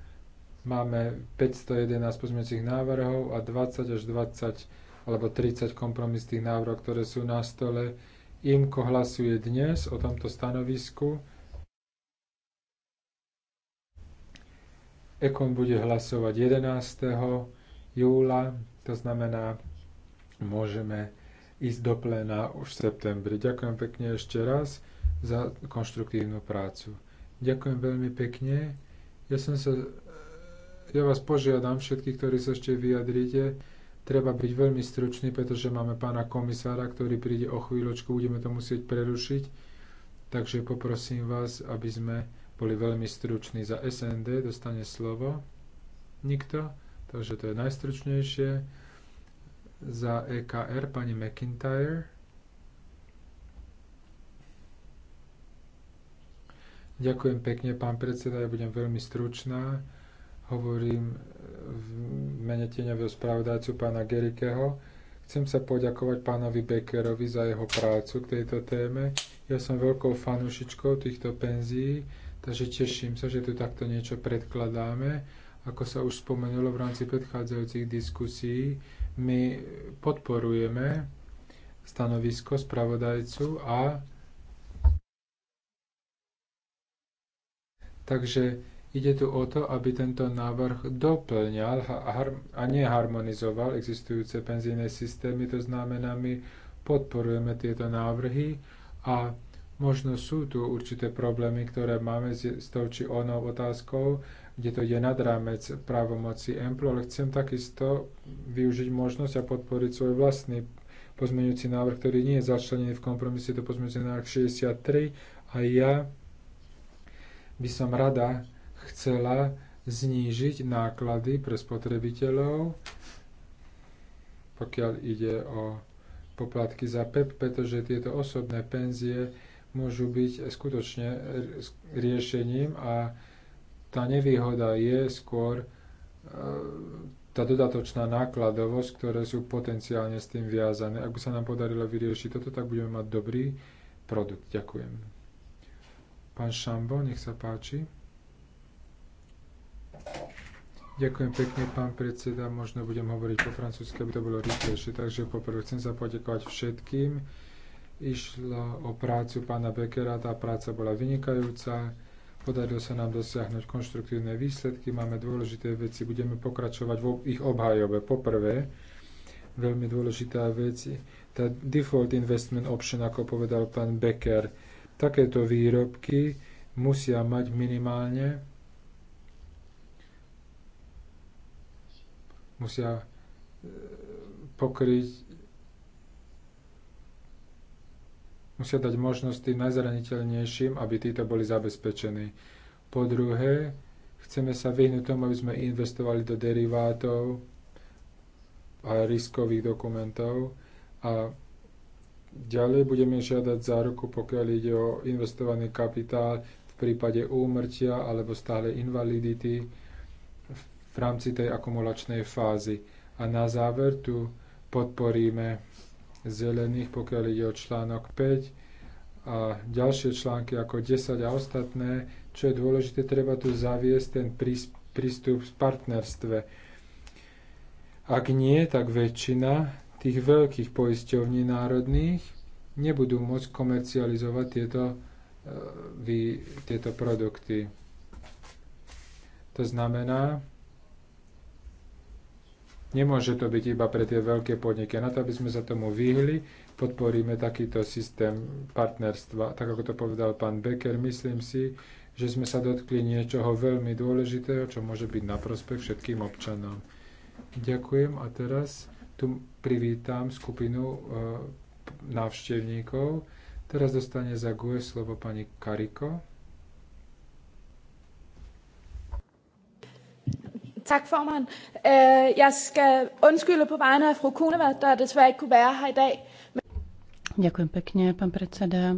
máme 511 pozmeňujúcich návrhov a 20 až 20 alebo 30 kompromisných návrhov, ktoré sú na stole. IMKO hlasuje dnes o tomto stanovisku. Ekon bude hlasovať 11. júla, to znamená, môžeme ísť do pléna už v septembri. Ďakujem pekne ešte raz za konštruktívnu prácu. Ďakujem veľmi pekne. Ja, som sa, ja vás požiadam, všetkých, ktorí sa ešte vyjadrite, treba byť veľmi stručný, pretože máme pána komisára, ktorý príde o chvíľočku, budeme to musieť prerušiť. Takže poprosím vás, aby sme boli veľmi struční. Za SND dostane slovo nikto, takže to je najstručnejšie. Za EKR pani McIntyre. Ďakujem pekne, pán predseda, ja budem veľmi stručná. Hovorím v mene tieňového spravodajcu pána Gerikeho. Chcem sa poďakovať pánovi Beckerovi za jeho prácu k tejto téme. Ja som veľkou fanúšičkou týchto penzií, takže teším sa, že tu takto niečo predkladáme. Ako sa už spomenulo v rámci predchádzajúcich diskusí, my podporujeme stanovisko spravodajcu a Takže ide tu o to, aby tento návrh doplňal a neharmonizoval existujúce penzijné systémy. To znamená, my podporujeme tieto návrhy a možno sú tu určité problémy, ktoré máme s tou či onou otázkou, kde to je nad rámec právomoci EMPLO, ale chcem takisto využiť možnosť a podporiť svoj vlastný pozmeňujúci návrh, ktorý nie je začlenený v kompromise, to pozmeňujúci návrh 63 a ja by som rada chcela znížiť náklady pre spotrebiteľov, pokiaľ ide o poplatky za PEP, pretože tieto osobné penzie môžu byť skutočne riešením a tá nevýhoda je skôr e, tá dodatočná nákladovosť, ktoré sú potenciálne s tým viazané. Ak by sa nám podarilo vyriešiť toto, tak budeme mať dobrý produkt. Ďakujem. Pán Šambo, nech sa páči. Ďakujem pekne, pán predseda. Možno budem hovoriť po francúzsky, aby to bolo rýchlejšie. Takže poprvé chcem sa poďakovať všetkým. Išlo o prácu pána Bekera, tá práca bola vynikajúca. Podarilo sa nám dosiahnuť konštruktívne výsledky, máme dôležité veci, budeme pokračovať v ich obhajobe. Poprvé, veľmi dôležitá vec, tá default investment option, ako povedal pán Becker, Takéto výrobky musia mať minimálne musia e, pokryť musia dať možnosť tým najzraniteľnejším, aby títo boli zabezpečení. Po druhé, chceme sa vyhnúť tomu, aby sme investovali do derivátov a riskových dokumentov a Ďalej budeme žiadať záruku, pokiaľ ide o investovaný kapitál v prípade úmrtia alebo stále invalidity v rámci tej akumulačnej fázy. A na záver tu podporíme zelených, pokiaľ ide o článok 5 a ďalšie články ako 10 a ostatné. Čo je dôležité, treba tu zaviesť ten prístup v partnerstve. Ak nie, tak väčšina tých veľkých poisťovní národných nebudú môcť komercializovať tieto, e, vy, tieto produkty. To znamená, nemôže to byť iba pre tie veľké podniky. Na to, aby sme sa tomu vyhli, podporíme takýto systém partnerstva. Tak ako to povedal pán Becker, myslím si, že sme sa dotkli niečoho veľmi dôležitého, čo môže byť na prospech všetkým občanom. Ďakujem a teraz tu privítam skupinu e, návštevníkov. Teraz dostane za GUE slovo pani Kariko. Tak, formand. E, jeg skal undskylde på vegne af fru Kuneva, der desværre ikke kunne være her i dag. Ďakujem pekne, pán predseda.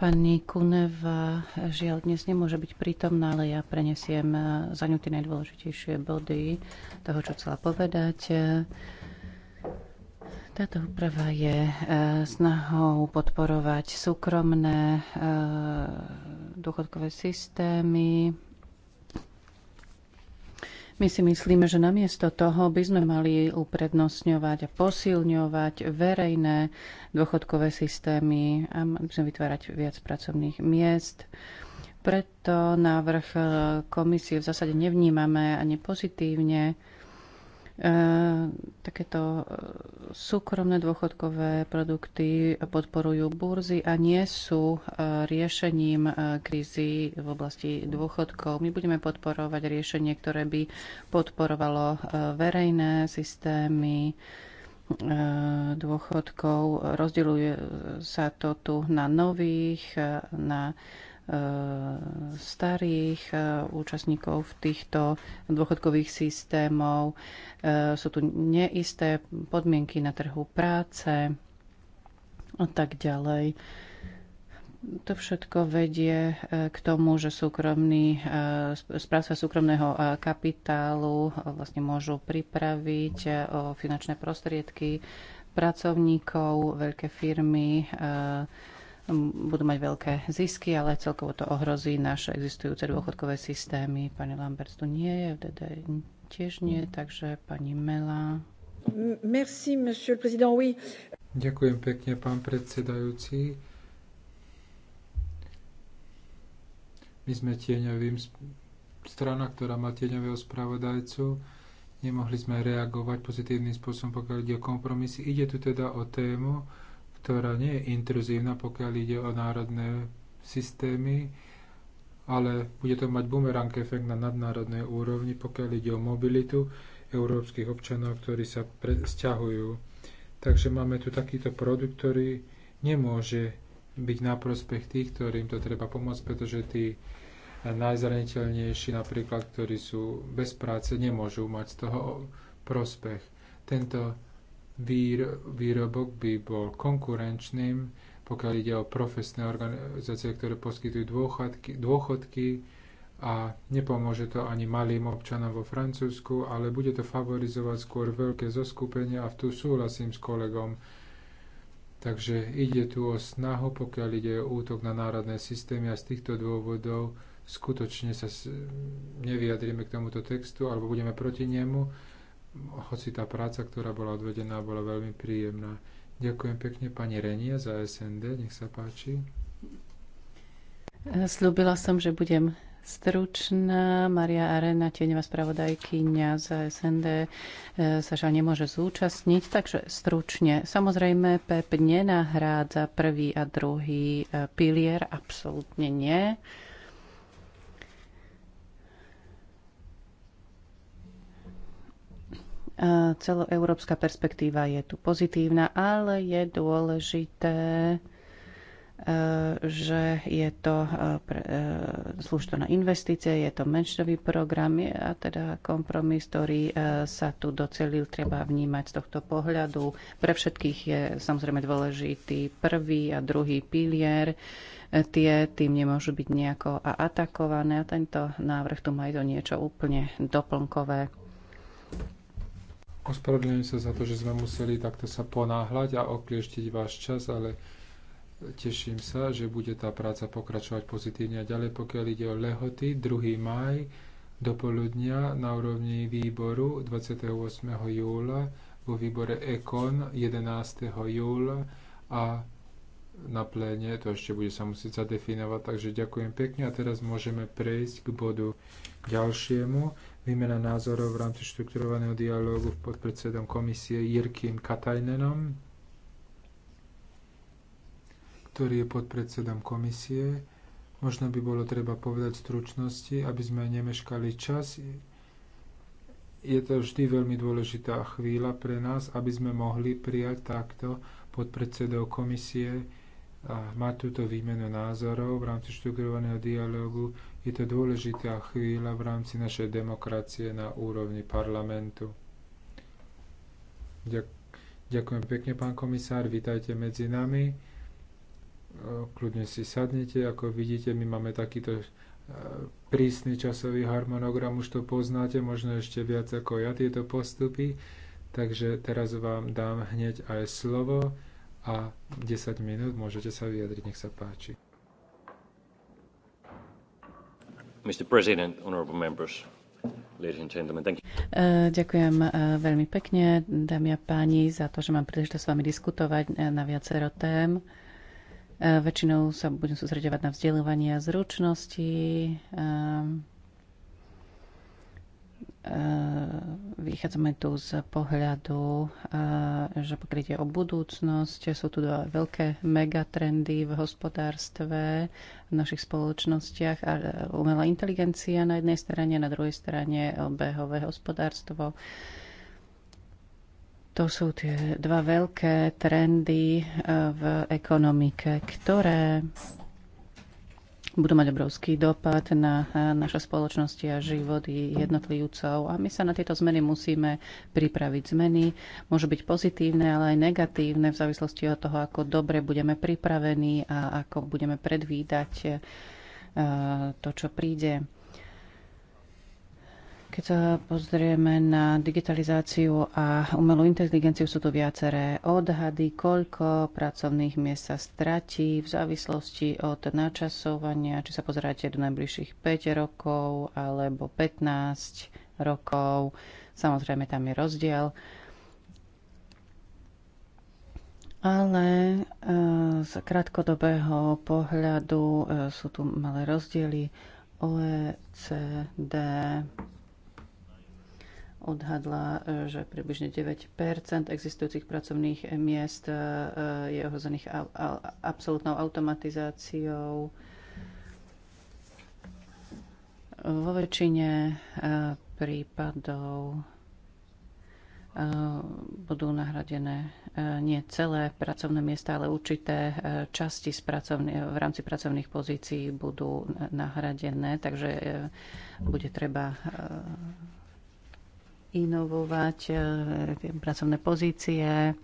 Pani Kuneva žiaľ dnes nemôže byť prítomná, ale ja prenesiem eh, za ňu tie najdôležitejšie body toho, čo chcela povedať. Táto úprava je eh, snahou podporovať súkromné eh, dôchodkové systémy, my si myslíme, že namiesto toho by sme mali uprednostňovať a posilňovať verejné dôchodkové systémy a mali by sme vytvárať viac pracovných miest. Preto návrh komisie v zásade nevnímame ani pozitívne. E, takéto e, súkromné dôchodkové produkty podporujú burzy a nie sú e, riešením krízy v oblasti dôchodkov. My budeme podporovať riešenie, ktoré by podporovalo verejné systémy dôchodkov. Rozdeľuje sa to tu na nových, na Eh, starých eh, účastníkov v týchto dôchodkových systémov. Eh, sú tu neisté podmienky na trhu práce a tak ďalej. To všetko vedie k tomu, že súkromní, správca súkromného kapitálu vlastne môžu pripraviť o finančné prostriedky pracovníkov, veľké firmy, Ehm, budú mať veľké zisky, ale celkovo to ohrozí naše existujúce dôchodkové systémy. Pani Lambert tu nie je, vtedy tiež nie, mm. takže pani Mela. Merci, monsieur le président, oui. Ďakujem pekne, pán predsedajúci. My sme tieňovým strana, ktorá má tieňového spravodajcu. Nemohli sme reagovať pozitívnym spôsobom, pokiaľ ide o kompromisy. Ide tu teda o tému, ktorá nie je intruzívna, pokiaľ ide o národné systémy, ale bude to mať bumerang efekt na nadnárodnej úrovni, pokiaľ ide o mobilitu európskych občanov, ktorí sa sťahujú. Takže máme tu takýto produkt, ktorý nemôže byť na prospech tých, ktorým to treba pomôcť, pretože tí najzraniteľnejší napríklad, ktorí sú bez práce, nemôžu mať z toho prospech. Tento výrobok by bol konkurenčným, pokiaľ ide o profesné organizácie, ktoré poskytujú dôchodky, dôchodky a nepomôže to ani malým občanom vo Francúzsku, ale bude to favorizovať skôr veľké zoskupenia a v tu súhlasím s kolegom. Takže ide tu o snahu, pokiaľ ide o útok na národné systémy a z týchto dôvodov skutočne sa nevyjadrime k tomuto textu alebo budeme proti nemu hoci tá práca, ktorá bola odvedená, bola veľmi príjemná. Ďakujem pekne pani Renie za SND, nech sa páči. Sľúbila som, že budem stručná. Maria Arena, tieňová spravodajkyňa za SND, e, sa žiaľ nemôže zúčastniť, takže stručne. Samozrejme, PEP nenahrádza prvý a druhý e, pilier, absolútne nie. Celoeurópska perspektíva je tu pozitívna, ale je dôležité, e, že je to e, e, slušno na investície, je to menšinový program a teda kompromis, ktorý sa tu docelil, treba vnímať z tohto pohľadu. Pre všetkých je samozrejme dôležitý prvý a druhý pilier. Tie tým nemôžu byť nejako atakované a tento návrh tu má aj do niečo úplne doplnkové. Ospravedlňujem sa za to, že sme museli takto sa ponáhľať a oklieštiť váš čas, ale teším sa, že bude tá práca pokračovať pozitívne a ďalej, pokiaľ ide o lehoty, 2. maj do poludnia na úrovni výboru 28. júla, vo výbore EKON 11. júla a na pléne, to ešte bude sa musieť zadefinovať, takže ďakujem pekne a teraz môžeme prejsť k bodu ďalšiemu výmena názorov v rámci štrukturovaného dialógu pod predsedom komisie Jirkim Katajnenom, ktorý je podpredsedom komisie. Možno by bolo treba povedať stručnosti, aby sme nemeškali čas. Je to vždy veľmi dôležitá chvíľa pre nás, aby sme mohli prijať takto pod predsedou komisie mať túto výmenu názorov v rámci štrukturovaného dialógu. Je to dôležitá chvíľa v rámci našej demokracie na úrovni parlamentu. Ďakujem pekne, pán komisár, vítajte medzi nami. Kľudne si sadnete, ako vidíte, my máme takýto e, prísny časový harmonogram, už to poznáte, možno ešte viac ako ja tieto postupy. Takže teraz vám dám hneď aj slovo a 10 minút môžete sa vyjadriť, nech sa páči. Mr. President, honorable members, eh, Ďakujem eh, veľmi pekne, dámy a páni, za to, že mám príležitosť s vami diskutovať eh, na viacero tém. Väčšinou sa budem sústredovať na vzdelávanie a zručnosti, Eh, vychádzame tu z pohľadu, eh, že pokrytie o budúcnosť. Sú tu dva veľké megatrendy v hospodárstve, v našich spoločnostiach a eh, umelá inteligencia na jednej strane, na druhej strane obehové hospodárstvo. To sú tie dva veľké trendy v ekonomike, ktoré budú mať obrovský dopad na eh, naše spoločnosti a životy jednotlivcov. A my sa na tieto zmeny musíme pripraviť. Zmeny môžu byť pozitívne, ale aj negatívne v závislosti od toho, ako dobre budeme pripravení a ako budeme predvídať eh, to, čo príde. Keď sa pozrieme na digitalizáciu a umelú inteligenciu, sú tu viaceré odhady, koľko pracovných miest sa stratí v závislosti od načasovania, či sa pozeráte do najbližších 5 rokov alebo 15 rokov. Samozrejme, tam je rozdiel. Ale eh, z krátkodobého pohľadu eh, sú tu malé rozdiely. OECD odhadla, e, že približne 9 existujúcich pracovných miest e, e, je ohrozených absolútnou automatizáciou. Vo väčšine prípadov budú nahradené nie celé pracovné miesta, ale určité časti z pracovne, v rámci pracovných pozícií budú nahradené, takže bude treba inovovať e, tie pracovné pozície, e,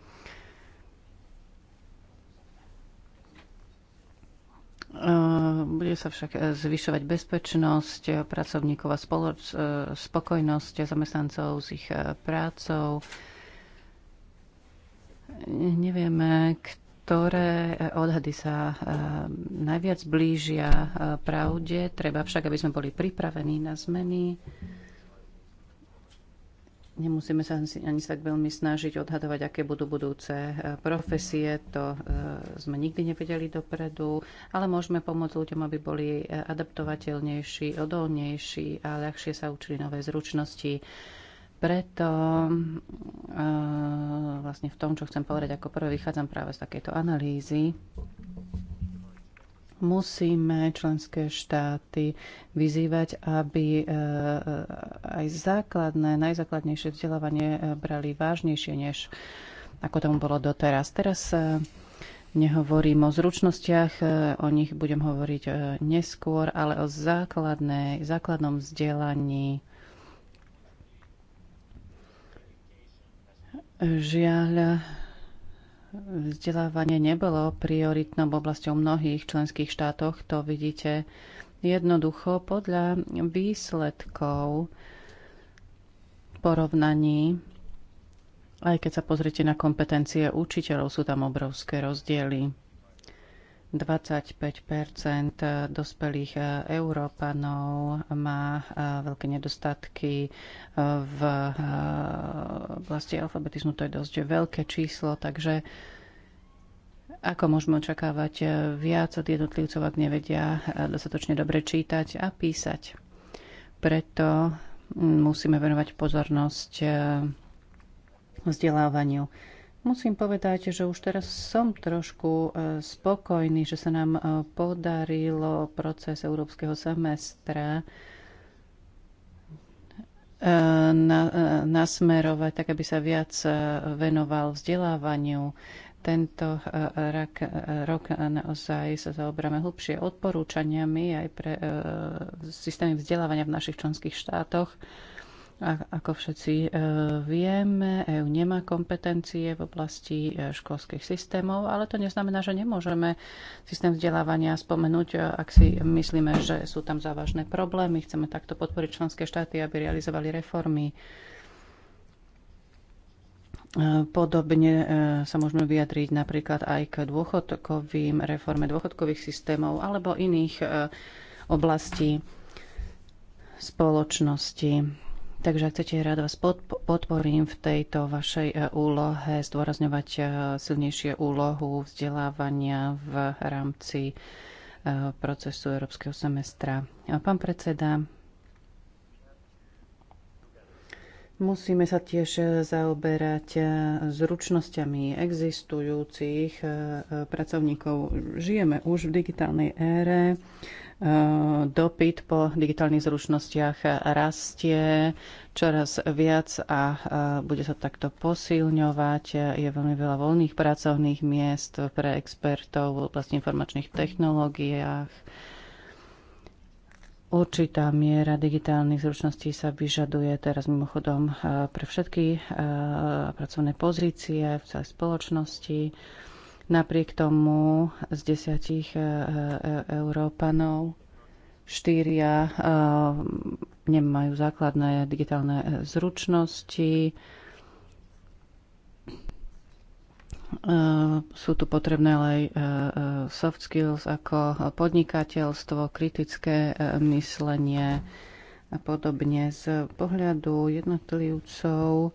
Bude sa však e, zvyšovať bezpečnosť pracovníkov a spokojnosť zamestnancov s ich prácou. Nevieme, ktoré odhady sa najviac blížia pravde. Treba však, aby sme boli pripravení na zmeny. Nemusíme sa ani tak veľmi snažiť odhadovať, aké budú budúce e, profesie, to e, sme nikdy nevedeli dopredu, ale môžeme pomôcť ľuďom, aby boli e, adaptovateľnejší, odolnejší a ľahšie sa učili nové zručnosti. Preto vlastne v tom, čo chcem povedať ako prvé, vychádzam práve z takéto analýzy musíme členské štáty vyzývať, aby e, e, aj základné, najzákladnejšie vzdelávanie e, brali vážnejšie, než ako tomu bolo doteraz. Teraz nehovorím o zručnostiach, o nich budem hovoriť neskôr, ale o základnej, základnom vzdelaní. Žiaľ, Vzdelávanie nebolo prioritnou oblasťou mnohých členských štátoch, to vidíte jednoducho podľa výsledkov porovnaní. Aj keď sa pozriete na kompetencie učiteľov, sú tam obrovské rozdiely. 25 eh, dospelých eh, Európanov má eh, veľké nedostatky v oblasti alfabetizmu. To je dosť veľké číslo, takže ako môžeme očakávať viac od jednotlivcov, ak nevedia dostatočne dobre čítať a písať. Preto hm, musíme venovať pozornosť vzdelávaniu Musím povedať, že už teraz som trošku e, spokojný, že sa nám e, podarilo proces európskeho semestra e, nasmerovať tak, aby sa viac venoval vzdelávaniu. Tento rak, rok naozaj sa zaoberáme hlbšie odporúčaniami aj pre systémy vzdelávania v našich členských štátoch. A ako všetci e, vieme, EU nemá kompetencie v oblasti e, školských systémov, ale to neznamená, že nemôžeme systém vzdelávania spomenúť, e, ak si myslíme, že sú tam závažné problémy. Chceme takto podporiť členské štáty, aby realizovali reformy. Podobne sa môžeme vyjadriť napríklad aj k dôchodkovým reforme dôchodkových systémov alebo iných oblastí spoločnosti. Takže ak chcete, rád vás podporím v tejto vašej e, úlohe zdôrazňovať e, silnejšie úlohu vzdelávania v rámci e, procesu európskeho semestra. Pán predseda, Musíme sa tiež zaoberať zručnosťami existujúcich pracovníkov. Žijeme už v digitálnej ére. Eh, dopyt po digitálnych zručnostiach rastie čoraz viac a eh, bude sa takto posilňovať. Je veľmi veľa voľných pracovných miest pre expertov v oblasti informačných technológiách. Určitá miera digitálnych zručností sa vyžaduje teraz mimochodom eh, pre všetky pracovné pozície v celej spoločnosti. Napriek tomu z desiatich e, e, Európanov štyria e, nemajú základné digitálne zručnosti. Sú tu potrebné ale aj soft skills ako podnikateľstvo, kritické myslenie a podobne. Z pohľadu jednotlivcov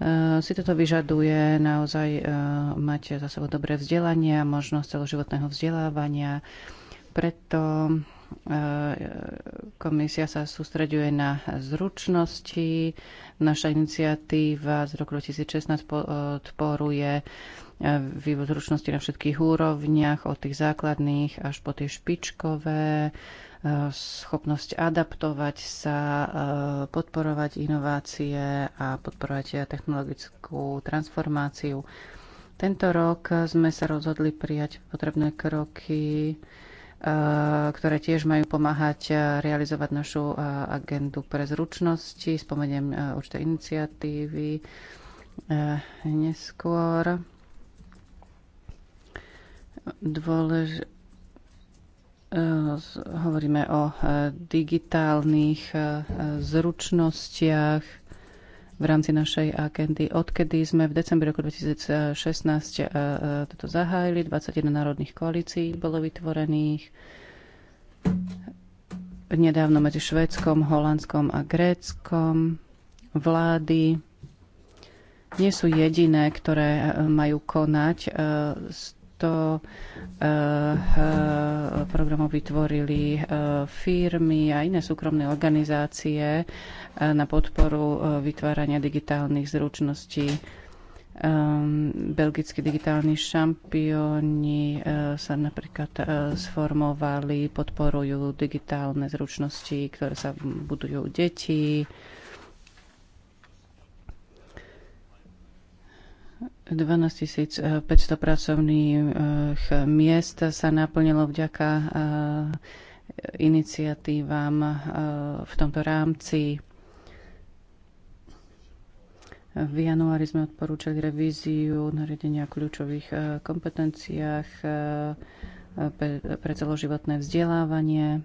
Eh, si toto vyžaduje naozaj eh, mať za sebou dobré vzdelanie, a možnosť celoživotného vzdelávania. Preto eh, komisia sa sústreďuje na zručnosti. Naša iniciatíva z roku 2016 podporuje vývoz zručnosti na všetkých úrovniach, od tých základných až po tie špičkové schopnosť adaptovať sa, eh, podporovať inovácie a podporovať technologickú transformáciu. Tento rok sme sa rozhodli prijať potrebné kroky, eh, ktoré tiež majú pomáhať eh, realizovať našu agendu pre zručnosti. Spomeniem určité iniciatívy neskôr. Dôlež- hovoríme o e, digitálnych e, zručnostiach v rámci našej agendy. Odkedy sme v decembri roku 2016 e, toto zahájili, 21 národných koalícií bolo vytvorených. Nedávno medzi Švedskom, Holandskom a Gréckom vlády nie sú jediné, ktoré majú konať s uh, eh, eh, programov vytvorili eh, firmy a iné súkromné organizácie na podporu vytvárania digitálnych zručností. Ehm, belgickí digitálni šampióni sa napríklad sformovali, podporujú digitálne zručnosti, ktoré sa budujú deti 12 500 pracovných eh, miest sa naplnilo vďaka eh, iniciatívam eh, v tomto rámci. V januári sme odporúčali revíziu nariadenia kľúčových kompetenciách pre celoživotné vzdelávanie.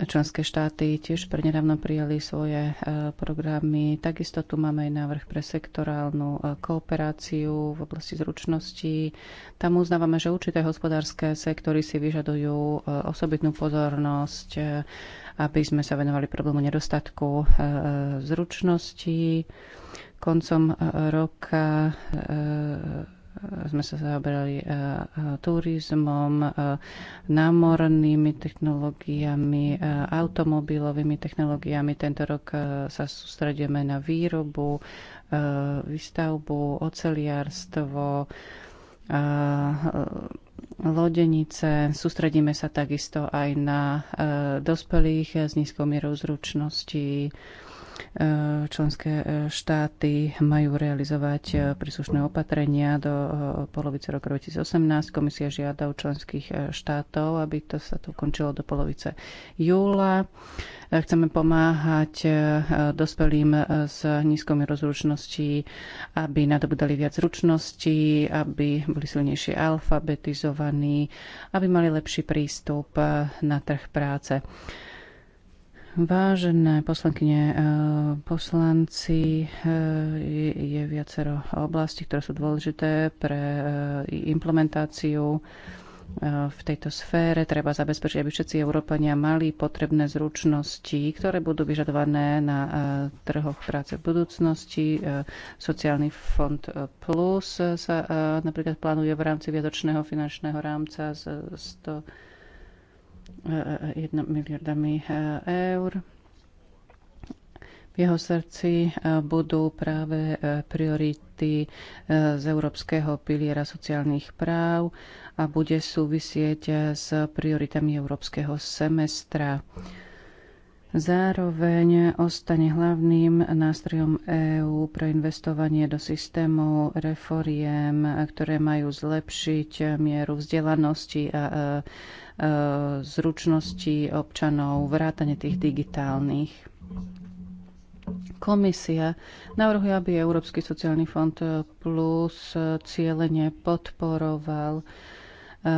Členské štáty tiež prednedávno prijali svoje e, programy. Takisto tu máme aj návrh pre sektorálnu e, kooperáciu v oblasti zručností. Tam uznávame, že určité hospodárske sektory si vyžadujú e, osobitnú pozornosť, aby sme sa venovali problému nedostatku zručností. Koncom roka sme sa zaoberali eh, eh, turizmom, eh, námornými technológiami, automobilovými technológiami. Tento rok sa sústredíme na výrobu, výstavbu, oceliarstvo, lodenice. Sústredíme sa takisto aj na dospelých s nízkou mierou zručnosti, Eh, členské eh, štáty majú realizovať eh, príslušné opatrenia do polovice roku 2018. Komisia žiada u členských štátov, aby to sa to končilo do polovice júla. Chceme pomáhať dospelým s nízkomi rozručností, aby nadobudali viac ručností, aby boli silnejšie alfabetizovaní, aby mali lepší prístup na trh práce. Vážené poslankyne, e, poslanci, e, je viacero oblastí, ktoré sú dôležité pre e, implementáciu v tejto sfére. Treba zabezpečiť, aby všetci Európania mali potrebné zručnosti, ktoré budú vyžadované na trhoch práce v budúcnosti. Sociálny fond Plus sa napríklad plánuje v rámci viadočného finančného rámca z 100 1 miliardami eh, eur. V jeho srdci eh, budú práve eh, priority z Európskeho piliera sociálnych práv a bude súvisieť s prioritami Európskeho semestra. Zároveň ostane hlavným nástrojom EÚ pre investovanie do systémov reforiem, ktoré majú zlepšiť mieru vzdelanosti a zručnosti občanov, vrátane tých digitálnych. Komisia navrhuje, aby Európsky sociálny fond plus cieľene podporoval e,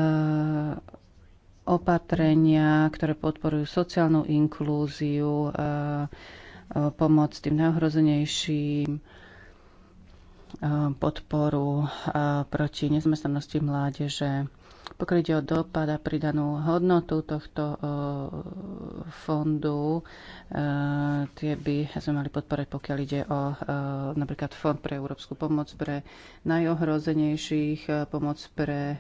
opatrenia, ktoré podporujú sociálnu inklúziu, e, e, pomoc tým najohrozenejším, e, podporu proti nezamestnanosti mládeže. Pokiaľ ide o dopad a pridanú hodnotu tohto e, fondu, e, tie by sme mali podporiť, pokiaľ ide o e, napríklad Fond pre európsku pomoc pre najohrozenejších, pomoc pre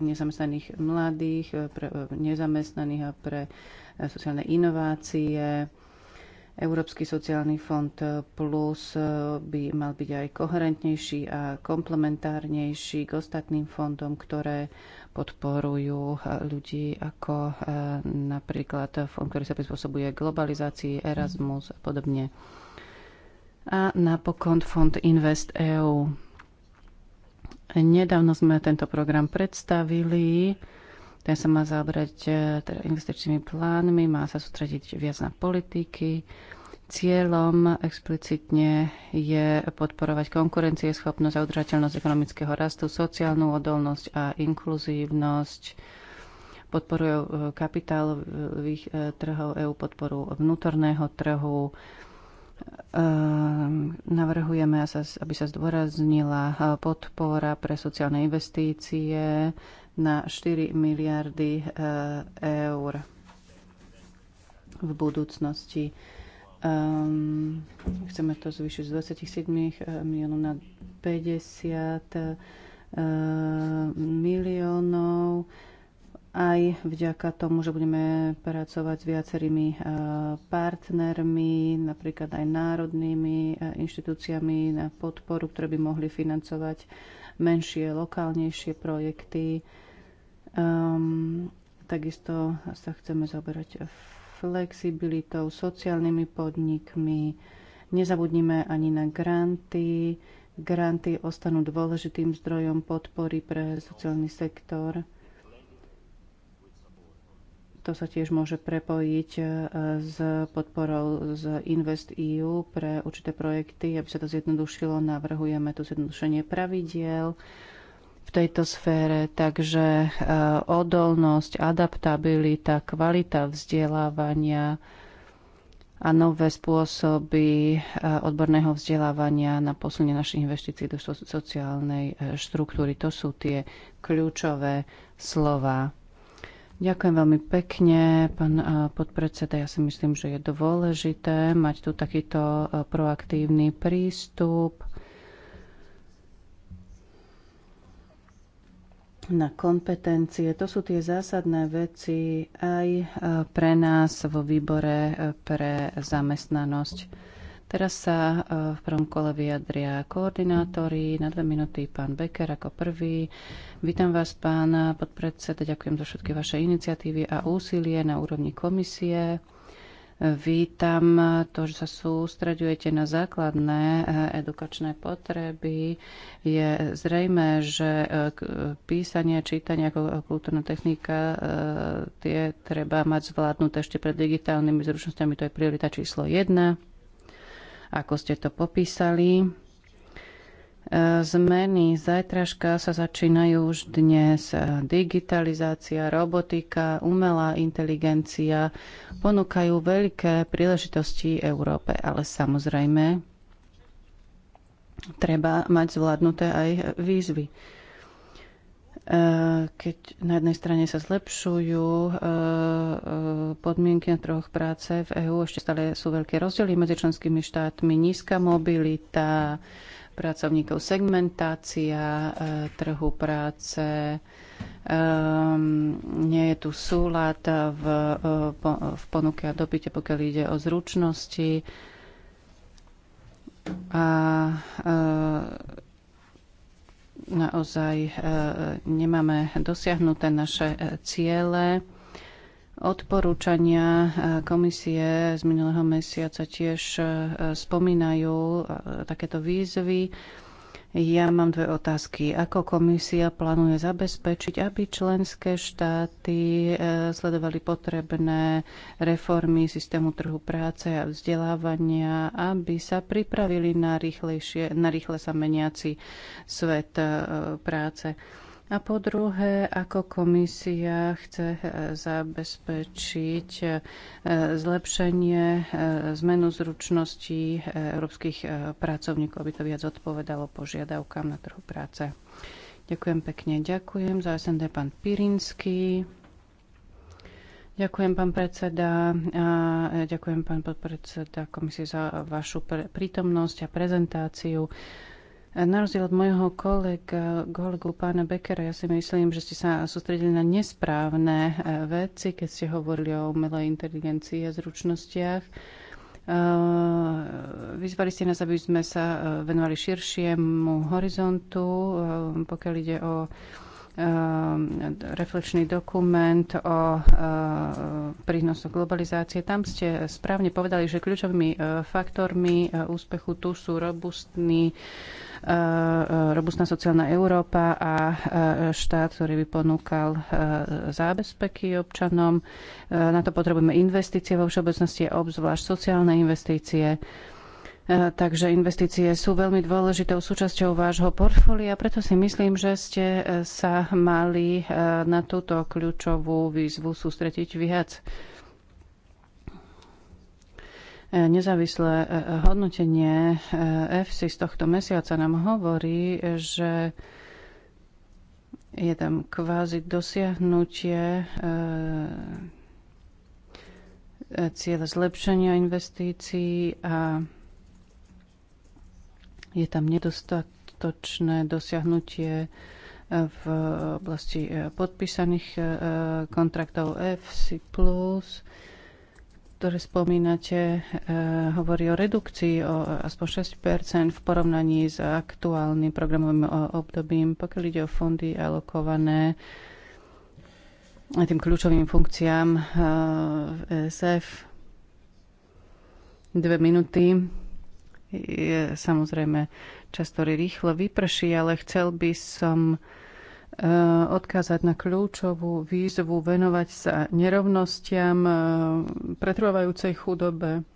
nezamestnaných mladých, pre nezamestnaných a pre sociálne inovácie, Európsky sociálny fond plus eh, by mal byť aj koherentnejší a komplementárnejší k ostatným fondom, ktoré podporujú eh, ľudí ako eh, napríklad fond, ktorý sa prispôsobuje globalizácii, Erasmus a podobne. A napokon fond Invest EU. Nedávno sme tento program predstavili ten sa má zaoberať e, teda investičnými plánmi, má sa sústrediť viac na politiky. Cieľom explicitne je podporovať konkurencieschopnosť a udržateľnosť ekonomického rastu, sociálnu odolnosť a inkluzívnosť. Podporujú e, kapitálových e, trhov EU, podporu vnútorného trhu, navrhujeme, aby sa zdôraznila podpora pre sociálne investície, na 4 miliardy e, eur v budúcnosti. Um, chceme to zvýšiť z 27 e, miliónov na 50 e, miliónov aj vďaka tomu, že budeme pracovať s viacerými partnermi, napríklad aj národnými inštitúciami na podporu, ktoré by mohli financovať menšie, lokálnejšie projekty Um, takisto sa chceme zaoberať flexibilitou, sociálnymi podnikmi. Nezabudnime ani na granty. Granty ostanú dôležitým zdrojom podpory pre sociálny sektor. To sa tiež môže prepojiť e, s podporou z Invest EU pre určité projekty. Aby sa to zjednodušilo, navrhujeme tu zjednodušenie pravidiel v tejto sfére. Takže e, odolnosť, adaptabilita, kvalita vzdelávania a nové spôsoby e, odborného vzdelávania na posunie našich investícií do sociálnej e, štruktúry. To sú tie kľúčové slova. Ďakujem veľmi pekne, pán podpredseda. Ja si myslím, že je dôležité mať tu takýto proaktívny prístup na kompetencie. To sú tie zásadné veci aj e, pre nás vo výbore e, pre zamestnanosť. Teraz sa e, v prvom kole vyjadria koordinátori. Na dve minúty pán Becker ako prvý. Vítam vás, pán podpredseda. Ďakujem za všetky vaše iniciatívy a úsilie na úrovni komisie. Vítam to, že sa sústreďujete na základné eh, edukačné potreby. Je zrejme, že eh, písanie, čítanie ako eh, kultúrna technika, tie treba mať zvládnuté ešte pred digitálnymi zručnosťami. To je priorita číslo jedna. Ako ste to popísali, zmeny zajtražka sa začínajú už dnes. Digitalizácia, robotika, umelá inteligencia ponúkajú veľké príležitosti Európe, ale samozrejme treba mať zvládnuté aj výzvy. E, keď na jednej strane sa zlepšujú e, e, podmienky na trhoch práce v EÚ, ešte stále sú veľké rozdiely medzi členskými štátmi, nízka mobilita, pracovníkov, segmentácia e, trhu práce, ehm, nie je tu súlad v, e, v ponuke a dopite, pokiaľ ide o zručnosti. A e, naozaj nemáme dosiahnuté naše ciele. Odporúčania e, komisie z minulého mesiaca tiež e, spomínajú e, takéto výzvy. Ja mám dve otázky. Ako komisia plánuje zabezpečiť, aby členské štáty sledovali potrebné reformy systému trhu práce a vzdelávania, aby sa pripravili na, rýchlejšie, na rýchle sa meniaci svet práce? A po druhé, ako komisia chce eh, zabezpečiť eh, zlepšenie, eh, zmenu zručností európskych pracovníkov, aby to viac odpovedalo požiadavkám na trhu práce. Ďakujem pekne. Ďakujem za SND pán Pirinský. Ďakujem, pán predseda. A ďakujem, pán podpredseda komisie, za vašu prítomnosť a prezentáciu. Na rozdiel od môjho kolega, kolegu pána Bekera, ja si myslím, že ste sa sústredili na nesprávne eh, veci, keď ste hovorili o umelej inteligencii a zručnostiach. Eh, vyzvali ste nás, aby sme sa eh, venovali širšiemu horizontu, pokiaľ ide o reflečný dokument o prínosoch globalizácie. Tam ste správne povedali, že kľúčovými faktormi úspechu tu sú robustný Eh, eh, robustná sociálna Európa a eh, štát, ktorý by ponúkal zábezpeky občanom. Na to potrebujeme investície vo všeobecnosti, obzvlášť sociálne investície. Takže investície sú veľmi dôležitou súčasťou vášho portfólia, preto si myslím, že ste sa mali na túto kľúčovú výzvu sústrediť viac. Nezávislé e, e, hodnotenie EFSI z tohto mesiaca nám hovorí, že je tam kvázi dosiahnutie e, cieľa zlepšenia investícií a je tam nedostatočné dosiahnutie v oblasti podpísaných kontraktov FC+ ktoré spomínate, e, hovorí o redukcii o aspoň 6 v porovnaní s aktuálnym programovým obdobím, pokiaľ ide o fondy alokované tým kľúčovým funkciám e, v ESF. Dve minúty je samozrejme čas, ktorý rýchlo vyprší, ale chcel by som Eh, odkázať na kľúčovú výzvu venovať sa nerovnostiam, eh, pretrvávajúcej chudobe,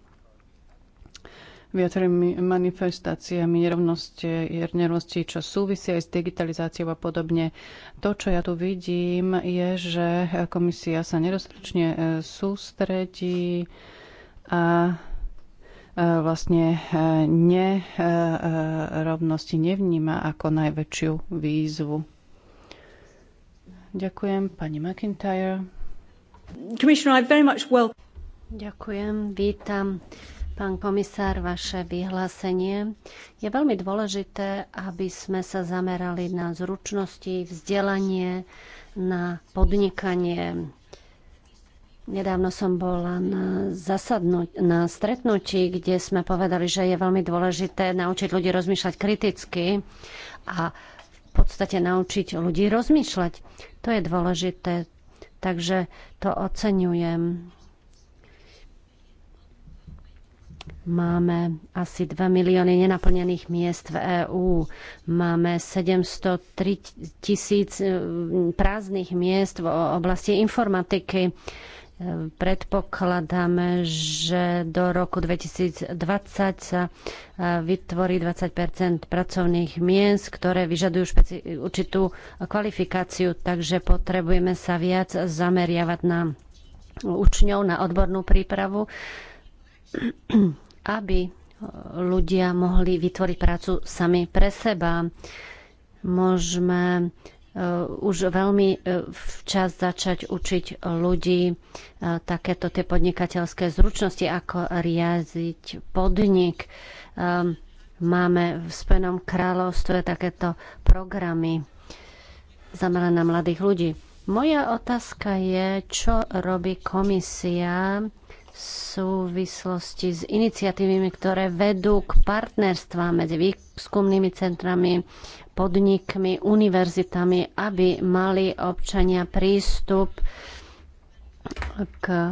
viacerými manifestáciami nerovnosti, nerovnosti, čo súvisia aj s digitalizáciou a podobne. To, čo ja tu vidím, je, že komisia sa nedostačne eh, sústredí a vlastne nerovnosti nevníma ako najväčšiu výzvu. Ďakujem pani McIntyre. Ďakujem, vítam. Pán komisár, vaše vyhlásenie. Je veľmi dôležité, aby sme sa zamerali na zručnosti, vzdelanie, na podnikanie. Nedávno som bola na, zasadnu- na stretnutí, kde sme povedali, že je veľmi dôležité naučiť ľudí rozmýšľať kriticky a v podstate naučiť ľudí rozmýšľať. To je dôležité, takže to oceňujem. Máme asi 2 milióny nenaplnených miest v EÚ. Máme 703 tisíc eh, prázdnych miest v oblasti informatiky. Predpokladáme, že do roku 2020 sa e, vytvorí 20 pracovných miest, ktoré vyžadujú určitú kvalifikáciu, takže potrebujeme sa viac zameriavať na učňov, na odbornú prípravu, aby ľudia mohli vytvoriť prácu sami pre seba. Môžeme Eh, už veľmi eh, včas začať učiť ľudí eh, takéto tie podnikateľské zručnosti, ako riaziť podnik. Ehm, máme v Spenom kráľovstve takéto programy zamerané na mladých ľudí. Moja otázka je, čo robí komisia v súvislosti s iniciatívami, ktoré vedú k partnerstvám medzi výskumnými centrami, podnikmi, univerzitami, aby mali občania prístup k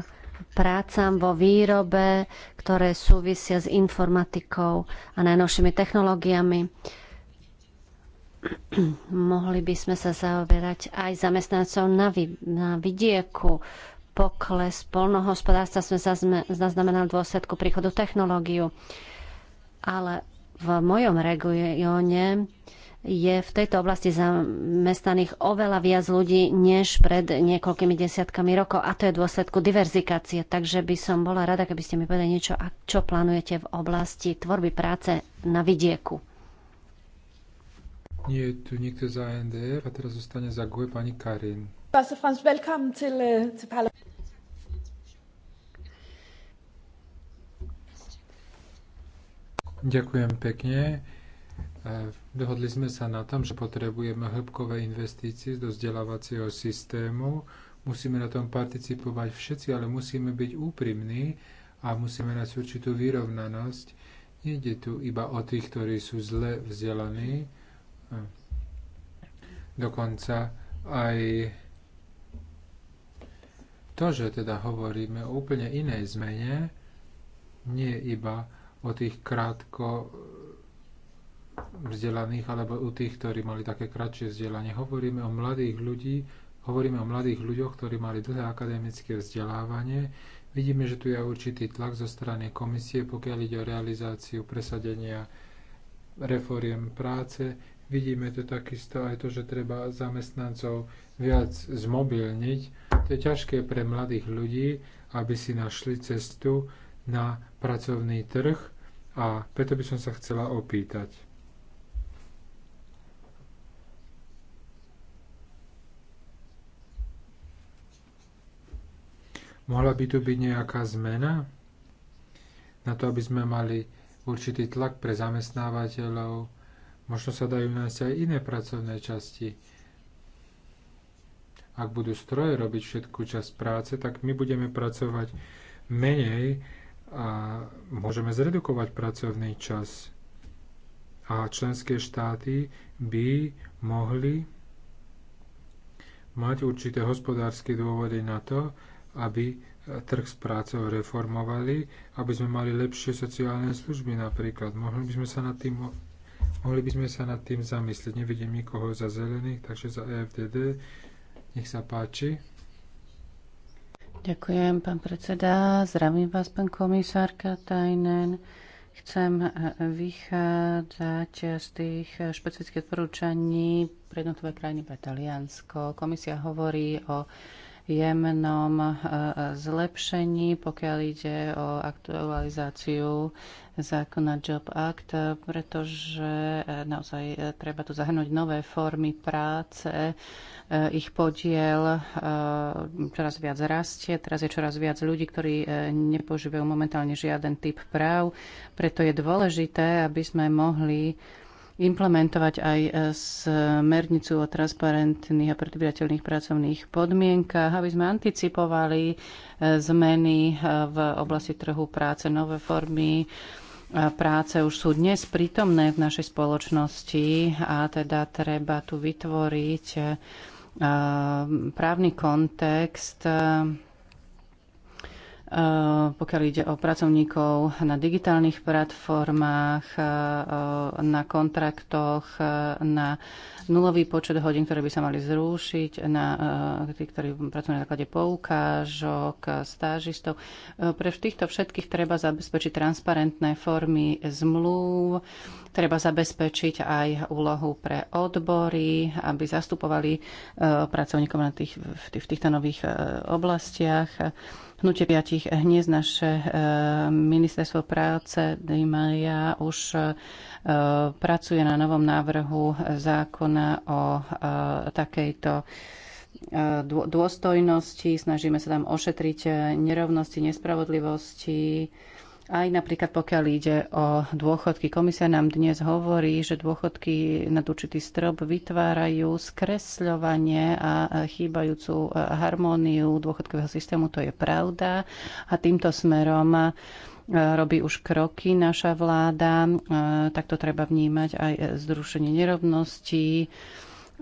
prácam vo výrobe, ktoré súvisia s informatikou a najnovšími technológiami. Mohli by sme sa zaoberať aj zamestnancov na, vid na vidieku. Pokles polnohospodárstva sme zaznamenali v dôsledku príchodu technológiu. Ale v mojom regióne je v tejto oblasti zamestnaných oveľa viac ľudí než pred niekoľkými desiatkami rokov a to je dôsledku diverzikácie. Takže by som bola rada, keby ste mi povedali niečo, a čo plánujete v oblasti tvorby práce na vidieku. Nie je tu nikto za NDR a teraz zostane za GUE pani Karin. Eh, Ďakujem pekne. Dohodli sme sa na tom, že potrebujeme hĺbkové investície do vzdelávacieho systému. Musíme na tom participovať všetci, ale musíme byť úprimní a musíme mať určitú vyrovnanosť. Nejde tu iba o tých, ktorí sú zle vzdelaní. Dokonca aj to, že teda hovoríme o úplne inej zmene, nie iba o tých krátko vzdelaných alebo u tých, ktorí mali také kratšie vzdelanie. Hovoríme o mladých ľudí, hovoríme o mladých ľuďoch, ktorí mali dlhé akademické vzdelávanie. Vidíme, že tu je určitý tlak zo strany komisie, pokiaľ ide o realizáciu presadenia reforiem práce. Vidíme to takisto aj to, že treba zamestnancov viac zmobilniť. To je ťažké pre mladých ľudí, aby si našli cestu na pracovný trh a preto by som sa chcela opýtať Mohla by tu byť nejaká zmena na to, aby sme mali určitý tlak pre zamestnávateľov. Možno sa dajú nájsť aj iné pracovné časti. Ak budú stroje robiť všetku časť práce, tak my budeme pracovať menej a môžeme zredukovať pracovný čas. A členské štáty by mohli mať určité hospodárske dôvody na to, aby e, trh s prácou reformovali, aby sme mali lepšie sociálne služby napríklad. Mohli by sme sa nad tým, mohli by sme sa nad tým zamyslieť. Nevidím nikoho za zelených, takže za EFDD. Nech sa páči. Ďakujem, pán predseda. Zdravím vás, pán komisár Katajnen. Chcem e, vychádzať z tých špecifických odporúčaní pre jednotlivé krajiny pre Taliansko. Komisia hovorí o jemnom e, zlepšení, pokiaľ ide o aktualizáciu zákona Job Act, pretože e, naozaj e, treba tu zahrnúť nové formy práce. Ich podiel čoraz viac rastie, teraz je čoraz viac ľudí, ktorí nepožívajú momentálne žiaden typ práv, preto je dôležité, aby sme mohli implementovať aj e, smernicu o transparentných a predvydateľných pracovných podmienkach, aby sme anticipovali e, zmeny e, v oblasti trhu práce, nové formy práce už sú dnes prítomné v našej spoločnosti a teda treba tu vytvoriť právny kontext Eh, pokiaľ ide o pracovníkov na digitálnych platformách, eh, eh, na kontraktoch, na nulový počet hodín, ktoré by sa mali zrušiť, na tých, ktorí pracujú na základe poukážok, stážistov. Pre týchto všetkých treba zabezpečiť transparentné formy zmluv, treba zabezpečiť aj úlohu pre odbory, aby zastupovali pracovníkov na tých, v týchto nových oblastiach. Hnutie piatich hniezd naše e, ministerstvo práce Dimaria už e, pracuje na novom návrhu zákona o e, takejto dôstojnosti. Snažíme sa tam ošetriť nerovnosti, nespravodlivosti aj napríklad pokiaľ ide o dôchodky. Komisia nám dnes hovorí, že dôchodky nad určitý strop vytvárajú skresľovanie a chýbajúcu harmóniu dôchodkového systému. To je pravda. A týmto smerom e, robí už kroky naša vláda. E, Takto treba vnímať aj zrušenie nerovností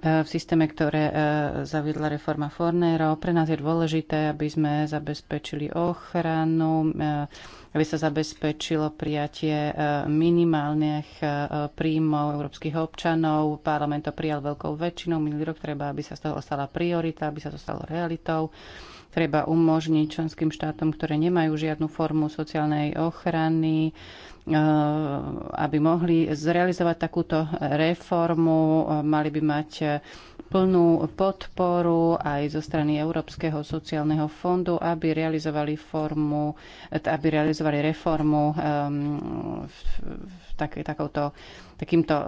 E, v systéme, ktoré e, zaviedla reforma Fornero. Pre nás je dôležité, aby sme zabezpečili ochranu, e, aby sa zabezpečilo prijatie minimálnych príjmov európskych občanov. Parlament to prijal veľkou väčšinou. Minulý rok treba, aby sa z toho stala priorita, aby sa to stalo realitou. Treba umožniť členským štátom, ktoré nemajú žiadnu formu sociálnej ochrany, e, aby mohli zrealizovať takúto reformu. E, mali by mať e, plnú podporu aj zo strany Európskeho sociálneho fondu, aby realizovali, formu, aby realizovali reformu um, v, v tak, takouto, takýmto uh,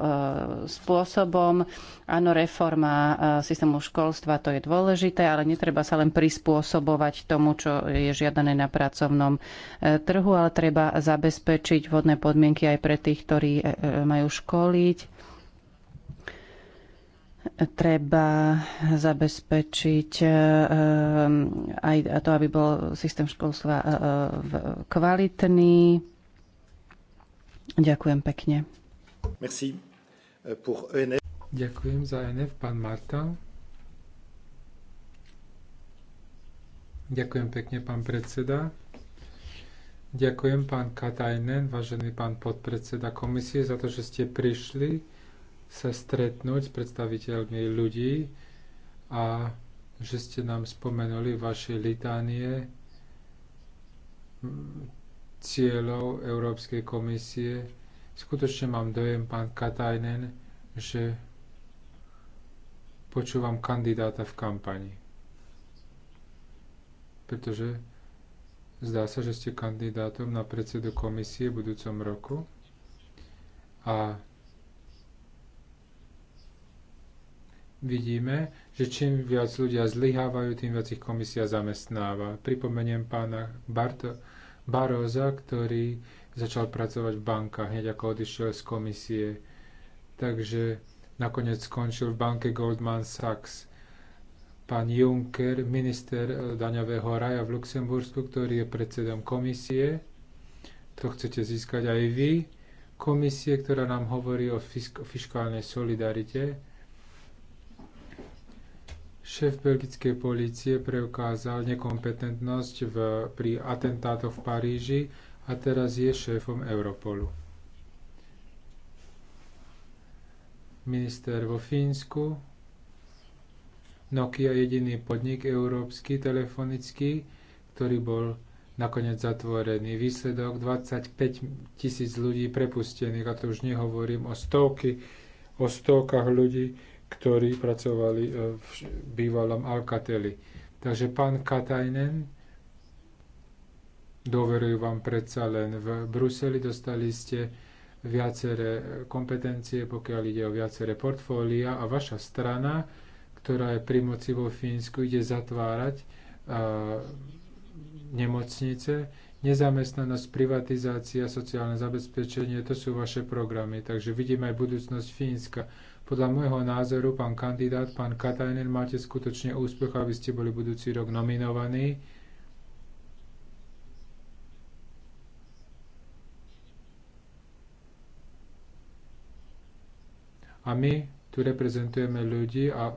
spôsobom. Áno, reforma uh, systému školstva to je dôležité, ale netreba sa len prispôsobovať tomu, čo je žiadané na pracovnom uh, trhu, ale treba zabezpečiť vhodné podmienky aj pre tých, ktorí uh, uh majú školiť treba zabezpečiť eh, eh, aj to, aby bol systém školstva eh, kvalitný. Ďakujem pekne. Merci. Pour ENF. Ďakujem za ENF, pán Marta. Ďakujem pekne, pán predseda. Ďakujem, pán Katajnen, vážený pán podpredseda komisie, za to, že ste prišli sa stretnúť s predstaviteľmi ľudí a že ste nám spomenuli vaše litánie mm, cieľov Európskej komisie. Skutočne mám dojem, pán Katajnen, že počúvam kandidáta v kampani. Pretože zdá sa, že ste kandidátom na predsedu komisie v budúcom roku a vidíme, že čím viac ľudia zlyhávajú, tým viac ich komisia zamestnáva. Pripomeniem pána Barto, Baroza, ktorý začal pracovať v bankách hneď ako odišiel z komisie. Takže nakoniec skončil v banke Goldman Sachs. Pán Juncker, minister eh, daňového raja v Luxembursku, ktorý je predsedom komisie, to chcete získať aj vy, komisie, ktorá nám hovorí o fiskálnej solidarite, Šéf belgickej polície preukázal nekompetentnosť v, pri atentátoch v Paríži a teraz je šéfom Europolu. Minister vo Fínsku. Nokia jediný podnik európsky telefonický, ktorý bol nakoniec zatvorený. Výsledok 25 tisíc ľudí prepustených, a to už nehovorím o stovky, o stovkách ľudí, ktorí pracovali e, v bývalom Alcateli. Takže pán Katajnen, doverujú vám predsa len v Bruseli, dostali ste viaceré kompetencie, pokiaľ ide o viaceré portfólia a vaša strana, ktorá je pri moci vo Fínsku, ide zatvárať uh, nemocnice, nezamestnanosť, privatizácia, sociálne zabezpečenie, to sú vaše programy. Takže vidíme aj budúcnosť Fínska. Podľa môjho názoru, pán kandidát, pán Katajnen, máte skutočne úspech, aby ste boli budúci rok nominovaní. A my tu reprezentujeme ľudí a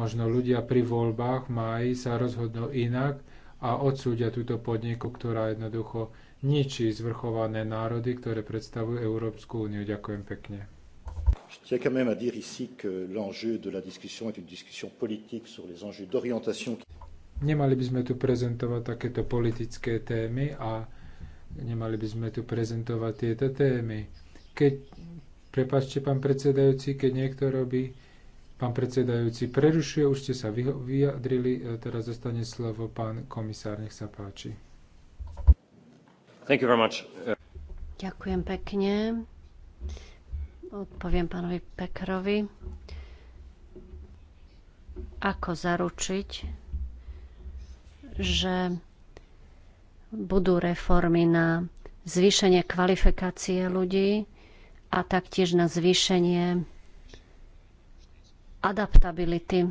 možno ľudia pri voľbách v máji sa rozhodnú inak a odsúdia túto podniku, ktorá jednoducho ničí zvrchované národy, ktoré predstavujú Európsku úniu. Ďakujem pekne tiens quand même à dire ici que l'enjeu de la discussion est une discussion politique sur les enjeux d'orientation. Nemali by sme tu prezentovať takéto politické témy a nemali by sme tu prezentovať tieto témy. Keď, prepáčte, pán predsedajúci, keď niekto robí, pán predsedajúci prerušuje, už ste sa vyjadrili, e, teraz zostane slovo pán komisár, nech sa páči. Thank you very much. Ďakujem pekne odpoviem pánovi Pekrovi. Ako zaručiť, že budú reformy na zvýšenie kvalifikácie ľudí a taktiež na zvýšenie adaptability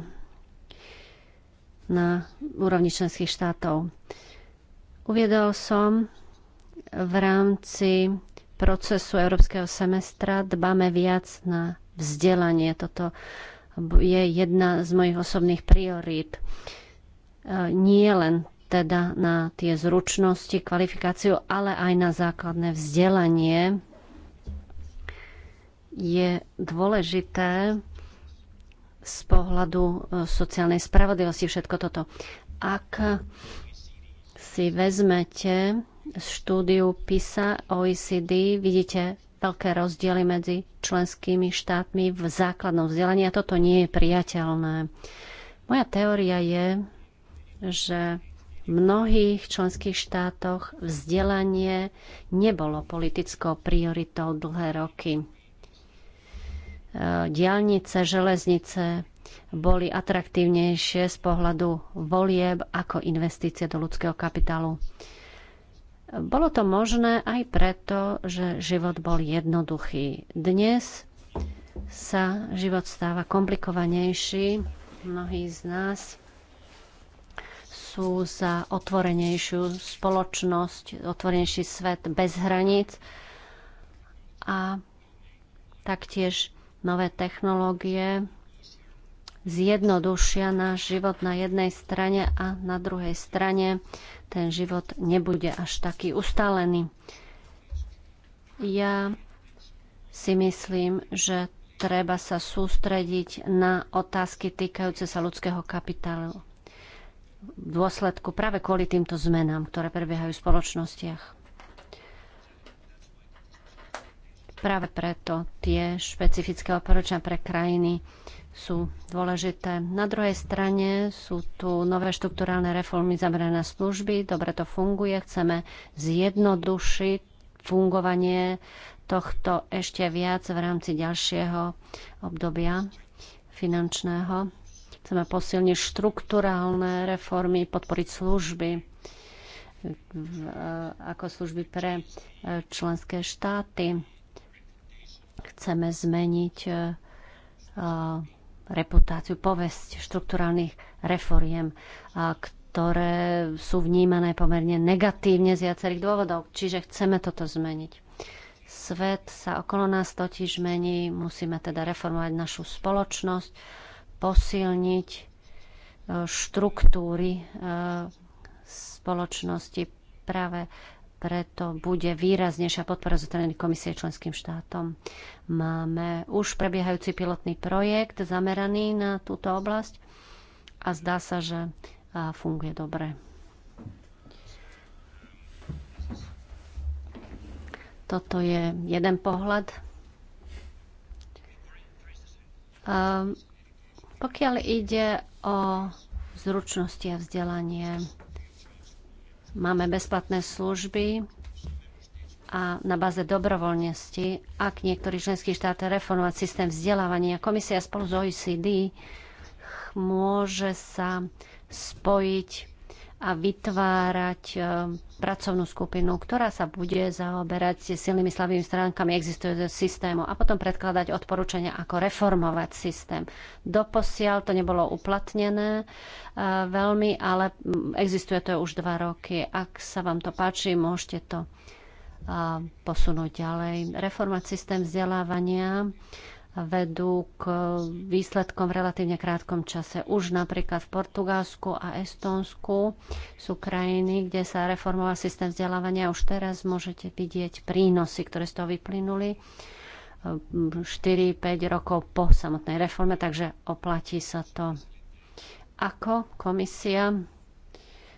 na úrovni členských štátov. Uviedol som v rámci procesu európskeho semestra dbáme viac na vzdelanie. Toto je jedna z mojich osobných priorít. E, nie len teda na tie zručnosti, kvalifikáciu, ale aj na základné vzdelanie je dôležité z pohľadu e, sociálnej spravodlivosti všetko toto. Ak si vezmete štúdiu PISA OECD vidíte veľké rozdiely medzi členskými štátmi v základnom vzdelaní a toto nie je priateľné. Moja teória je, že v mnohých členských štátoch vzdelanie nebolo politickou prioritou dlhé roky. E, diálnice, železnice boli atraktívnejšie z pohľadu volieb ako investície do ľudského kapitálu. Bolo to možné aj preto, že život bol jednoduchý. Dnes sa život stáva komplikovanejší. Mnohí z nás sú za otvorenejšiu spoločnosť, otvorenejší svet bez hraníc a taktiež nové technológie zjednodušia náš život na jednej strane a na druhej strane ten život nebude až taký ustálený. Ja si myslím, že treba sa sústrediť na otázky týkajúce sa ľudského kapitálu v dôsledku práve kvôli týmto zmenám, ktoré prebiehajú v spoločnostiach. Práve preto tie špecifické oporučenia pre krajiny sú dôležité. Na druhej strane sú tu nové štruktúrálne reformy zamerané na služby, dobre to funguje, chceme zjednodušiť fungovanie tohto ešte viac v rámci ďalšieho obdobia finančného. Chceme posilniť štruktúrálne reformy, podporiť služby ako služby pre e, členské štáty. Chceme zmeniť e, reputáciu, povesť štrukturálnych reforiem, ktoré sú vnímané pomerne negatívne z viacerých dôvodov. Čiže chceme toto zmeniť. Svet sa okolo nás totiž mení, musíme teda reformovať našu spoločnosť, posilniť e, štruktúry e, spoločnosti práve preto bude výraznejšia podpora zo strany komisie členským štátom. Máme už prebiehajúci pilotný projekt zameraný na túto oblasť a zdá sa, že funguje dobre. Toto je jeden pohľad. Pokiaľ ide o zručnosti a vzdelanie, Máme bezplatné služby a na báze dobrovoľnosti, ak niektorý členský štát reformovať systém vzdelávania, komisia spolu s OECD môže sa spojiť a vytvárať e, pracovnú skupinu, ktorá sa bude zaoberať silnými slabými stránkami existujúceho systému a potom predkladať odporúčania, ako reformovať systém. Doposiaľ to nebolo uplatnené e, veľmi, ale existuje to už dva roky. Ak sa vám to páči, môžete to e, posunúť ďalej. Reformať systém vzdelávania vedú k výsledkom v relatívne krátkom čase. Už napríklad v Portugalsku a Estónsku sú krajiny, kde sa reformoval systém vzdelávania. Už teraz môžete vidieť prínosy, ktoré z toho vyplynuli 4-5 rokov po samotnej reforme, takže oplatí sa to. Ako komisia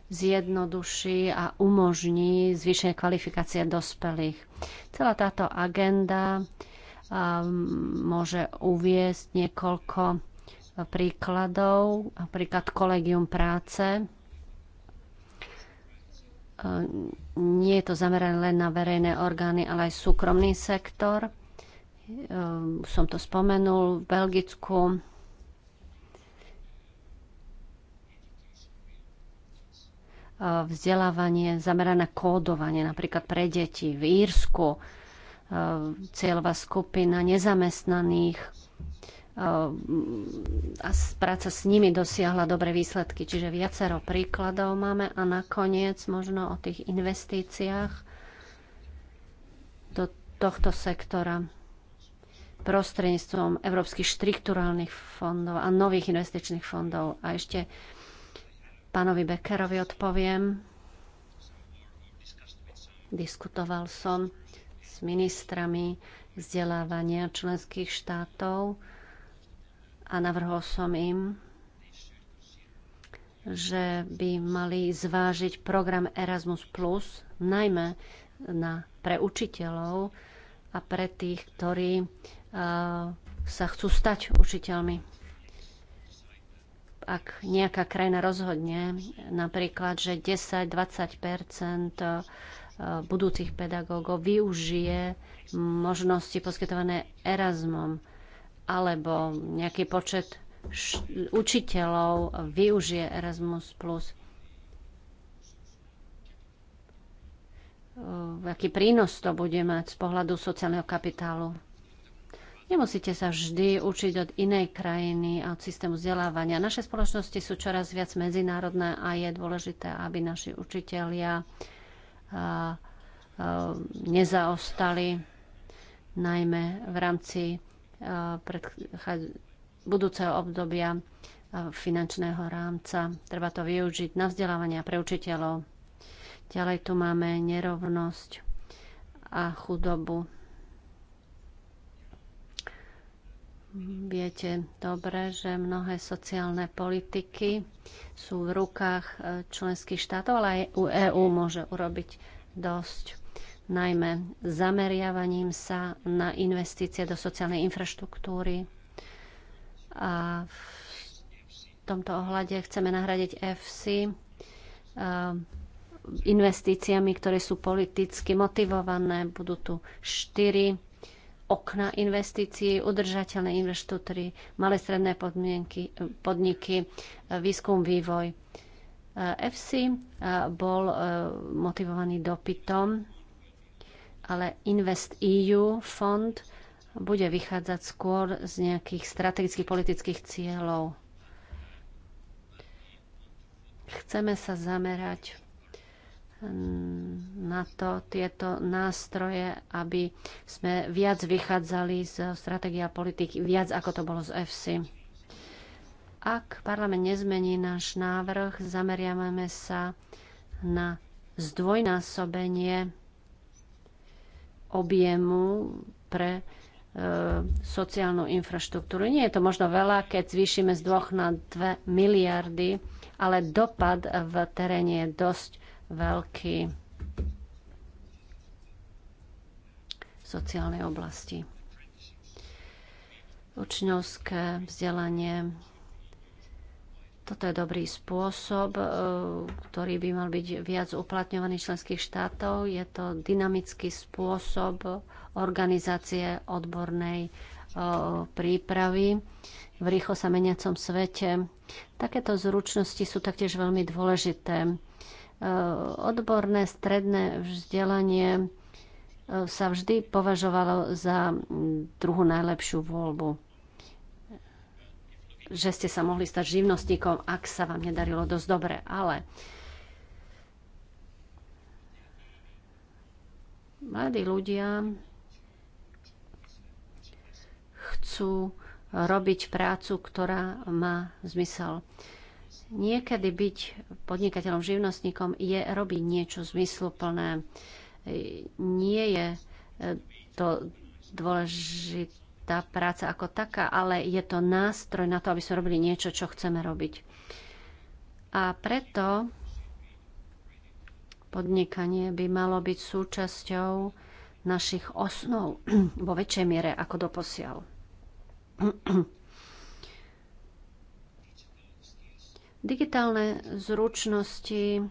zjednoduší a umožní zvýšenie kvalifikácie dospelých. Celá táto agenda Ehm, môže uviesť niekoľko e, príkladov, napríklad kolegium práce. Ehm, nie je to zamerané len na verejné orgány, ale aj súkromný sektor. Ehm, som to spomenul v Belgicku. Vzdelávanie zamerané na kódovanie, napríklad pre deti v Írsku Eh, cieľová skupina nezamestnaných eh, a práca s nimi dosiahla dobré výsledky. Čiže viacero príkladov máme a nakoniec možno o tých investíciách do tohto sektora prostredníctvom európskych štrukturálnych fondov a nových investičných fondov. A ešte pánovi Beckerovi odpoviem. Diskutoval som s ministrami vzdelávania členských štátov a navrhol som im, že by mali zvážiť program Erasmus+, najmä na, pre učiteľov a pre tých, ktorí uh, sa chcú stať učiteľmi ak nejaká krajina rozhodne napríklad, že 10-20 Eh, budúcich pedagógov využije možnosti poskytované Erasmom alebo nejaký počet učiteľov využije Erasmus+. plus. Eh, aký prínos to bude mať z pohľadu sociálneho kapitálu? Nemusíte sa vždy učiť od inej krajiny a od systému vzdelávania. Naše spoločnosti sú čoraz viac medzinárodné a je dôležité, aby naši učitelia a nezaostali, najmä v rámci budúceho obdobia finančného rámca. Treba to využiť na vzdelávania pre učiteľov. Ďalej tu máme nerovnosť a chudobu Viete dobre, že mnohé sociálne politiky sú v rukách e, členských štátov, ale aj EÚ môže urobiť dosť najmä zameriavaním sa na investície do sociálnej infraštruktúry. A v tomto ohľade chceme nahradiť FC e, investíciami, ktoré sú politicky motivované. Budú tu štyri okna investícií, udržateľné investútory, malé stredné podmienky, podniky, výskum, vývoj. FC eh, bol eh, motivovaný dopytom, ale Invest EU fond bude vychádzať skôr z nejakých strategických politických cieľov. Chceme sa zamerať na to tieto nástroje, aby sme viac vychádzali z stratégia politiky, viac ako to bolo z EFSI. Ak parlament nezmení náš návrh, zameriavame sa na zdvojnásobenie objemu pre e, sociálnu infraštruktúru. Nie je to možno veľa, keď zvýšime z 2 na 2 miliardy, ale dopad v teréne je dosť veľký v sociálnej oblasti. Učňovské vzdelanie. Toto je dobrý spôsob, e, ktorý by mal byť viac uplatňovaný členských štátov. Je to dynamický spôsob organizácie odbornej e, prípravy v rýchlo sa meniacom svete. Takéto zručnosti sú taktiež veľmi dôležité. Eh, odborné stredné vzdelanie eh, sa vždy považovalo za mm, druhú najlepšiu voľbu. Že ste sa mohli stať živnostníkom, ak sa vám nedarilo dosť dobre. Ale mladí ľudia chcú robiť prácu, ktorá má zmysel. Niekedy byť podnikateľom, živnostníkom je robiť niečo zmysluplné. E, nie je e, to dôležitá práca ako taká, ale je to nástroj na to, aby sme robili niečo, čo chceme robiť. A preto podnikanie by malo byť súčasťou našich osnov vo väčšej miere ako doposiaľ. Digitálne zručnosti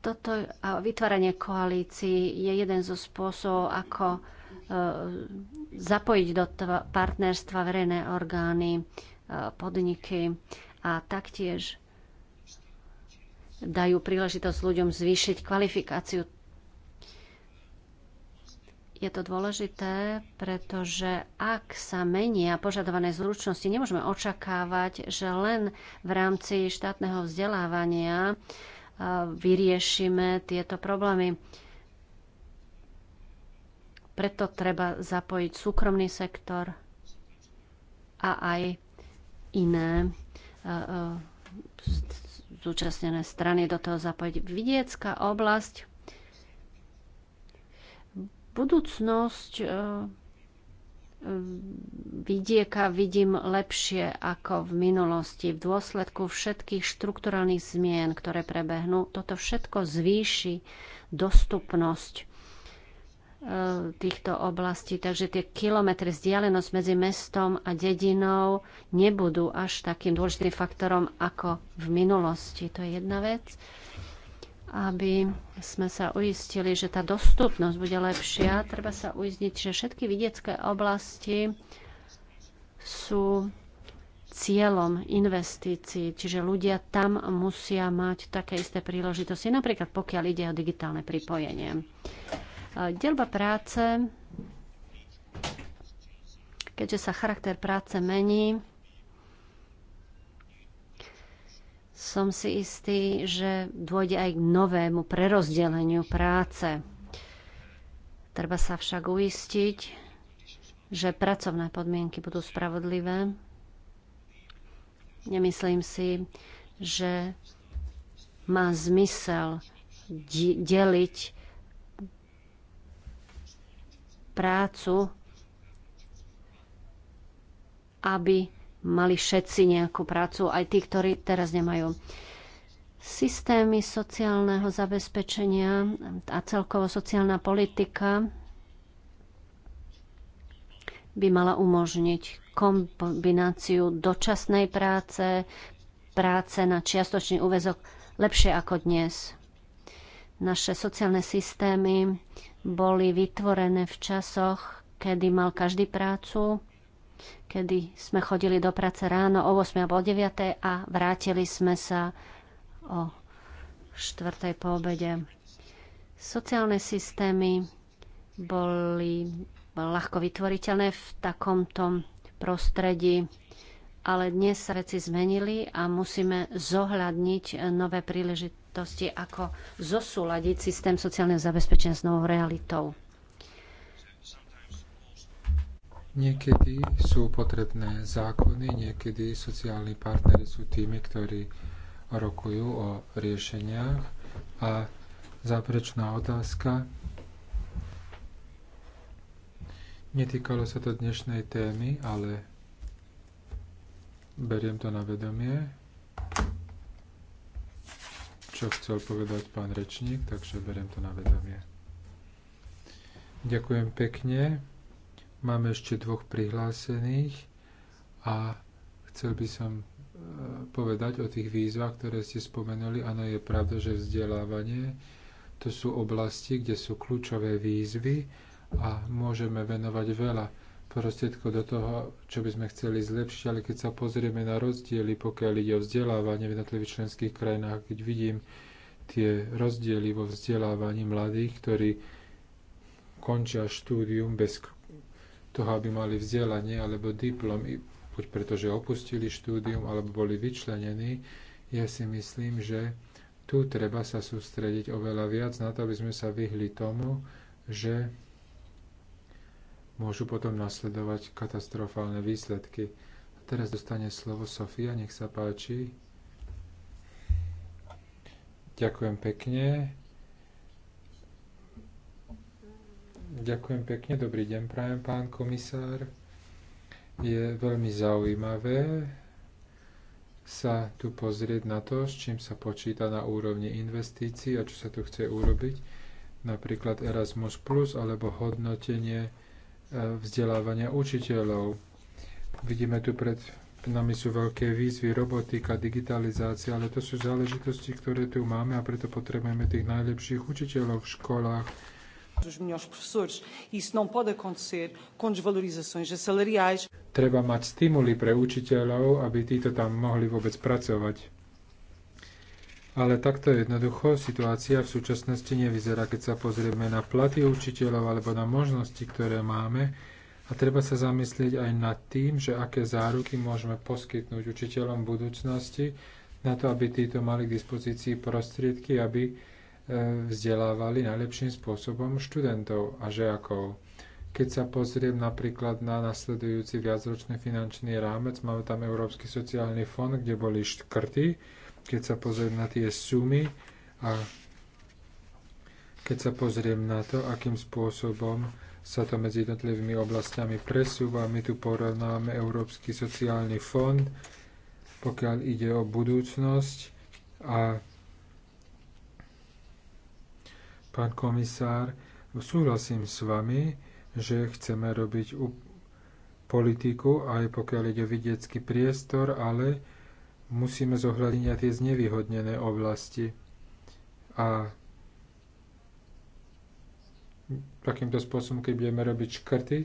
toto a vytváranie koalícií je jeden zo spôsobov, ako e, zapojiť do partnerstva verejné orgány, e, podniky a taktiež dajú príležitosť ľuďom zvýšiť kvalifikáciu je to dôležité, pretože ak sa menia požadované zručnosti, nemôžeme očakávať, že len v rámci štátneho vzdelávania e, vyriešime tieto problémy. Preto treba zapojiť súkromný sektor a aj iné e, e, zúčastnené strany do toho zapojiť. Vidiecká oblasť budúcnosť e, e, vidieka vidím lepšie ako v minulosti. V dôsledku všetkých štrukturálnych zmien, ktoré prebehnú, toto všetko zvýši dostupnosť e, týchto oblastí. Takže tie kilometre vzdialenosť medzi mestom a dedinou nebudú až takým dôležitým faktorom ako v minulosti. To je jedna vec aby sme sa uistili, že tá dostupnosť bude lepšia. Treba sa uistiť, že všetky vidiecké oblasti sú cieľom investícií, čiže ľudia tam musia mať také isté príležitosti, napríklad pokiaľ ide o digitálne pripojenie. Delba práce, keďže sa charakter práce mení, som si istý, že dôjde aj k novému prerozdeleniu práce. Treba sa však uistiť, že pracovné podmienky budú spravodlivé. Nemyslím si, že má zmysel deliť prácu, aby mali všetci nejakú prácu, aj tí, ktorí teraz nemajú. Systémy sociálneho zabezpečenia a celkovo sociálna politika by mala umožniť kombináciu dočasnej práce, práce na čiastočný úvezok lepšie ako dnes. Naše sociálne systémy boli vytvorené v časoch, kedy mal každý prácu kedy sme chodili do práce ráno o 8 alebo o 9 a vrátili sme sa o 4 po obede. Sociálne systémy boli ľahko vytvoriteľné v takomto prostredí, ale dnes sa veci zmenili a musíme zohľadniť nové príležitosti, ako zosúľadiť systém sociálneho zabezpečenia s novou realitou. Niekedy sú potrebné zákony, niekedy sociálni partnery sú tými, ktorí rokujú o riešeniach a záprečná otázka. Netýkalo sa to dnešnej témy, ale beriem to na vedomie, čo chcel povedať pán rečník, takže beriem to na vedomie. Ďakujem pekne. Máme ešte dvoch prihlásených a chcel by som e, povedať o tých výzvach, ktoré ste spomenuli. Áno, je pravda, že vzdelávanie to sú oblasti, kde sú kľúčové výzvy a môžeme venovať veľa prostriedkov do toho, čo by sme chceli zlepšiť, ale keď sa pozrieme na rozdiely, pokiaľ ide o vzdelávanie v jednotlivých členských krajinách, keď vidím tie rozdiely vo vzdelávaní mladých, ktorí končia štúdium bez toho, aby mali vzdelanie alebo diplom, buď preto, že opustili štúdium alebo boli vyčlenení, ja si myslím, že tu treba sa sústrediť oveľa viac na to, aby sme sa vyhli tomu, že môžu potom nasledovať katastrofálne výsledky. A teraz dostane slovo Sofia, nech sa páči. Ďakujem pekne. Ďakujem pekne, dobrý deň prajem, pán komisár. Je veľmi zaujímavé sa tu pozrieť na to, s čím sa počíta na úrovni investícií a čo sa tu chce urobiť, napríklad Erasmus+, Plus alebo hodnotenie e, vzdelávania učiteľov. Vidíme tu pred nami sú veľké výzvy, robotika, digitalizácia, ale to sú záležitosti, ktoré tu máme a preto potrebujeme tých najlepších učiteľov v školách, Treba mať stimuli pre učiteľov, aby títo tam mohli vôbec pracovať. Ale takto jednoducho situácia v súčasnosti nevyzerá, keď sa pozrieme na platy učiteľov alebo na možnosti, ktoré máme. A treba sa zamyslieť aj nad tým, že aké záruky môžeme poskytnúť učiteľom v budúcnosti na to, aby títo mali k dispozícii prostriedky, aby vzdelávali najlepším spôsobom študentov a žiakov. Keď sa pozriem napríklad na nasledujúci viacročný finančný rámec, máme tam Európsky sociálny fond, kde boli škrty. Keď sa pozriem na tie sumy a keď sa pozriem na to, akým spôsobom sa to medzi jednotlivými oblastiami presúva, my tu porovnáme Európsky sociálny fond, pokiaľ ide o budúcnosť a Pán komisár, súhlasím s vami, že chceme robiť politiku, aj pokiaľ ide o vidiecký priestor, ale musíme zohľadniť aj tie znevýhodnené oblasti. A takýmto spôsobom, keď budeme robiť škrty,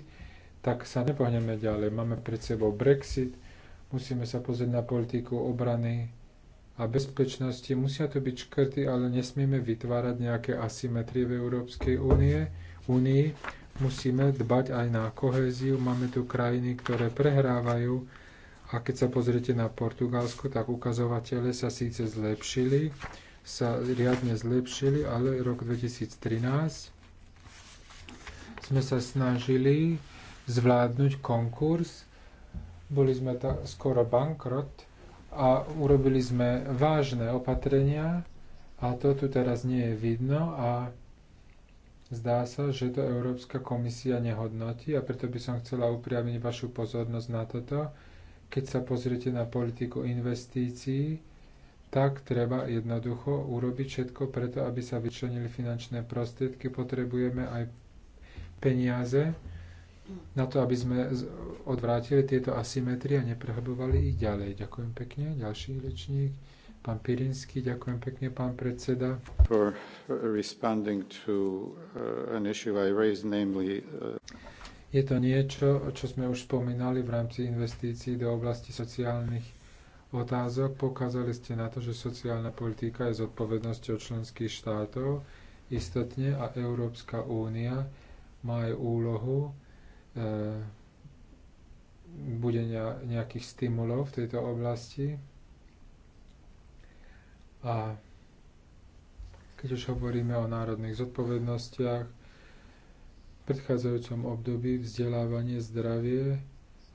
tak sa nepohneme ďalej. Máme pred sebou Brexit, musíme sa pozrieť na politiku obrany, a bezpečnosti. Musia to byť škrty, ale nesmieme vytvárať nejaké asymetrie v Európskej únie, únii. Musíme dbať aj na kohéziu. Máme tu krajiny, ktoré prehrávajú a keď sa pozriete na Portugalsko, tak ukazovatele sa síce zlepšili, sa riadne zlepšili, ale rok 2013 sme sa snažili zvládnuť konkurs. Boli sme ta, skoro bankrot, a urobili sme vážne opatrenia a to tu teraz nie je vidno a zdá sa, že to Európska komisia nehodnotí a preto by som chcela upriamiť vašu pozornosť na toto. Keď sa pozriete na politiku investícií, tak treba jednoducho urobiť všetko preto, aby sa vyčlenili finančné prostriedky. Potrebujeme aj peniaze, na to, aby sme odvrátili tieto asymetrie a neprehlbovali ich ďalej. Ďakujem pekne. Ďalší rečník, pán Pirinsky. Ďakujem pekne, pán predseda. For responding to uh, an issue I raised, namely, uh, je to niečo, čo sme už spomínali v rámci investícií do oblasti sociálnych otázok. Pokázali ste na to, že sociálna politika je zodpovednosťou členských štátov, istotne, a Európska únia má aj úlohu Eh, bude nejakých stimulov v tejto oblasti. A keď už hovoríme o národných zodpovednostiach, v predchádzajúcom období vzdelávanie, zdravie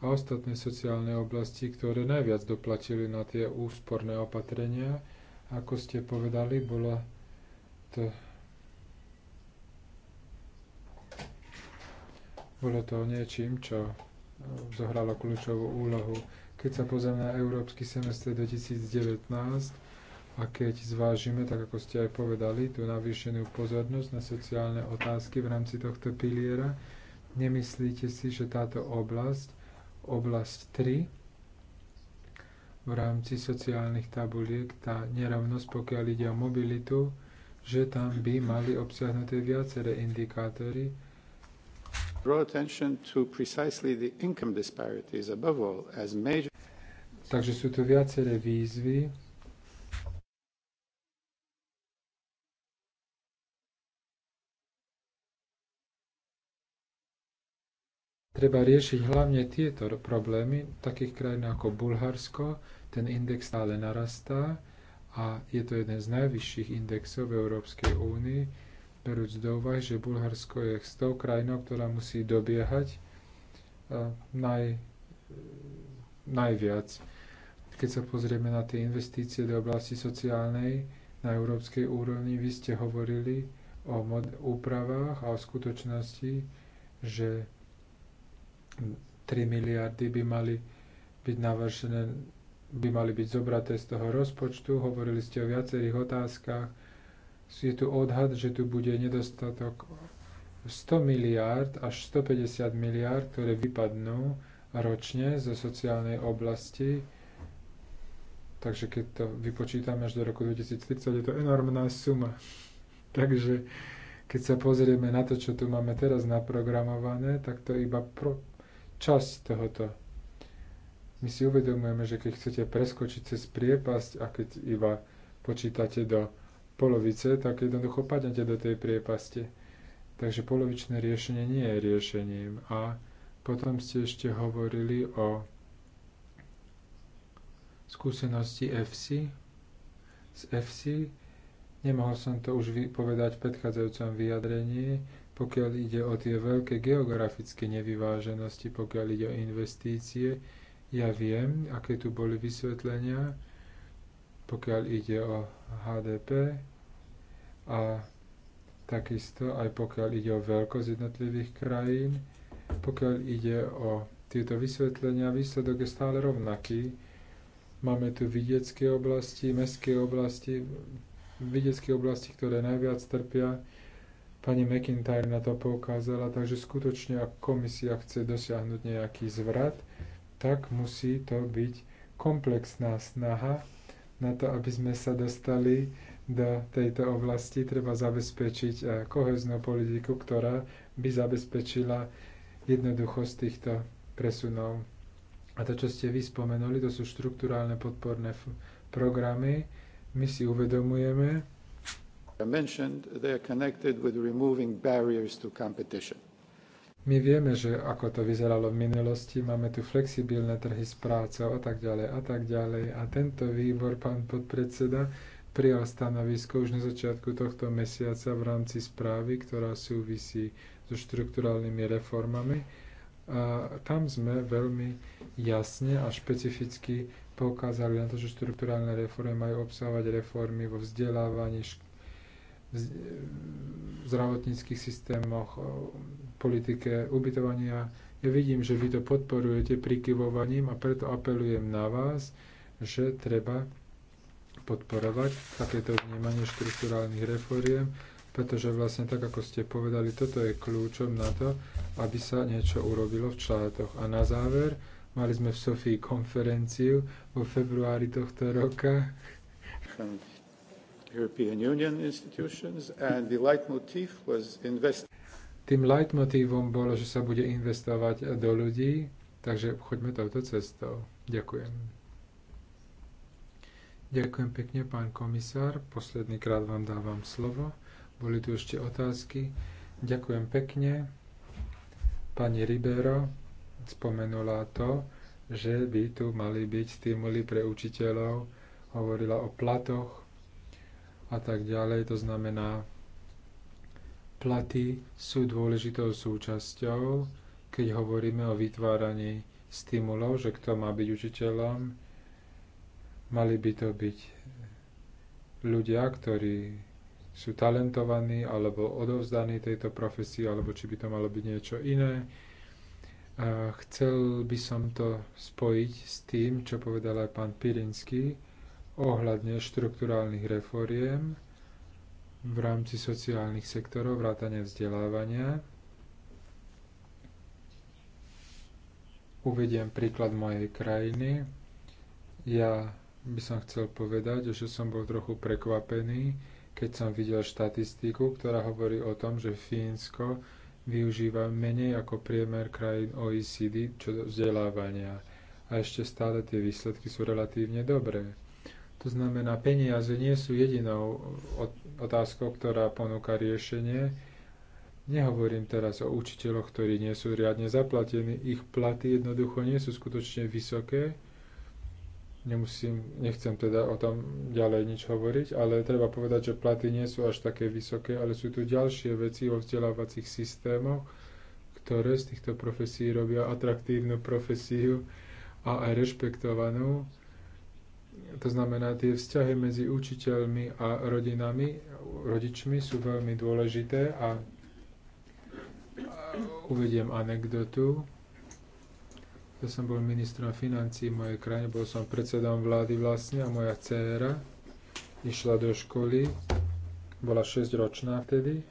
a ostatné sociálne oblasti, ktoré najviac doplatili na tie úsporné opatrenia, ako ste povedali, bola to Bolo to niečím, čo eh, zohralo kľúčovú úlohu. Keď sa pozrieme na Európsky semestr 2019 a keď zvážime, tak ako ste aj povedali, tú navýšenú pozornosť na sociálne otázky v rámci tohto piliera, nemyslíte si, že táto oblasť, oblasť 3, v rámci sociálnych tabuliek, tá nerovnosť, pokiaľ ide o mobilitu, že tam by mali obsiahnuté viaceré indikátory, draw attention to precisely the income disparities above all as major Takže sú tu viaceré výzvy, treba riešiť hlavne tieto problémy v takých krajinách ako Bulharsko. Ten index stále narastá a je to jeden z najvyšších indexov v Európskej únii berúc do úvahy, že Bulharsko je s tou krajinou, ktorá musí dobiehať eh, naj, najviac. Keď sa pozrieme na tie investície do oblasti sociálnej na európskej úrovni, vy ste hovorili o úpravách a o skutočnosti, že 3 miliardy by mali byť navršené by mali byť zobraté z toho rozpočtu. Hovorili ste o viacerých otázkach, je tu odhad, že tu bude nedostatok 100 miliárd až 150 miliárd, ktoré vypadnú ročne zo sociálnej oblasti. Takže keď to vypočítame až do roku 2030, je to enormná suma. Takže keď sa pozrieme na to, čo tu máme teraz naprogramované, tak to je iba pro časť tohoto. My si uvedomujeme, že keď chcete preskočiť cez priepasť a keď iba počítate do polovice, tak jednoducho padnete do tej priepasti. Takže polovičné riešenie nie je riešením. A potom ste ešte hovorili o skúsenosti FC. Z FC nemohol som to už povedať v predchádzajúcom vyjadrení, pokiaľ ide o tie veľké geografické nevyváženosti, pokiaľ ide o investície. Ja viem, aké tu boli vysvetlenia, pokiaľ ide o HDP, a takisto aj pokiaľ ide o veľkosť jednotlivých krajín, pokiaľ ide o tieto vysvetlenia, výsledok je stále rovnaký. Máme tu vidiecké oblasti, mestské oblasti, vidiecké oblasti, ktoré najviac trpia. Pani McIntyre na to poukázala, takže skutočne ak komisia chce dosiahnuť nejaký zvrat, tak musí to byť komplexná snaha na to, aby sme sa dostali do tejto oblasti treba zabezpečiť eh, koheznú politiku, ktorá by zabezpečila jednoduchosť týchto presunov. A to, čo ste vy spomenuli, to sú štruktúrálne podporné programy. My si uvedomujeme, my vieme, že ako to vyzeralo v minulosti, máme tu flexibilné trhy s prácou a tak ďalej a tak ďalej. A tento výbor, pán podpredseda, prijal stanovisko už na začiatku tohto mesiaca v rámci správy, ktorá súvisí so štrukturálnymi reformami. A tam sme veľmi jasne a špecificky poukázali na to, že štrukturálne reformy majú obsahovať reformy vo vzdelávaní, v zdravotníckých systémoch, politike ubytovania. Ja vidím, že vy to podporujete prikyvovaním a preto apelujem na vás, že treba podporovať takéto vnímanie štruktúrálnych reforiem, pretože vlastne tak, ako ste povedali, toto je kľúčom na to, aby sa niečo urobilo v štátoch. A na záver, mali sme v Sofii konferenciu vo februári tohto roka. European Union institutions and the leitmotiv was invest- Tým leitmotívom bolo, že sa bude investovať do ľudí, takže choďme touto cestou. Ďakujem. Ďakujem pekne, pán komisár. Posledný krát vám dávam slovo. Boli tu ešte otázky. Ďakujem pekne. Pani Ribero spomenula to, že by tu mali byť stimuly pre učiteľov, hovorila o platoch a tak ďalej. To znamená, platy sú dôležitou súčasťou, keď hovoríme o vytváraní stimulov, že kto má byť učiteľom, Mali by to byť ľudia, ktorí sú talentovaní alebo odovzdaní tejto profesii, alebo či by to malo byť niečo iné. A chcel by som to spojiť s tým, čo povedal aj pán Pirinsky ohľadne štruktúrálnych reforiem v rámci sociálnych sektorov, vrátane vzdelávania. Uvediem príklad mojej krajiny. Ja by som chcel povedať, že som bol trochu prekvapený, keď som videl štatistiku, ktorá hovorí o tom, že Fínsko využíva menej ako priemer krajín OECD čo do vzdelávania. A ešte stále tie výsledky sú relatívne dobré. To znamená, peniaze nie sú jedinou otázkou, ktorá ponúka riešenie. Nehovorím teraz o učiteľoch, ktorí nie sú riadne zaplatení. Ich platy jednoducho nie sú skutočne vysoké Nemusím, nechcem teda o tom ďalej nič hovoriť, ale treba povedať, že platy nie sú až také vysoké, ale sú tu ďalšie veci vo vzdelávacích systémoch, ktoré z týchto profesí robia atraktívnu profesiu a aj rešpektovanú. To znamená, tie vzťahy medzi učiteľmi a rodinami, rodičmi sú veľmi dôležité a uvediem anekdotu ja som bol ministrom financí v mojej krajine, bol som predsedom vlády vlastne a moja dcéra išla do školy, bola 6 ročná vtedy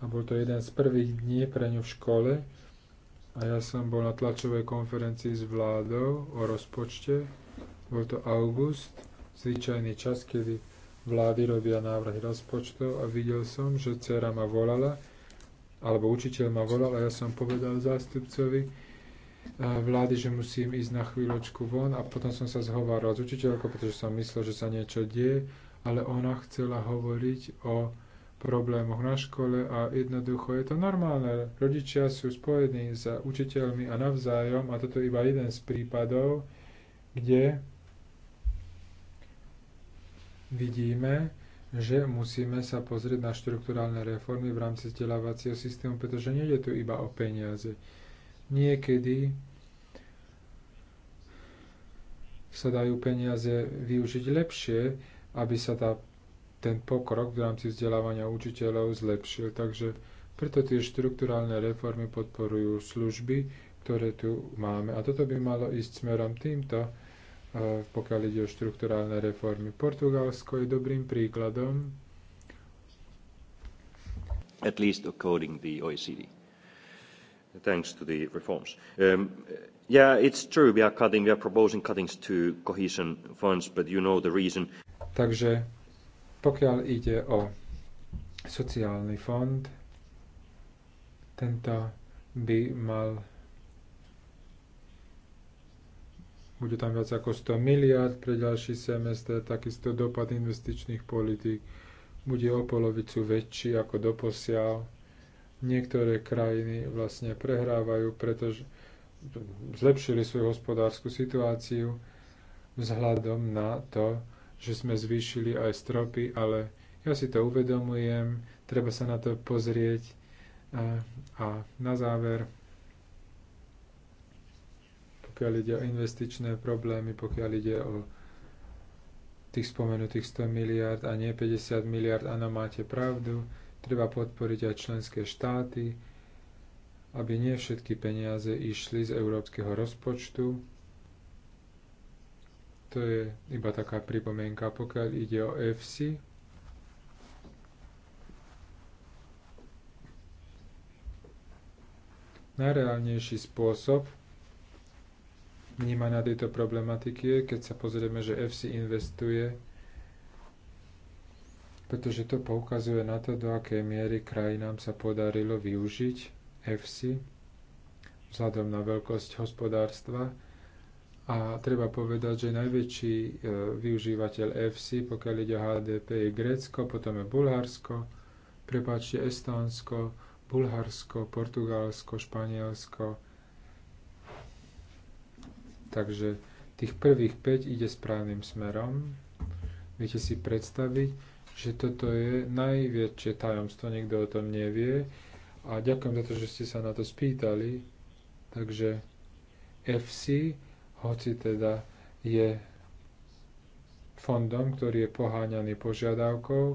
a bol to jeden z prvých dní pre ňu v škole a ja som bol na tlačovej konferencii s vládou o rozpočte. Bol to august, zvyčajný čas, kedy vlády robia návrhy rozpočtov a videl som, že dcera ma volala alebo učiteľ ma volal a ja som povedal zástupcovi e, vlády, že musím ísť na chvíľočku von a potom som sa zhováral s učiteľkou, pretože som myslel, že sa niečo deje, ale ona chcela hovoriť o problémoch na škole a jednoducho je to normálne. Rodičia sú spojení s učiteľmi a navzájom a toto je iba jeden z prípadov, kde vidíme, že musíme sa pozrieť na štrukturálne reformy v rámci vzdelávacieho systému, pretože nie je tu iba o peniaze. Niekedy sa dajú peniaze využiť lepšie, aby sa tá, ten pokrok v rámci vzdelávania učiteľov zlepšil. Takže preto tie štrukturálne reformy podporujú služby, ktoré tu máme. A toto by malo ísť smerom týmto pokiaľ ide o štruktúrálne reformy. Portugalsko je dobrým príkladom. At least according the OECD. Thanks to the reforms. Um, yeah, it's true, we are cutting, we are proposing cuttings to cohesion funds, but you know the reason. Takže pokiaľ ide o sociálny fond, tento by mal Bude tam viac ako 100 miliard pre ďalší semester, takisto dopad investičných politík bude o polovicu väčší ako doposiaľ. Niektoré krajiny vlastne prehrávajú, pretože zlepšili svoju hospodárskú situáciu vzhľadom na to, že sme zvýšili aj stropy, ale ja si to uvedomujem, treba sa na to pozrieť a, a na záver pokiaľ ide o investičné problémy, pokiaľ ide o tých spomenutých 100 miliard a nie 50 miliard. Áno, máte pravdu, treba podporiť aj členské štáty, aby nie všetky peniaze išli z európskeho rozpočtu. To je iba taká pripomienka, pokiaľ ide o EFSI. Najreálnejší spôsob, vnímania tejto problematiky je, keď sa pozrieme, že FC investuje, pretože to poukazuje na to, do akej miery krajinám sa podarilo využiť FC vzhľadom na veľkosť hospodárstva. A treba povedať, že najväčší e, využívateľ FC, pokiaľ ide o HDP, je Grécko, potom je Bulharsko, prepáčte Estónsko, Bulharsko, Portugalsko, Španielsko, Takže tých prvých 5 ide správnym smerom. Viete si predstaviť, že toto je najväčšie tajomstvo, nikto o tom nevie. A ďakujem za to, že ste sa na to spýtali. Takže FC, hoci teda je fondom, ktorý je poháňaný požiadavkou,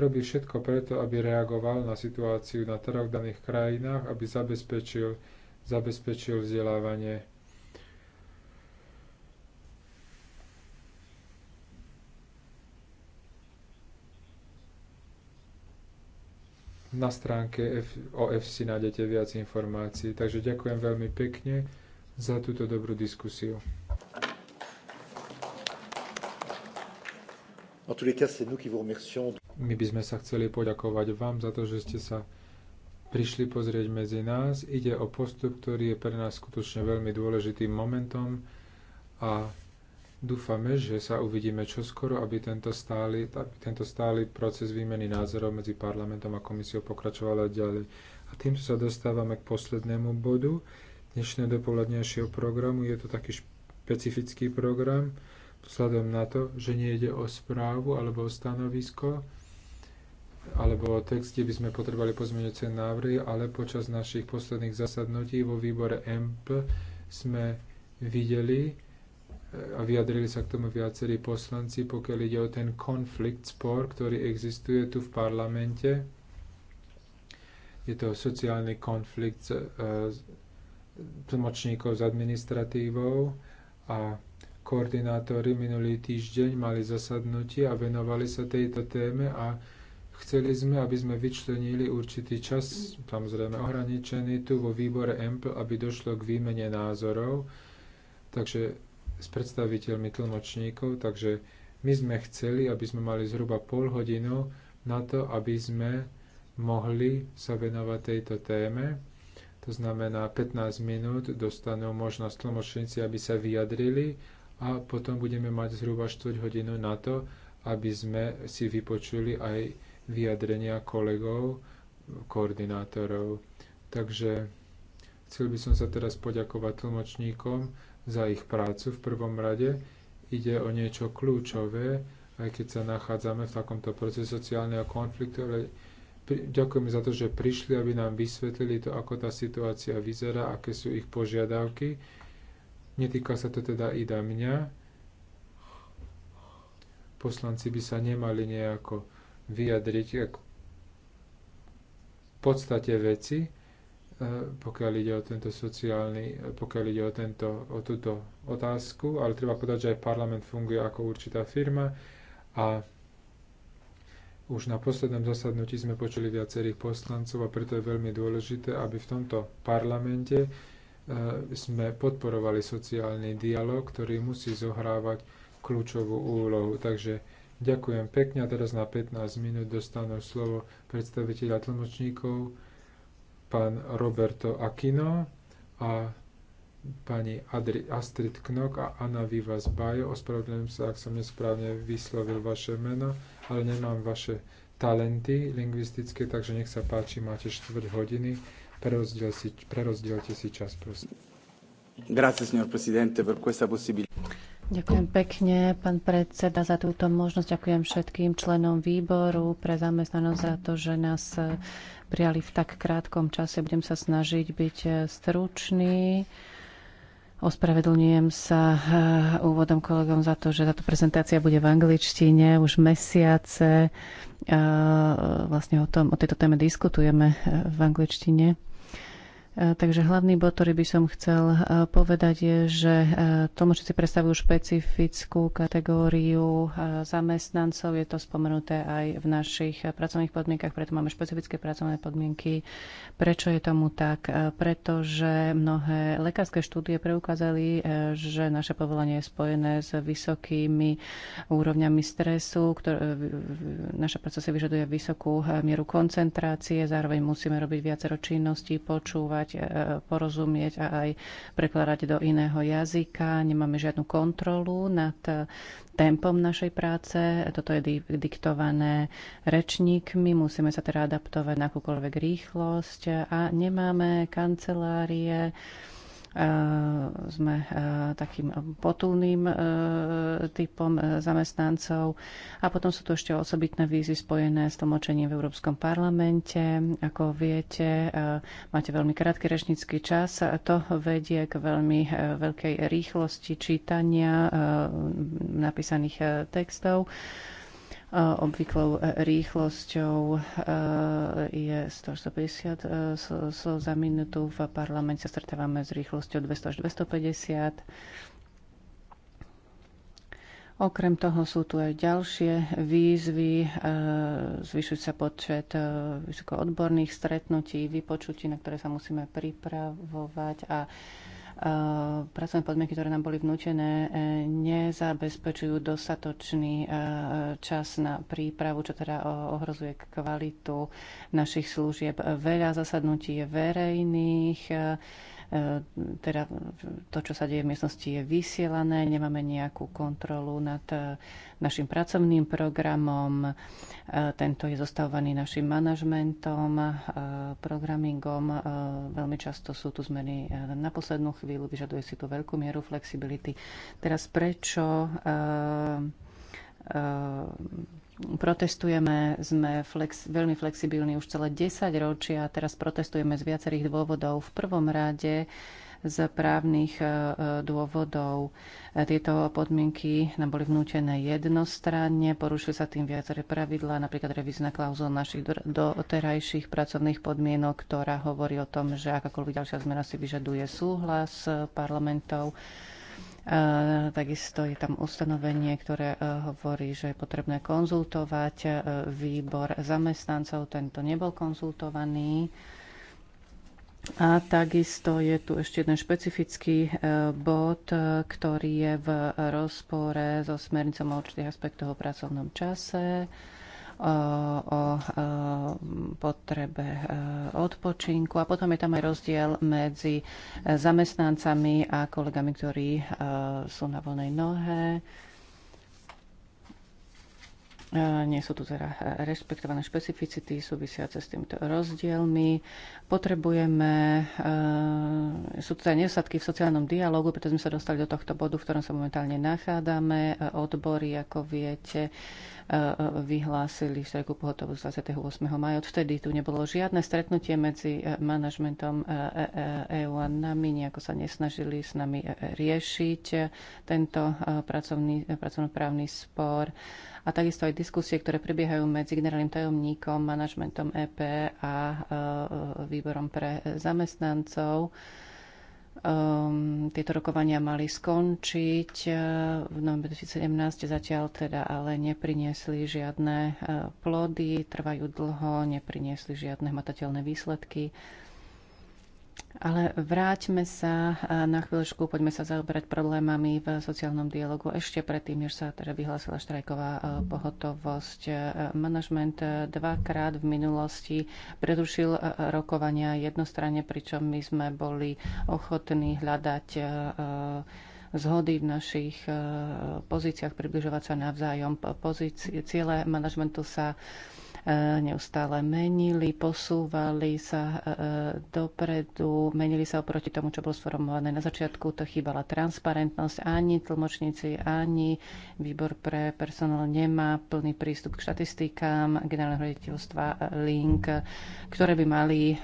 robí všetko preto, aby reagoval na situáciu na trhoch daných krajinách, aby zabezpečil, zabezpečil vzdelávanie Na stránke F- si nájdete viac informácií. Takže ďakujem veľmi pekne za túto dobrú diskusiu. My by sme sa chceli poďakovať vám za to, že ste sa prišli pozrieť medzi nás. Ide o postup, ktorý je pre nás skutočne veľmi dôležitým momentom a Dúfame, že sa uvidíme čoskoro, aby tento stály, aby tento stály proces výmeny názorov medzi parlamentom a komisiou pokračoval ďalej. A týmto sa dostávame k poslednému bodu dnešného dopolednejšieho programu. Je to taký špecifický program, vzhľadom na to, že nejde o správu alebo o stanovisko, alebo o text, kde by sme potrebovali pozmeňujúce návrhy, ale počas našich posledných zasadnutí vo výbore EMP sme videli, a vyjadrili sa k tomu viacerí poslanci, pokiaľ ide o ten konflikt, spor, ktorý existuje tu v parlamente. Je to sociálny konflikt s e, e, tlmočníkov s administratívou a koordinátori minulý týždeň mali zasadnutie a venovali sa tejto téme a chceli sme, aby sme vyčlenili určitý čas, samozrejme ohraničený tu vo výbore EMPL, aby došlo k výmene názorov. Takže s predstaviteľmi tlmočníkov, takže my sme chceli, aby sme mali zhruba pol hodinu na to, aby sme mohli sa venovať tejto téme. To znamená, 15 minút dostanú možnosť tlmočníci, aby sa vyjadrili a potom budeme mať zhruba 4 hodinu na to, aby sme si vypočuli aj vyjadrenia kolegov, koordinátorov. Takže chcel by som sa teraz poďakovať tlmočníkom za ich prácu. V prvom rade ide o niečo kľúčové, aj keď sa nachádzame v takomto procese sociálneho konfliktu, ale ďakujem za to, že prišli, aby nám vysvetlili to, ako tá situácia vyzerá, aké sú ich požiadavky. Netýka sa to teda i da mňa. Poslanci by sa nemali nejako vyjadriť k podstate veci, Eh, pokiaľ ide o tento sociálny, eh, pokiaľ ide o, tento, o túto otázku, ale treba povedať, že aj parlament funguje ako určitá firma a už na poslednom zasadnutí sme počuli viacerých poslancov a preto je veľmi dôležité, aby v tomto parlamente eh, sme podporovali sociálny dialog, ktorý musí zohrávať kľúčovú úlohu. Takže ďakujem pekne a teraz na 15 minút dostanú slovo predstaviteľa tlmočníkov pán Roberto Aquino a pani Adri, Astrid Knok a Anna Vivas Bajo. Ospravedlňujem sa, ak som nesprávne vyslovil vaše meno, ale nemám vaše talenty lingvistické, takže nech sa páči, máte 4 hodiny. Prerozdiel si, prerozdielte si čas, prosím. Grazie, signor Presidente, per questa possibilità. Ďakujem pekne, pán predseda, za túto možnosť. Ďakujem všetkým členom výboru pre zamestnanosť za to, že nás eh, prijali v tak krátkom čase. Budem sa snažiť byť eh, stručný. Ospravedlňujem sa eh, úvodom kolegom za to, že táto prezentácia bude v angličtine už mesiace. Vlastne o, tom, o tejto téme diskutujeme v angličtine. E, takže hlavný bod, ktorý by som chcel e, povedať, je, že e, tomu, si predstavujú špecifickú kategóriu zamestnancov. Je to spomenuté aj v našich pracovných podmienkach, preto máme špecifické pracovné podmienky. Prečo je tomu tak? Pretože mnohé lekárske štúdie preukázali, že naše povolanie je spojené s vysokými úrovňami stresu. Ktoré, naša práca si vyžaduje vysokú mieru koncentrácie, zároveň musíme robiť viacero činností, počúvať, mať e, porozumieť a aj prekladať do iného jazyka. Nemáme žiadnu kontrolu nad e, tempom našej práce. Toto je diktované rečníkmi. Musíme sa teda adaptovať na akúkoľvek rýchlosť a nemáme kancelárie, Eh, sme eh, takým potulným eh, typom zamestnancov. A potom sú tu ešte osobitné vízy spojené s tlmočením v Európskom parlamente. Ako viete, máte veľmi krátky rečnícky čas. To vedie k veľmi veľkej rýchlosti čítania napísaných textov Eh, obvyklou eh, rýchlosťou eh, je 150 slov za minútu. V parlamente sa stretávame s rýchlosťou 200 až 250. Okrem toho sú tu aj ďalšie výzvy, zvyšuj sa počet vysokoodborných stretnutí, vypočutí, na ktoré sa musíme pripravovať a Eh, pracovné podmienky, ktoré nám boli vnútené, eh, nezabezpečujú dostatočný eh, čas na prípravu, čo teda ohrozuje kvalitu našich služieb. Veľa zasadnutí je verejných, E, teda to, čo sa deje v miestnosti, je vysielané, nemáme nejakú kontrolu nad e, našim pracovným programom, e, tento je zostavovaný našim manažmentom, programingom, veľmi často sú tu zmeny na poslednú chvíľu, vyžaduje si tu veľkú mieru flexibility. Teraz prečo protestujeme, sme flex, veľmi flexibilní už celé 10 ročia a teraz protestujeme z viacerých dôvodov. V prvom rade z právnych e, e, dôvodov. E, tieto podmienky nám boli vnútené jednostranne, porušili sa tým viaceré pravidlá, napríklad revízna klauzula našich doterajších pracovných podmienok, ktorá hovorí o tom, že akákoľvek ďalšia zmena si vyžaduje súhlas parlamentov Takisto je tam ustanovenie, ktoré e, hovorí, že je potrebné konzultovať e, výbor zamestnancov. Tento nebol konzultovaný. A takisto je tu ešte jeden špecifický e, bod, ktorý je v rozpore so smernicom o určitých aspektoch o pracovnom čase o potrebe e, odpočinku a potom je tam aj rozdiel medzi zamestnancami a kolegami, ktorí e, sú na voľnej nohe. E, nie sú tu teda rešpektované špecificity súvisiace s týmito rozdielmi. Potrebujeme, sú tu teda nedostatky v sociálnom dialogu, preto sme sa dostali do tohto bodu, v ktorom sa momentálne nachádzame. Odbory, ako viete, E, e, vyhlásili štrajku pohotovosť 28. maja. Odvtedy tu nebolo žiadne stretnutie medzi e, manažmentom EÚ a nami, nejako sa nesnažili s nami riešiť tento pracovný, pracovnoprávny spor a takisto aj diskusie, ktoré prebiehajú medzi generálnym tajomníkom, manažmentom EP a výborom pre zamestnancov um, tieto rokovania mali skončiť eh, v novembri 2017, zatiaľ teda ale nepriniesli žiadne eh, plody, trvajú dlho, nepriniesli žiadne hmatateľné výsledky. Ale vráťme sa e, na chvíľočku, poďme sa zaoberať problémami v sociálnom dialogu ešte predtým, než sa teda vyhlásila štrajková e, pohotovosť. E, manažment dvakrát v minulosti prerušil rokovania jednostranne, pričom my sme boli ochotní hľadať zhody v našich pozíciách, približovať sa navzájom. Pozície, ciele manažmentu sa neustále menili, posúvali sa e, e, dopredu, menili sa oproti tomu, čo bolo sformované na začiatku. To chýbala transparentnosť. Ani tlmočníci, ani výbor pre personál nemá plný prístup k štatistikám generálneho rediteľstva Link, ktoré by mali e,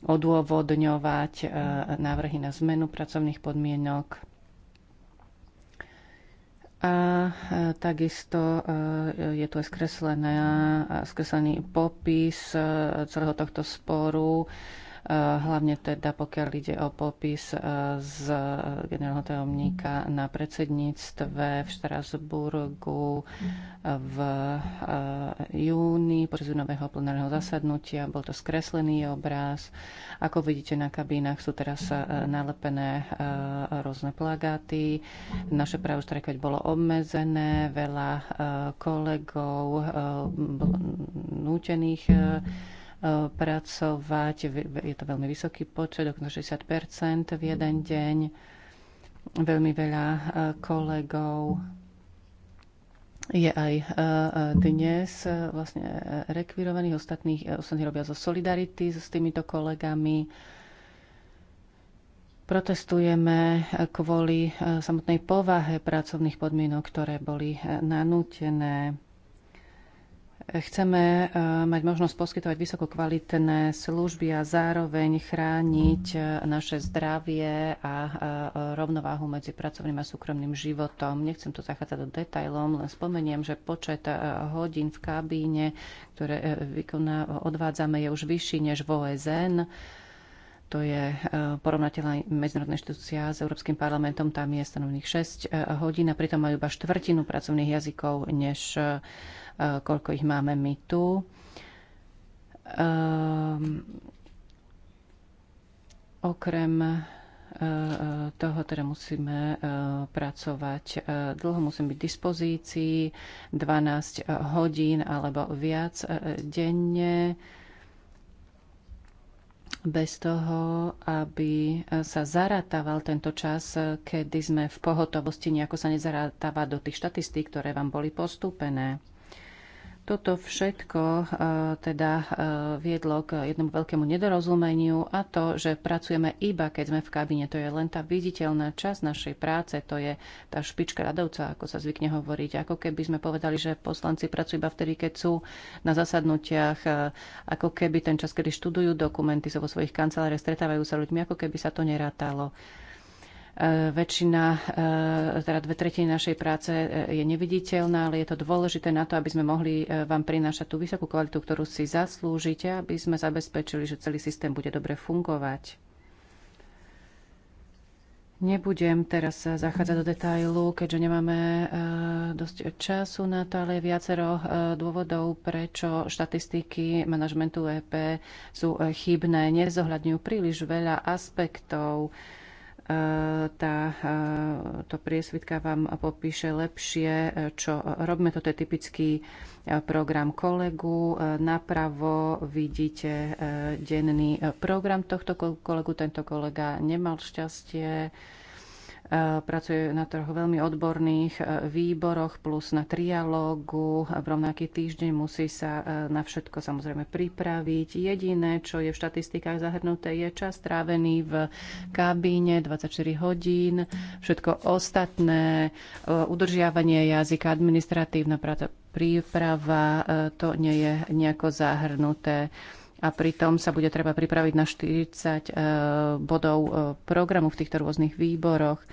odôvodňovať návrhy na zmenu pracovných podmienok a e, takisto e, je tu aj skreslený popis e, celého tohto sporu Eh, hlavne teda pokiaľ ide o popis eh, z eh, generálneho tajomníka na predsedníctve v Štrasburgu v júni počas nového plenárneho zasadnutia. Bol to skreslený obraz. Ako vidíte, na kabínach sú teraz nalepené rôzne plagáty. Naše právo štrekať bolo obmedzené, veľa kolegov bolo nútených Eh, pracovať. Je to veľmi vysoký počet, okno 60 v jeden deň. Veľmi veľa eh, kolegov je aj eh, dnes vlastne rekvirovaných. Ostatných, ostatní robia zo solidarity s týmito kolegami. Protestujeme kvôli samotnej povahe pracovných podmienok, ktoré boli nanútené. Chceme e, mať možnosť poskytovať vysokokvalitné služby a zároveň chrániť e, naše zdravie a e, rovnováhu medzi pracovným a súkromným životom. Nechcem tu zachádzať do detailov, len spomeniem, že počet hodín v kabíne, ktoré odvádzame, je už vyšší než v OSN. To je porovnateľná medzinárodná inštitúcia s Európskym parlamentom, tam je stanovných 6 hodín a pritom majú iba štvrtinu pracovných jazykov než Eh, koľko ich máme my tu. Um, okrem eh, eh, toho teda musíme pracovať dlho, musím byť v dispozícii 12 hodín alebo viac denne bez toho, aby sa zaratával tento čas, kedy sme v pohotovosti, nejako sa nezarátava do tých štatistík, ktoré vám boli postúpené. Toto všetko e, teda e, viedlo k jednému veľkému nedorozumeniu a to, že pracujeme iba, keď sme v kabine. To je len tá viditeľná časť našej práce, to je tá špička radovca, ako sa zvykne hovoriť. Ako keby sme povedali, že poslanci pracujú iba vtedy, keď sú na zasadnutiach, e, ako keby ten čas, kedy študujú dokumenty, sú vo svojich kanceláriach, stretávajú sa ľuďmi, ako keby sa to nerátalo. E, väčšina, e, teda dve tretiny našej práce e, je neviditeľná, ale je to dôležité na to, aby sme mohli vám prinášať tú vysokú kvalitu, ktorú si zaslúžite, aby sme zabezpečili, že celý systém bude dobre fungovať. Nebudem teraz zachádzať do detailu, keďže nemáme dosť času na to, ale je viacero dôvodov, prečo štatistiky manažmentu EP sú chybné. Nezohľadňujú príliš veľa aspektov tá, e, to priesvitka vám popíše lepšie, e, čo robíme. Toto je typický e, program kolegu. Napravo vidíte denný program tohto kolegu. Tento kolega nemal šťastie Eh, pracuje na troch veľmi odborných eh, výboroch plus na trialógu. V rovnaký týždeň musí sa eh, na všetko samozrejme pripraviť. Jediné, čo je v štatistikách zahrnuté, je čas strávený v kabíne 24 hodín. Všetko ostatné, udržiavanie jazyka, administratívna práca, príprava, to nie je nejako zahrnuté a pritom sa bude treba pripraviť na 40 e, bodov e, programu v týchto rôznych výboroch. E,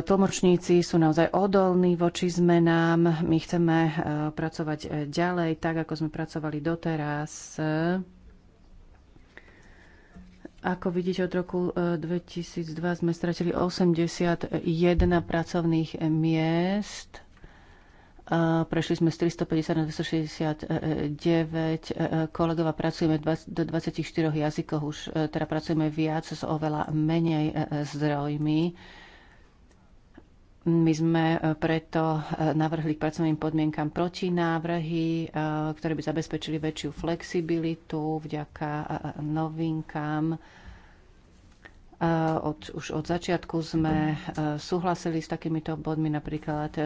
tlmočníci sú naozaj odolní voči zmenám. My chceme pracovať ďalej, tak ako sme pracovali doteraz. Ako vidíte, od roku 2002 sme stratili 81 pracovných miest Prešli sme z 350 na 269 kolegov a pracujeme do 24 jazykov. Už e, teda pracujeme viac s oveľa menej e, e, zdrojmi. My sme preto navrhli k pracovným podmienkam protinávrhy, ktoré by zabezpečili väčšiu flexibilitu vďaka novinkám Eh, od, už od začiatku sme eh, súhlasili s takýmito bodmi, napríklad eh,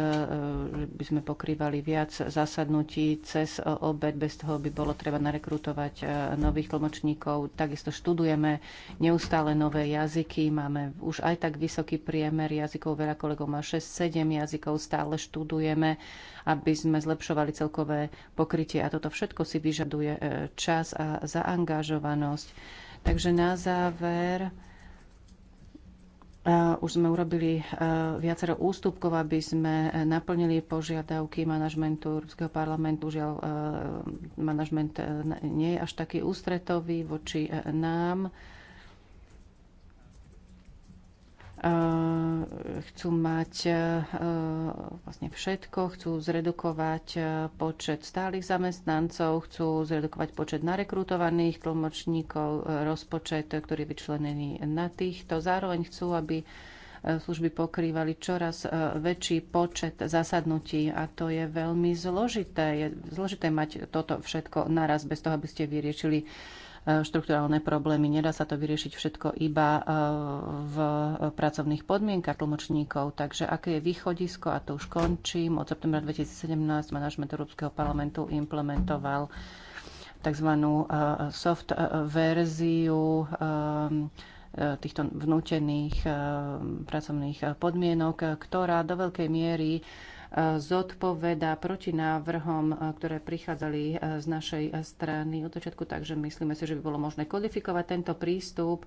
že by sme pokrývali viac zasadnutí cez obed, bez toho by bolo treba narekrutovať nových tlmočníkov. Takisto študujeme neustále nové jazyky, máme už aj tak vysoký priemer jazykov, veľa kolegov má 6-7 jazykov, stále študujeme, aby sme zlepšovali celkové pokrytie a toto všetko si vyžaduje čas a zaangažovanosť. Takže na záver, už sme urobili e, viacero ústupkov, aby sme e, naplnili požiadavky manažmentu Európskeho parlamentu. Žiaľ, e, manažment nie je až taký ústretový voči nám Eh, chcú mať eh, eh, vlastne všetko, chcú zredukovať počet stálych zamestnancov, chcú zredukovať počet narekrutovaných tlmočníkov, rozpočet, ktorý je vyčlenený na týchto. Zároveň chcú, aby služby pokrývali čoraz väčší počet zasadnutí a to je veľmi zložité. Je zložité mať toto všetko naraz bez toho, aby ste vyriešili štruktúrálne problémy. Nedá sa to vyriešiť všetko iba e, v pracovných podmienkach tlmočníkov. Takže aké je východisko, a to už končím, od septembra 2017 manažment Európskeho parlamentu implementoval tzv. E, soft e, verziu týchto vnútených pracovných podmienok, ktorá do veľkej miery zodpoveda proti návrhom, eh, ktoré prichádzali eh, z našej eh, strany od začiatku, takže myslíme si, že by bolo možné kodifikovať tento prístup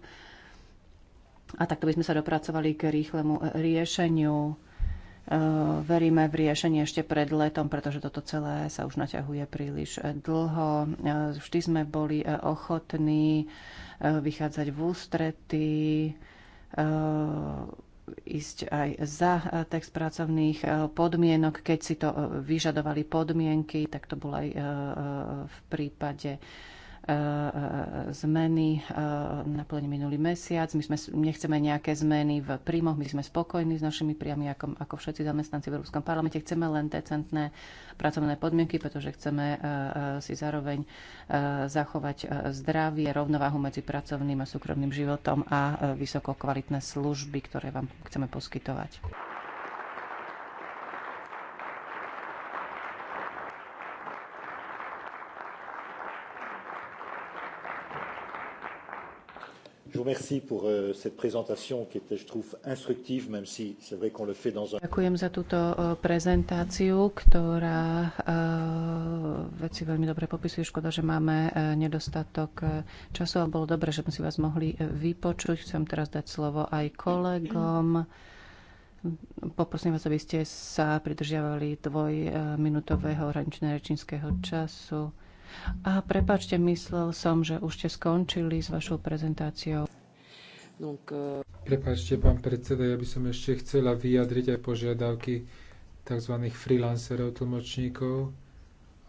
a takto by sme sa dopracovali k rýchlemu riešeniu. Veríme v riešenie ešte pred letom, pretože toto celé sa už naťahuje príliš dlho. Vždy sme boli ochotní vychádzať v ústrety ísť aj za eh, text pracovných eh, podmienok. Keď si to eh, vyžadovali podmienky, tak to bolo aj v prípade E, e, zmeny e, na plne minulý mesiac. My sme, nechceme nejaké zmeny v príjmoch, my sme spokojní s našimi príjami, ako, ako všetci zamestnanci v Európskom parlamente. Chceme len decentné pracovné podmienky, pretože chceme si zároveň zachovať zdravie, rovnováhu medzi pracovným a súkromným životom a vysokokvalitné služby, ktoré vám chceme poskytovať. vous remercie pour euh, cette présentation qui était, je trouve, instructive, même si c'est vrai qu'on le fait dans un... Ďakujem za túto prezentáciu, ktorá veci veľmi dobre popisuje. Škoda, že máme e, nedostatok e, času a bolo dobre, že sme si vás mohli e, vypočuť. Chcem teraz dať slovo aj kolegom. Poprosím vás, aby ste sa pridržiavali dvojminútového hraničného rečinského času. A prepáčte, myslel som, že už ste skončili s vašou prezentáciou. Uh, prepáčte, pán predseda, ja by som ešte chcela vyjadriť aj požiadavky tzv. freelancerov, tlmočníkov.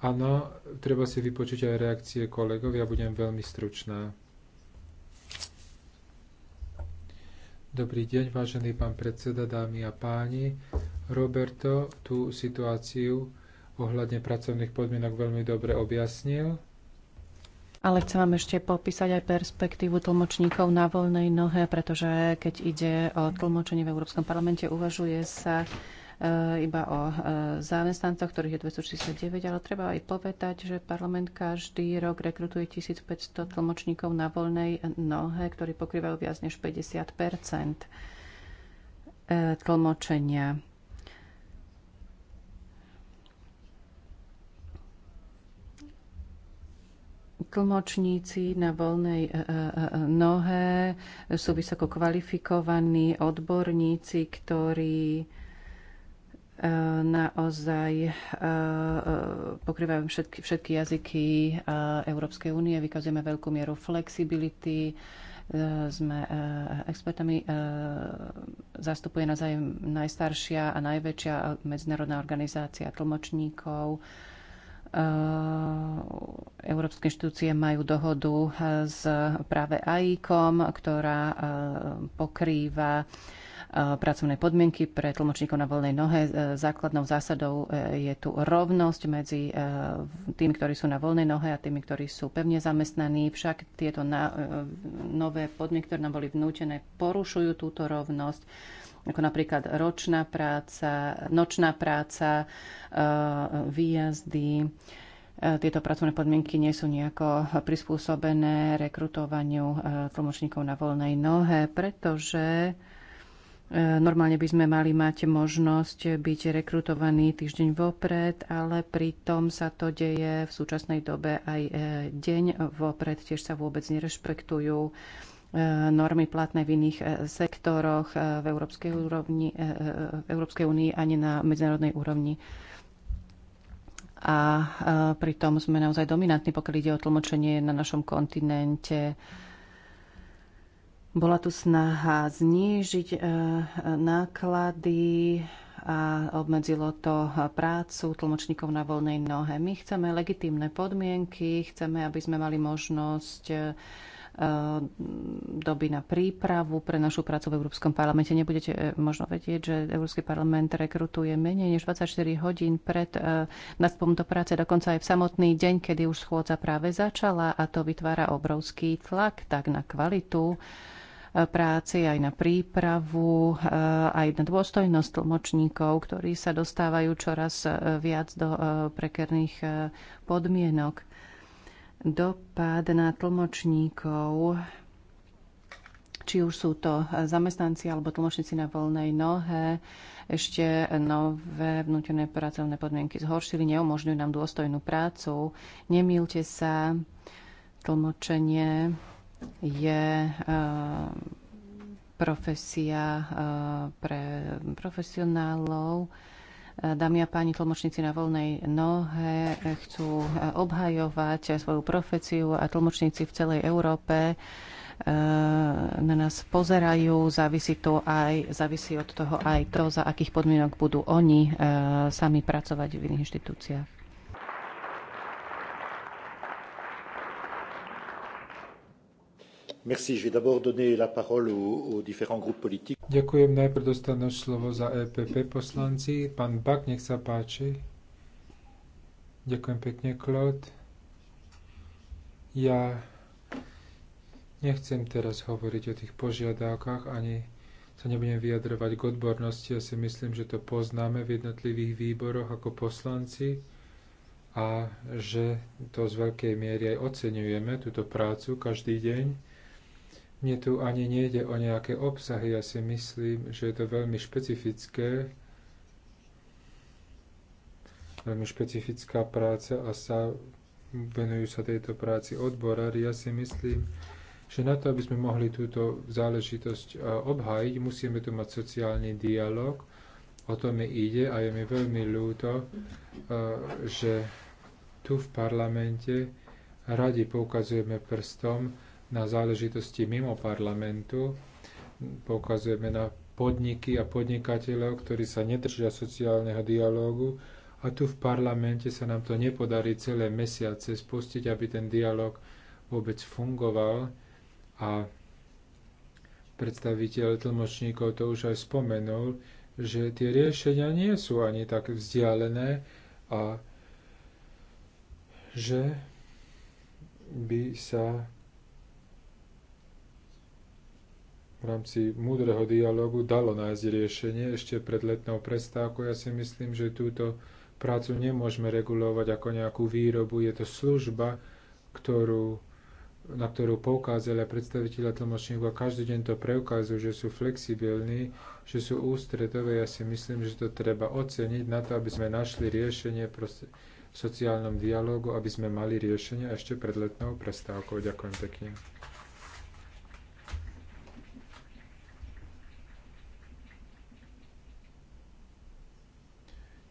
Áno, treba si vypočuť aj reakcie kolegov, ja budem veľmi stručná. Dobrý deň, vážený pán predseda, dámy a páni. Roberto tú situáciu ohľadne pracovných podmienok veľmi dobre objasnil. Ale chcem vám ešte popísať aj perspektívu tlmočníkov na voľnej nohe, pretože keď ide o tlmočenie v Európskom parlamente, uvažuje sa e, iba o e, zamestnancoch, ktorých je 269, ale treba aj povedať, že parlament každý rok rekrutuje 1500 tlmočníkov na voľnej nohe, ktorí pokrývajú viac než 50 e, tlmočenia. Tlmočníci na voľnej e, e, e, nohe sú vysoko kvalifikovaní odborníci, ktorí naozaj pokrývajú všetky, všetky jazyky Európskej únie, vykazujeme veľkú mieru flexibility, sme expertami, zastupuje nás aj najstaršia a najväčšia medzinárodná organizácia tlmočníkov, Eh, európske inštitúcie majú dohodu eh, s práve AIKom, ktorá eh, pokrýva pracovné podmienky pre tlmočníkov na voľnej nohe. Základnou zásadou je tu rovnosť medzi tými, ktorí sú na voľnej nohe a tými, ktorí sú pevne zamestnaní. Však tieto nové podmienky, ktoré nám boli vnútené, porušujú túto rovnosť ako napríklad ročná práca, nočná práca, e, výjazdy. E, tieto pracovné podmienky nie sú nejako prispôsobené rekrutovaniu e, tlmočníkov na voľnej nohe, pretože normálne by sme mali mať možnosť byť rekrutovaní týždeň vopred, ale pritom sa to deje v súčasnej dobe aj deň vopred, tiež sa vôbec nerešpektujú E, normy platné v iných e, sektoroch e, v európskej, úrovni, v európskej únii ani na medzinárodnej úrovni. A pritom sme naozaj dominantní, pokiaľ ide o tlmočenie na našom kontinente. Bola tu snaha znížiť náklady a obmedzilo to prácu tlmočníkov na voľnej nohe. My chceme legitímne podmienky, chceme, aby sme mali možnosť Eh, doby na prípravu pre našu prácu v Európskom parlamente. Nebudete eh, možno vedieť, že Európsky parlament rekrutuje menej než 24 hodín pred eh, nástupom do práce, dokonca aj v samotný deň, kedy už schôdza práve začala a to vytvára obrovský tlak tak na kvalitu práci, aj na prípravu, aj na dôstojnosť tlmočníkov, ktorí sa dostávajú čoraz viac do prekerných podmienok dopad na tlmočníkov, či už sú to zamestnanci alebo tlmočníci na voľnej nohe, ešte nové vnútené pracovné podmienky zhoršili, neumožňujú nám dôstojnú prácu. Nemýlte sa, tlmočenie je eh, profesia eh, pre profesionálov Dámy a páni tlmočníci na voľnej nohe chcú eh, obhajovať eh, svoju profeciu a tlmočníci v celej Európe eh, na nás pozerajú, závisí, to aj, závisí od toho aj to, za akých podmienok budú oni sami pracovať v iných inštitúciách. Merci. Je vais d'abord donner la parole aux, aux différents groupes politiques. Ďakujem. Najprv dostanú slovo za EPP poslanci. Pán Bak, nech sa páči. Ďakujem pekne, Claude. Ja nechcem teraz hovoriť o tých požiadavkách, ani sa nebudem vyjadrovať k odbornosti. Ja si myslím, že to poznáme v jednotlivých výboroch ako poslanci a že to z veľkej miery aj oceňujeme, túto prácu každý deň mne tu ani nejde o nejaké obsahy, ja si myslím, že je to veľmi špecifické, veľmi špecifická práca a sa venujú sa tejto práci odborári. Ja si myslím, že na to, aby sme mohli túto záležitosť e, obhájiť, musíme tu mať sociálny dialog. O to mi ide a je mi veľmi ľúto, e, že tu v parlamente radi poukazujeme prstom na záležitosti mimo parlamentu, poukazujeme na podniky a podnikateľov, ktorí sa nedržia sociálneho dialógu a tu v parlamente sa nám to nepodarí celé mesiace spustiť, aby ten dialog vôbec fungoval a predstaviteľ tlmočníkov to už aj spomenul, že tie riešenia nie sú ani tak vzdialené a že by sa v rámci múdreho dialogu dalo nájsť riešenie ešte pred letnou prestávkou. Ja si myslím, že túto prácu nemôžeme regulovať ako nejakú výrobu. Je to služba, ktorú, na ktorú poukázali predstaviteľa tlmočníkov. Každý deň to preukazujú, že sú flexibilní, že sú ústretové. Ja si myslím, že to treba oceniť na to, aby sme našli riešenie proste v sociálnom dialogu, aby sme mali riešenie ešte pred letnou prestávkou. Ďakujem pekne.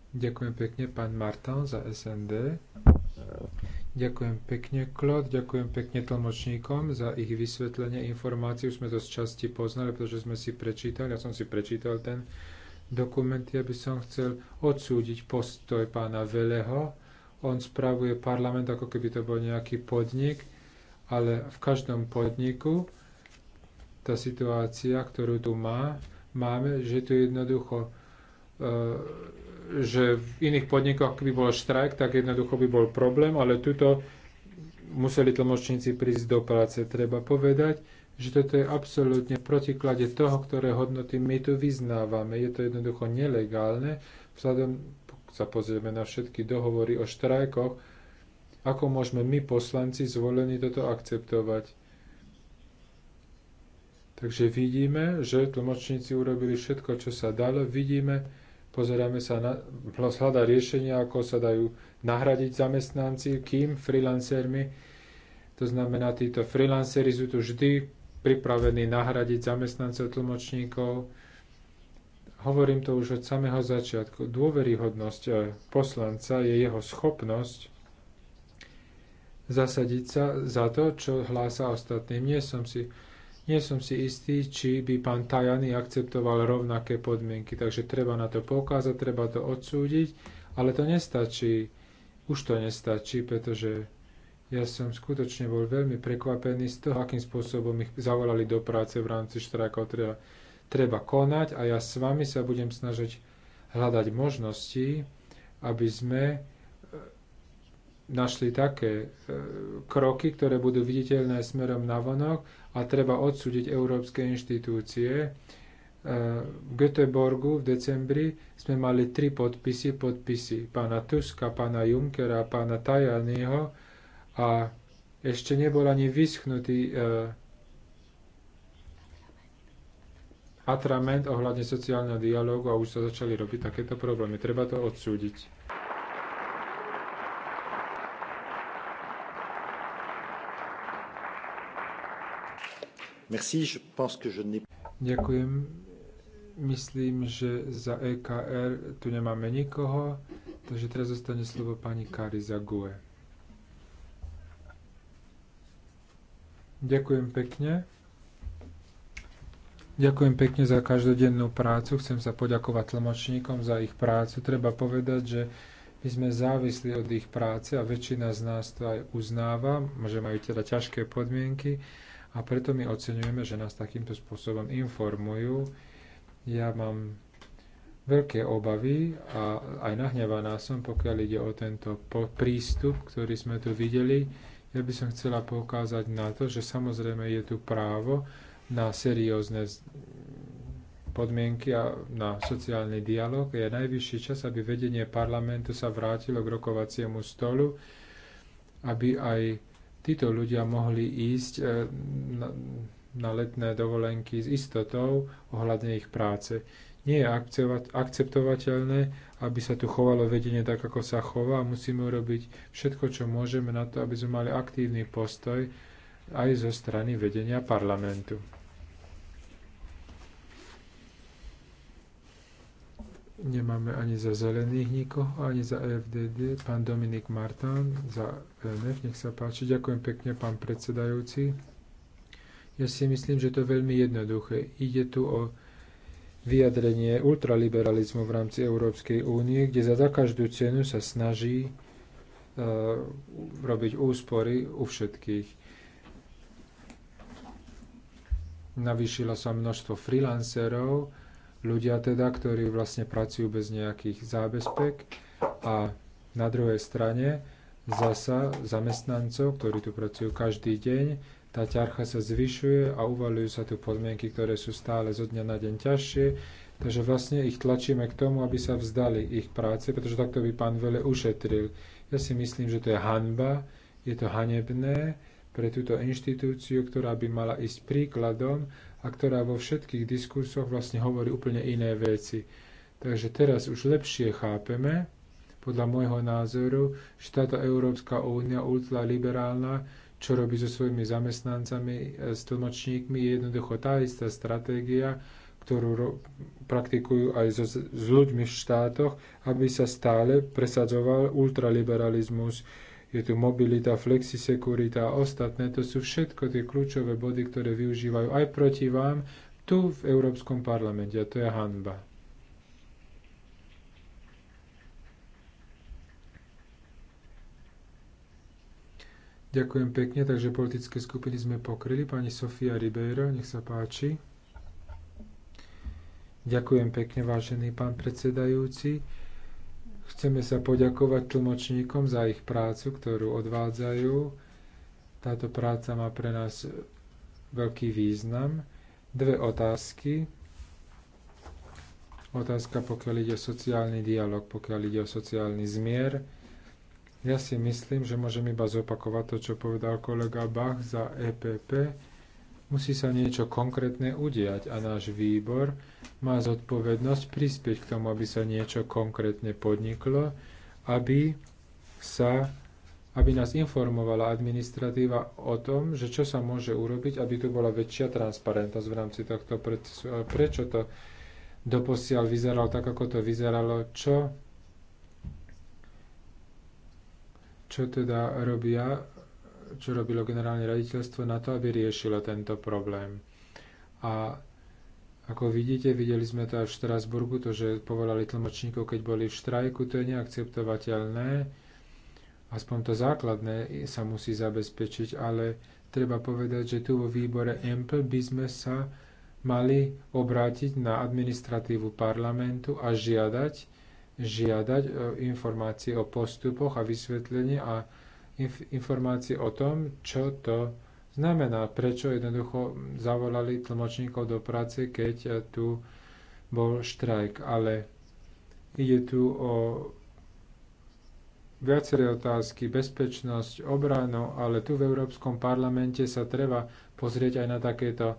Ďakujem pekne, pán Martin za SND. Ďakujem pekne, Klod, ďakujem pekne tlmočníkom za ich vysvetlenie informácií. Už sme to z časti poznali, pretože sme si prečítali, ja som si prečítal ten dokument. Ja by som chcel odsúdiť postoj pána Veleho. On spravuje parlament, ako keby to bol nejaký podnik, ale v každom podniku tá situácia, ktorú tu má, máme, že tu jednoducho e, že v iných podnikoch, by bol štrajk, tak jednoducho by bol problém, ale tuto museli tlmočníci prísť do práce. Treba povedať, že toto je absolútne v protiklade toho, ktoré hodnoty my tu vyznávame. Je to jednoducho nelegálne. Vzhľadom, sa pozrieme na všetky dohovory o štrajkoch, ako môžeme my poslanci zvolení toto akceptovať. Takže vidíme, že tlmočníci urobili všetko, čo sa dalo. Vidíme, Pozeráme sa na, hľada riešenia, ako sa dajú nahradiť zamestnanci, kým freelancermi. To znamená, títo freelanceri sú tu vždy pripravení nahradiť zamestnancov, tlmočníkov. Hovorím to už od samého začiatku. Dôveryhodnosť eh, poslanca je jeho schopnosť zasadiť sa za to, čo hlása ostatným. Nie som si nie som si istý, či by pán Tajany akceptoval rovnaké podmienky, takže treba na to poukázať, treba to odsúdiť, ale to nestačí. Už to nestačí, pretože ja som skutočne bol veľmi prekvapený z toho, akým spôsobom ich zavolali do práce v rámci štrajkov. Treba, treba konať a ja s vami sa budem snažiť hľadať možnosti, aby sme našli také e, kroky, ktoré budú viditeľné smerom na vonok a treba odsúdiť európske inštitúcie. E, v Göteborgu v decembri sme mali tri podpisy, podpisy pána Tuska, pána Junckera, pána Tajaniho a ešte nebol ani vyschnutý e, atrament ohľadne sociálneho dialógu a už sa začali robiť takéto problémy. Treba to odsúdiť. Merci, je pense que je Ďakujem. Myslím, že za EKR tu nemáme nikoho, takže teraz zostane slovo pani Kari Zague. Ďakujem pekne. Ďakujem pekne za každodennú prácu. Chcem sa poďakovať tlmočníkom za ich prácu. Treba povedať, že my sme závisli od ich práce a väčšina z nás to aj uznáva, že majú teda ťažké podmienky a preto my oceňujeme, že nás takýmto spôsobom informujú. Ja mám veľké obavy a aj nahnevaná som, pokiaľ ide o tento prístup, ktorý sme tu videli. Ja by som chcela poukázať na to, že samozrejme je tu právo na seriózne podmienky a na sociálny dialog. Je najvyšší čas, aby vedenie parlamentu sa vrátilo k rokovaciemu stolu, aby aj títo ľudia mohli ísť e, na, na letné dovolenky s istotou ohľadne ich práce. Nie je akceptovateľné, aby sa tu chovalo vedenie tak, ako sa chová. Musíme urobiť všetko, čo môžeme na to, aby sme mali aktívny postoj aj zo strany vedenia parlamentu. Nemáme ani za zelených nikoho, ani za FDD. Pán Dominik Martán za LNF, nech sa páči. Ďakujem pekne, pán predsedajúci. Ja si myslím, že to je veľmi jednoduché. Ide tu o vyjadrenie ultraliberalizmu v rámci Európskej únie, kde za každú cenu sa snaží uh, robiť úspory u všetkých. Navýšilo sa množstvo freelancerov, ľudia teda, ktorí vlastne pracujú bez nejakých zábezpek a na druhej strane zasa zamestnancov, ktorí tu pracujú každý deň, tá ťarcha sa zvyšuje a uvalujú sa tu podmienky, ktoré sú stále zo dňa na deň ťažšie, takže vlastne ich tlačíme k tomu, aby sa vzdali ich práce, pretože takto by pán Vele ušetril. Ja si myslím, že to je hanba, je to hanebné pre túto inštitúciu, ktorá by mala ísť príkladom a ktorá vo všetkých diskursoch vlastne hovorí úplne iné veci. Takže teraz už lepšie chápeme, podľa môjho názoru, že táto Európska únia ultraliberálna, čo robí so svojimi zamestnancami, e, s tlmočníkmi, je jednoducho tá istá stratégia, ktorú praktikujú aj so, s ľuďmi v štátoch, aby sa stále presadzoval ultraliberalizmus je tu mobilita, flexisekurita a ostatné. To sú všetko tie kľúčové body, ktoré využívajú aj proti vám tu v Európskom parlamente. A to je hanba. Ďakujem pekne, takže politické skupiny sme pokryli. Pani Sofia Ribeiro, nech sa páči. Ďakujem pekne, vážený pán predsedajúci. Chceme sa poďakovať tlmočníkom za ich prácu, ktorú odvádzajú. Táto práca má pre nás veľký význam. Dve otázky. Otázka, pokiaľ ide o sociálny dialog, pokiaľ ide o sociálny zmier. Ja si myslím, že môžem iba zopakovať to, čo povedal kolega Bach za EPP Musí sa niečo konkrétne udiať a náš výbor má zodpovednosť prispieť k tomu, aby sa niečo konkrétne podniklo, aby sa aby nás informovala administratíva o tom, že čo sa môže urobiť, aby tu bola väčšia transparentnosť v rámci tohto procesu. A prečo to doposiaľ vyzeralo tak, ako to vyzeralo? Čo, čo teda robia čo robilo generálne raditeľstvo na to, aby riešilo tento problém. A ako vidíte, videli sme to aj v Štrasburgu, to, že povolali tlmočníkov, keď boli v štrajku, to je neakceptovateľné. Aspoň to základné sa musí zabezpečiť, ale treba povedať, že tu vo výbore EMPL by sme sa mali obrátiť na administratívu parlamentu a žiadať, žiadať e, informácie o postupoch a vysvetlenie a informácií o tom, čo to znamená, prečo jednoducho zavolali tlmočníkov do práce, keď e, tu bol štrajk. Ale ide tu o viaceré otázky, bezpečnosť, obranu, ale tu v Európskom parlamente sa treba pozrieť aj na takéto e,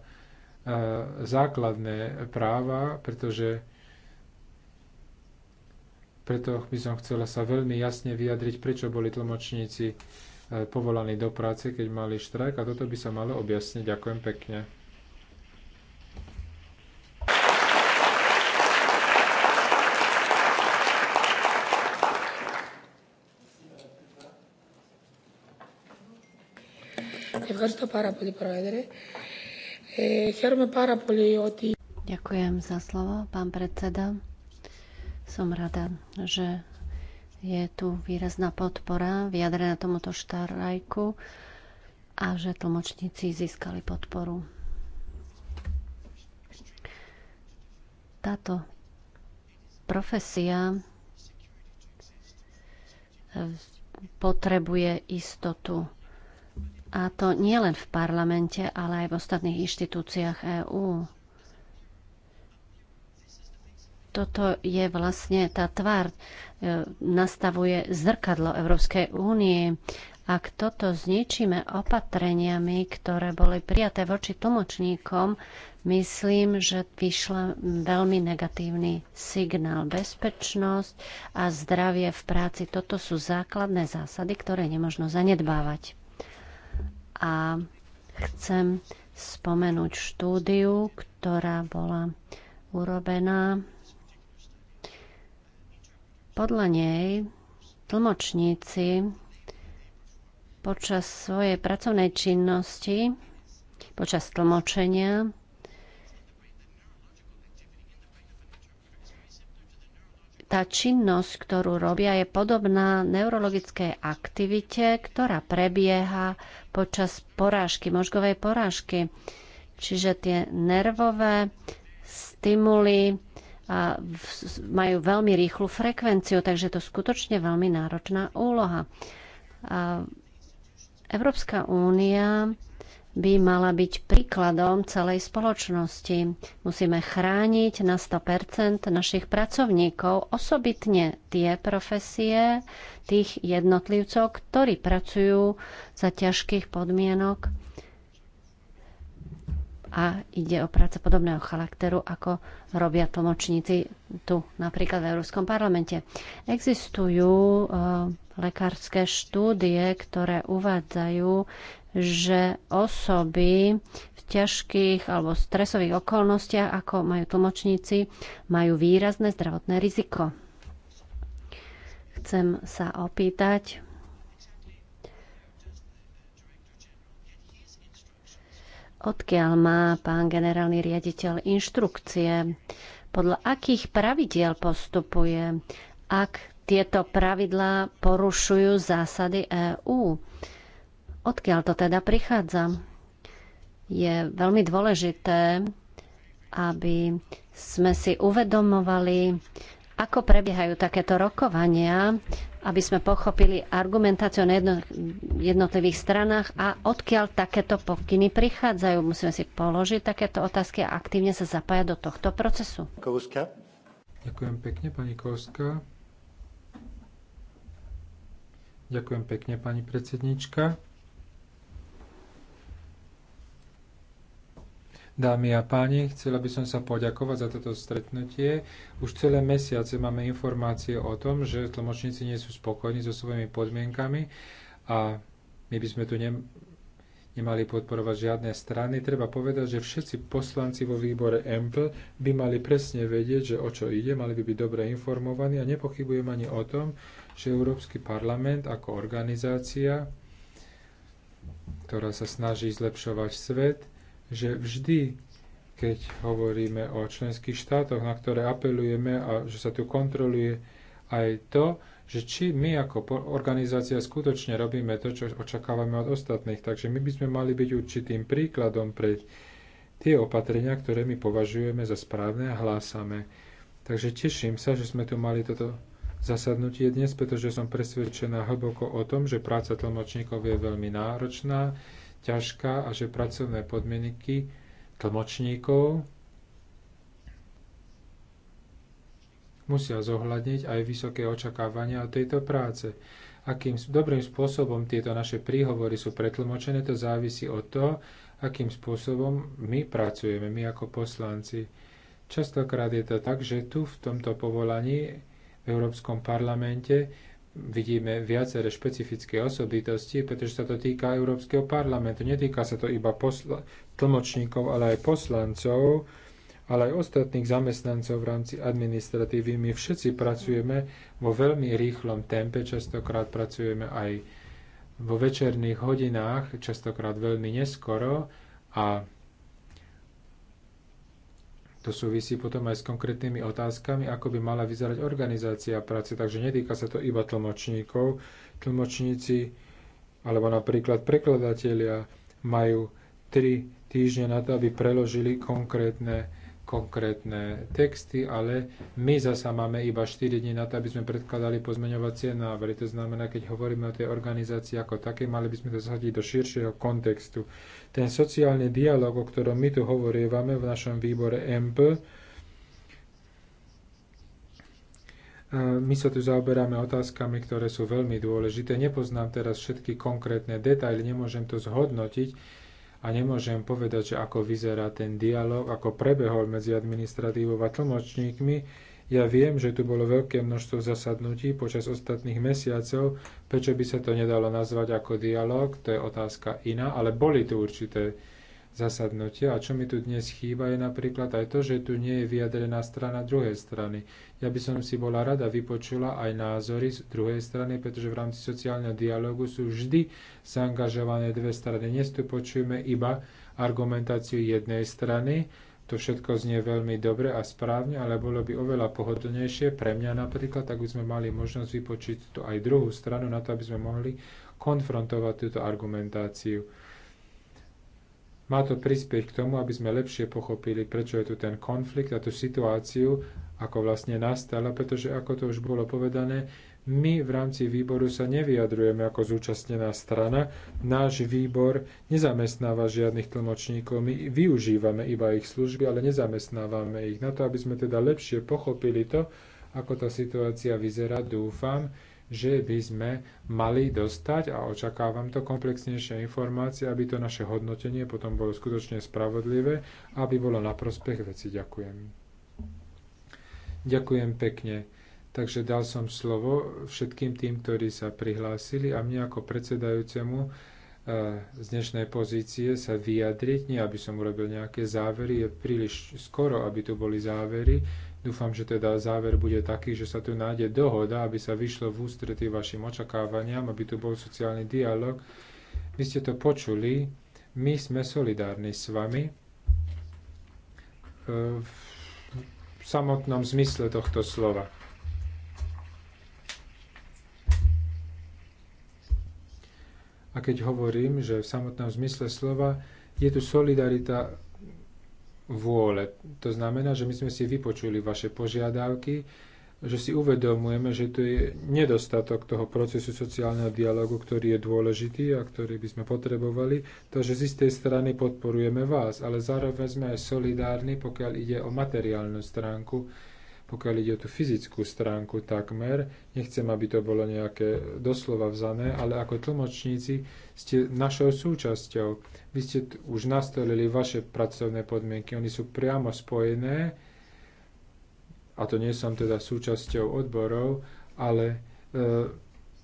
základné práva, pretože preto by som chcela sa veľmi jasne vyjadriť, prečo boli tlmočníci e, povolaní do práce, keď mali štrajk a toto by sa malo objasniť. Ďakujem pekne. Ευχαριστώ πάρα πολύ, Πρόεδρε. Ε, χαίρομαι πάρα πολύ ότι... Ďakujem za slovo, pán som rada, že je tu výrazná podpora vyjadrená tomuto štarajku a že tlmočníci získali podporu. Táto profesia potrebuje istotu. A to nie len v parlamente, ale aj v ostatných inštitúciách EÚ toto je vlastne tá tvár, e, nastavuje zrkadlo Európskej únie. Ak toto zničíme opatreniami, ktoré boli prijaté voči tlmočníkom, myslím, že vyšla veľmi negatívny signál. Bezpečnosť a zdravie v práci, toto sú základné zásady, ktoré nemožno zanedbávať. A chcem spomenúť štúdiu, ktorá bola urobená podľa nej tlmočníci počas svojej pracovnej činnosti, počas tlmočenia, tá činnosť, ktorú robia, je podobná neurologickej aktivite, ktorá prebieha počas porážky, mozgovej porážky. Čiže tie nervové stimuly majú veľmi rýchlu frekvenciu, takže to je skutočne veľmi náročná úloha. Európska únia by mala byť príkladom celej spoločnosti. Musíme chrániť na 100% našich pracovníkov, osobitne tie profesie, tých jednotlivcov, ktorí pracujú za ťažkých podmienok a ide o práce podobného charakteru, ako robia tlmočníci tu napríklad v Európskom parlamente. Existujú e, lekárske štúdie, ktoré uvádzajú, že osoby v ťažkých alebo stresových okolnostiach, ako majú tlmočníci, majú výrazné zdravotné riziko. Chcem sa opýtať, Odkiaľ má pán generálny riaditeľ inštrukcie? Podľa akých pravidiel postupuje, ak tieto pravidlá porušujú zásady EÚ? Odkiaľ to teda prichádza? Je veľmi dôležité, aby sme si uvedomovali, ako prebiehajú takéto rokovania, aby sme pochopili argumentáciu na jednotlivých stranách a odkiaľ takéto pokyny prichádzajú? Musíme si položiť takéto otázky a aktívne sa zapájať do tohto procesu. Kouska. Ďakujem pekne, pani Kovská. Ďakujem pekne, pani predsednička. Dámy a páni, chcela by som sa poďakovať za toto stretnutie. Už celé mesiace máme informácie o tom, že tlmočníci nie sú spokojní so svojimi podmienkami a my by sme tu ne, nemali podporovať žiadne strany. Treba povedať, že všetci poslanci vo výbore EMPL by mali presne vedieť, že o čo ide, mali by byť dobre informovaní a nepochybujem ani o tom, že Európsky parlament ako organizácia, ktorá sa snaží zlepšovať svet, že vždy, keď hovoríme o členských štátoch, na ktoré apelujeme a že sa tu kontroluje aj to, že či my ako organizácia skutočne robíme to, čo očakávame od ostatných. Takže my by sme mali byť určitým príkladom pre tie opatrenia, ktoré my považujeme za správne a hlásame. Takže teším sa, že sme tu mali toto zasadnutie dnes, pretože som presvedčená hlboko o tom, že práca tlmočníkov je veľmi náročná, ťažká a že pracovné podmienky tlmočníkov musia zohľadniť aj vysoké očakávania od tejto práce. Akým dobrým spôsobom tieto naše príhovory sú pretlmočené, to závisí od toho, akým spôsobom my pracujeme, my ako poslanci. Častokrát je to tak, že tu v tomto povolaní v Európskom parlamente vidíme viaceré špecifické osobitosti, pretože sa to týka Európskeho parlamentu. Netýka sa to iba posla- tlmočníkov, ale aj poslancov, ale aj ostatných zamestnancov v rámci administratívy. My všetci pracujeme vo veľmi rýchlom tempe, častokrát pracujeme aj vo večerných hodinách, častokrát veľmi neskoro a to súvisí potom aj s konkrétnymi otázkami, ako by mala vyzerať organizácia práce, takže netýka sa to iba tlmočníkov. Tlmočníci alebo napríklad prekladatelia majú 3 týždne na to, aby preložili konkrétne konkrétne texty, ale my zasa máme iba 4 dní na to, aby sme predkladali pozmeňovacie návrhy. To znamená, keď hovoríme o tej organizácii ako takej, mali by sme to zhodiť do širšieho kontextu. Ten sociálny dialog, o ktorom my tu hovoríme v našom výbore MP, my sa tu zaoberáme otázkami, ktoré sú veľmi dôležité. Nepoznám teraz všetky konkrétne detaily, nemôžem to zhodnotiť, a nemôžem povedať, že ako vyzerá ten dialog, ako prebehol medzi administratívou a tlmočníkmi. Ja viem, že tu bolo veľké množstvo zasadnutí počas ostatných mesiacov, prečo by sa to nedalo nazvať ako dialog, to je otázka iná, ale boli tu určité zasadnutia. A čo mi tu dnes chýba je napríklad aj to, že tu nie je vyjadrená strana druhej strany. Ja by som si bola rada vypočula aj názory z druhej strany, pretože v rámci sociálneho dialógu sú vždy zaangažované dve strany. Dnes tu počujeme iba argumentáciu jednej strany, to všetko znie veľmi dobre a správne, ale bolo by oveľa pohodlnejšie pre mňa napríklad, tak by sme mali možnosť vypočiť tu aj druhú stranu na to, aby sme mohli konfrontovať túto argumentáciu. Má to prispieť k tomu, aby sme lepšie pochopili, prečo je tu ten konflikt a tú situáciu, ako vlastne nastala, pretože ako to už bolo povedané, my v rámci výboru sa nevyjadrujeme ako zúčastnená strana. Náš výbor nezamestnáva žiadnych tlmočníkov, my využívame iba ich služby, ale nezamestnávame ich. Na to, aby sme teda lepšie pochopili to, ako tá situácia vyzerá, dúfam, že by sme mali dostať, a očakávam to, komplexnejšie informácie, aby to naše hodnotenie potom bolo skutočne spravodlivé aby bolo na prospech veci. Ďakujem. Ďakujem pekne. Takže dal som slovo všetkým tým, ktorí sa prihlásili a mne ako predsedajúcemu e, z dnešnej pozície sa vyjadriť, nie aby som urobil nejaké závery, je príliš skoro, aby tu boli závery, Dúfam, že teda záver bude taký, že sa tu nájde dohoda, aby sa vyšlo v ústretí vašim očakávaniam, aby tu bol sociálny dialog. Vy ste to počuli, my sme solidárni s vami e, v samotnom zmysle tohto slova. A keď hovorím, že v samotnom zmysle slova je tu solidarita vôle. To znamená, že my sme si vypočuli vaše požiadavky, že si uvedomujeme, že to je nedostatok toho procesu sociálneho dialogu, ktorý je dôležitý a ktorý by sme potrebovali. že z istej strany podporujeme vás, ale zároveň sme aj solidárni, pokiaľ ide o materiálnu stránku pokiaľ ide o tú fyzickú stránku takmer, nechcem, aby to bolo nejaké doslova vzané, ale ako tlmočníci ste našou súčasťou. Vy ste už nastolili vaše pracovné podmienky, oni sú priamo spojené, a to nie som teda súčasťou odborov, ale e,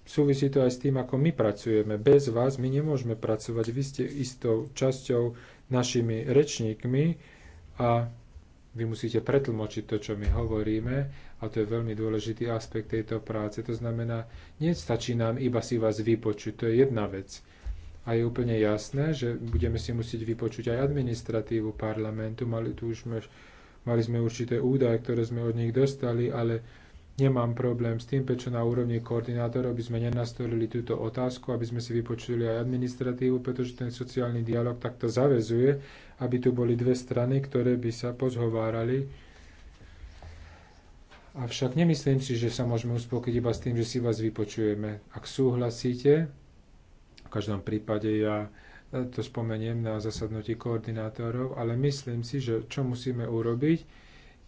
súvisí to aj s tým, ako my pracujeme. Bez vás my nemôžeme pracovať. Vy ste istou časťou našimi rečníkmi a vy musíte pretlmočiť to, čo my hovoríme a to je veľmi dôležitý aspekt tejto práce. To znamená, nestačí nám iba si vás vypočuť, to je jedna vec. A je úplne jasné, že budeme si musieť vypočuť aj administratívu parlamentu. Mali, tu už sme, mali sme určité údaje, ktoré sme od nich dostali, ale nemám problém s tým, prečo na úrovni koordinátorov by sme nenastolili túto otázku, aby sme si vypočuli aj administratívu, pretože ten sociálny dialog takto zavezuje aby tu boli dve strany, ktoré by sa pozhovárali. Avšak nemyslím si, že sa môžeme uspokojiť iba s tým, že si vás vypočujeme. Ak súhlasíte, v každom prípade ja e, to spomeniem na zasadnutí koordinátorov, ale myslím si, že čo musíme urobiť,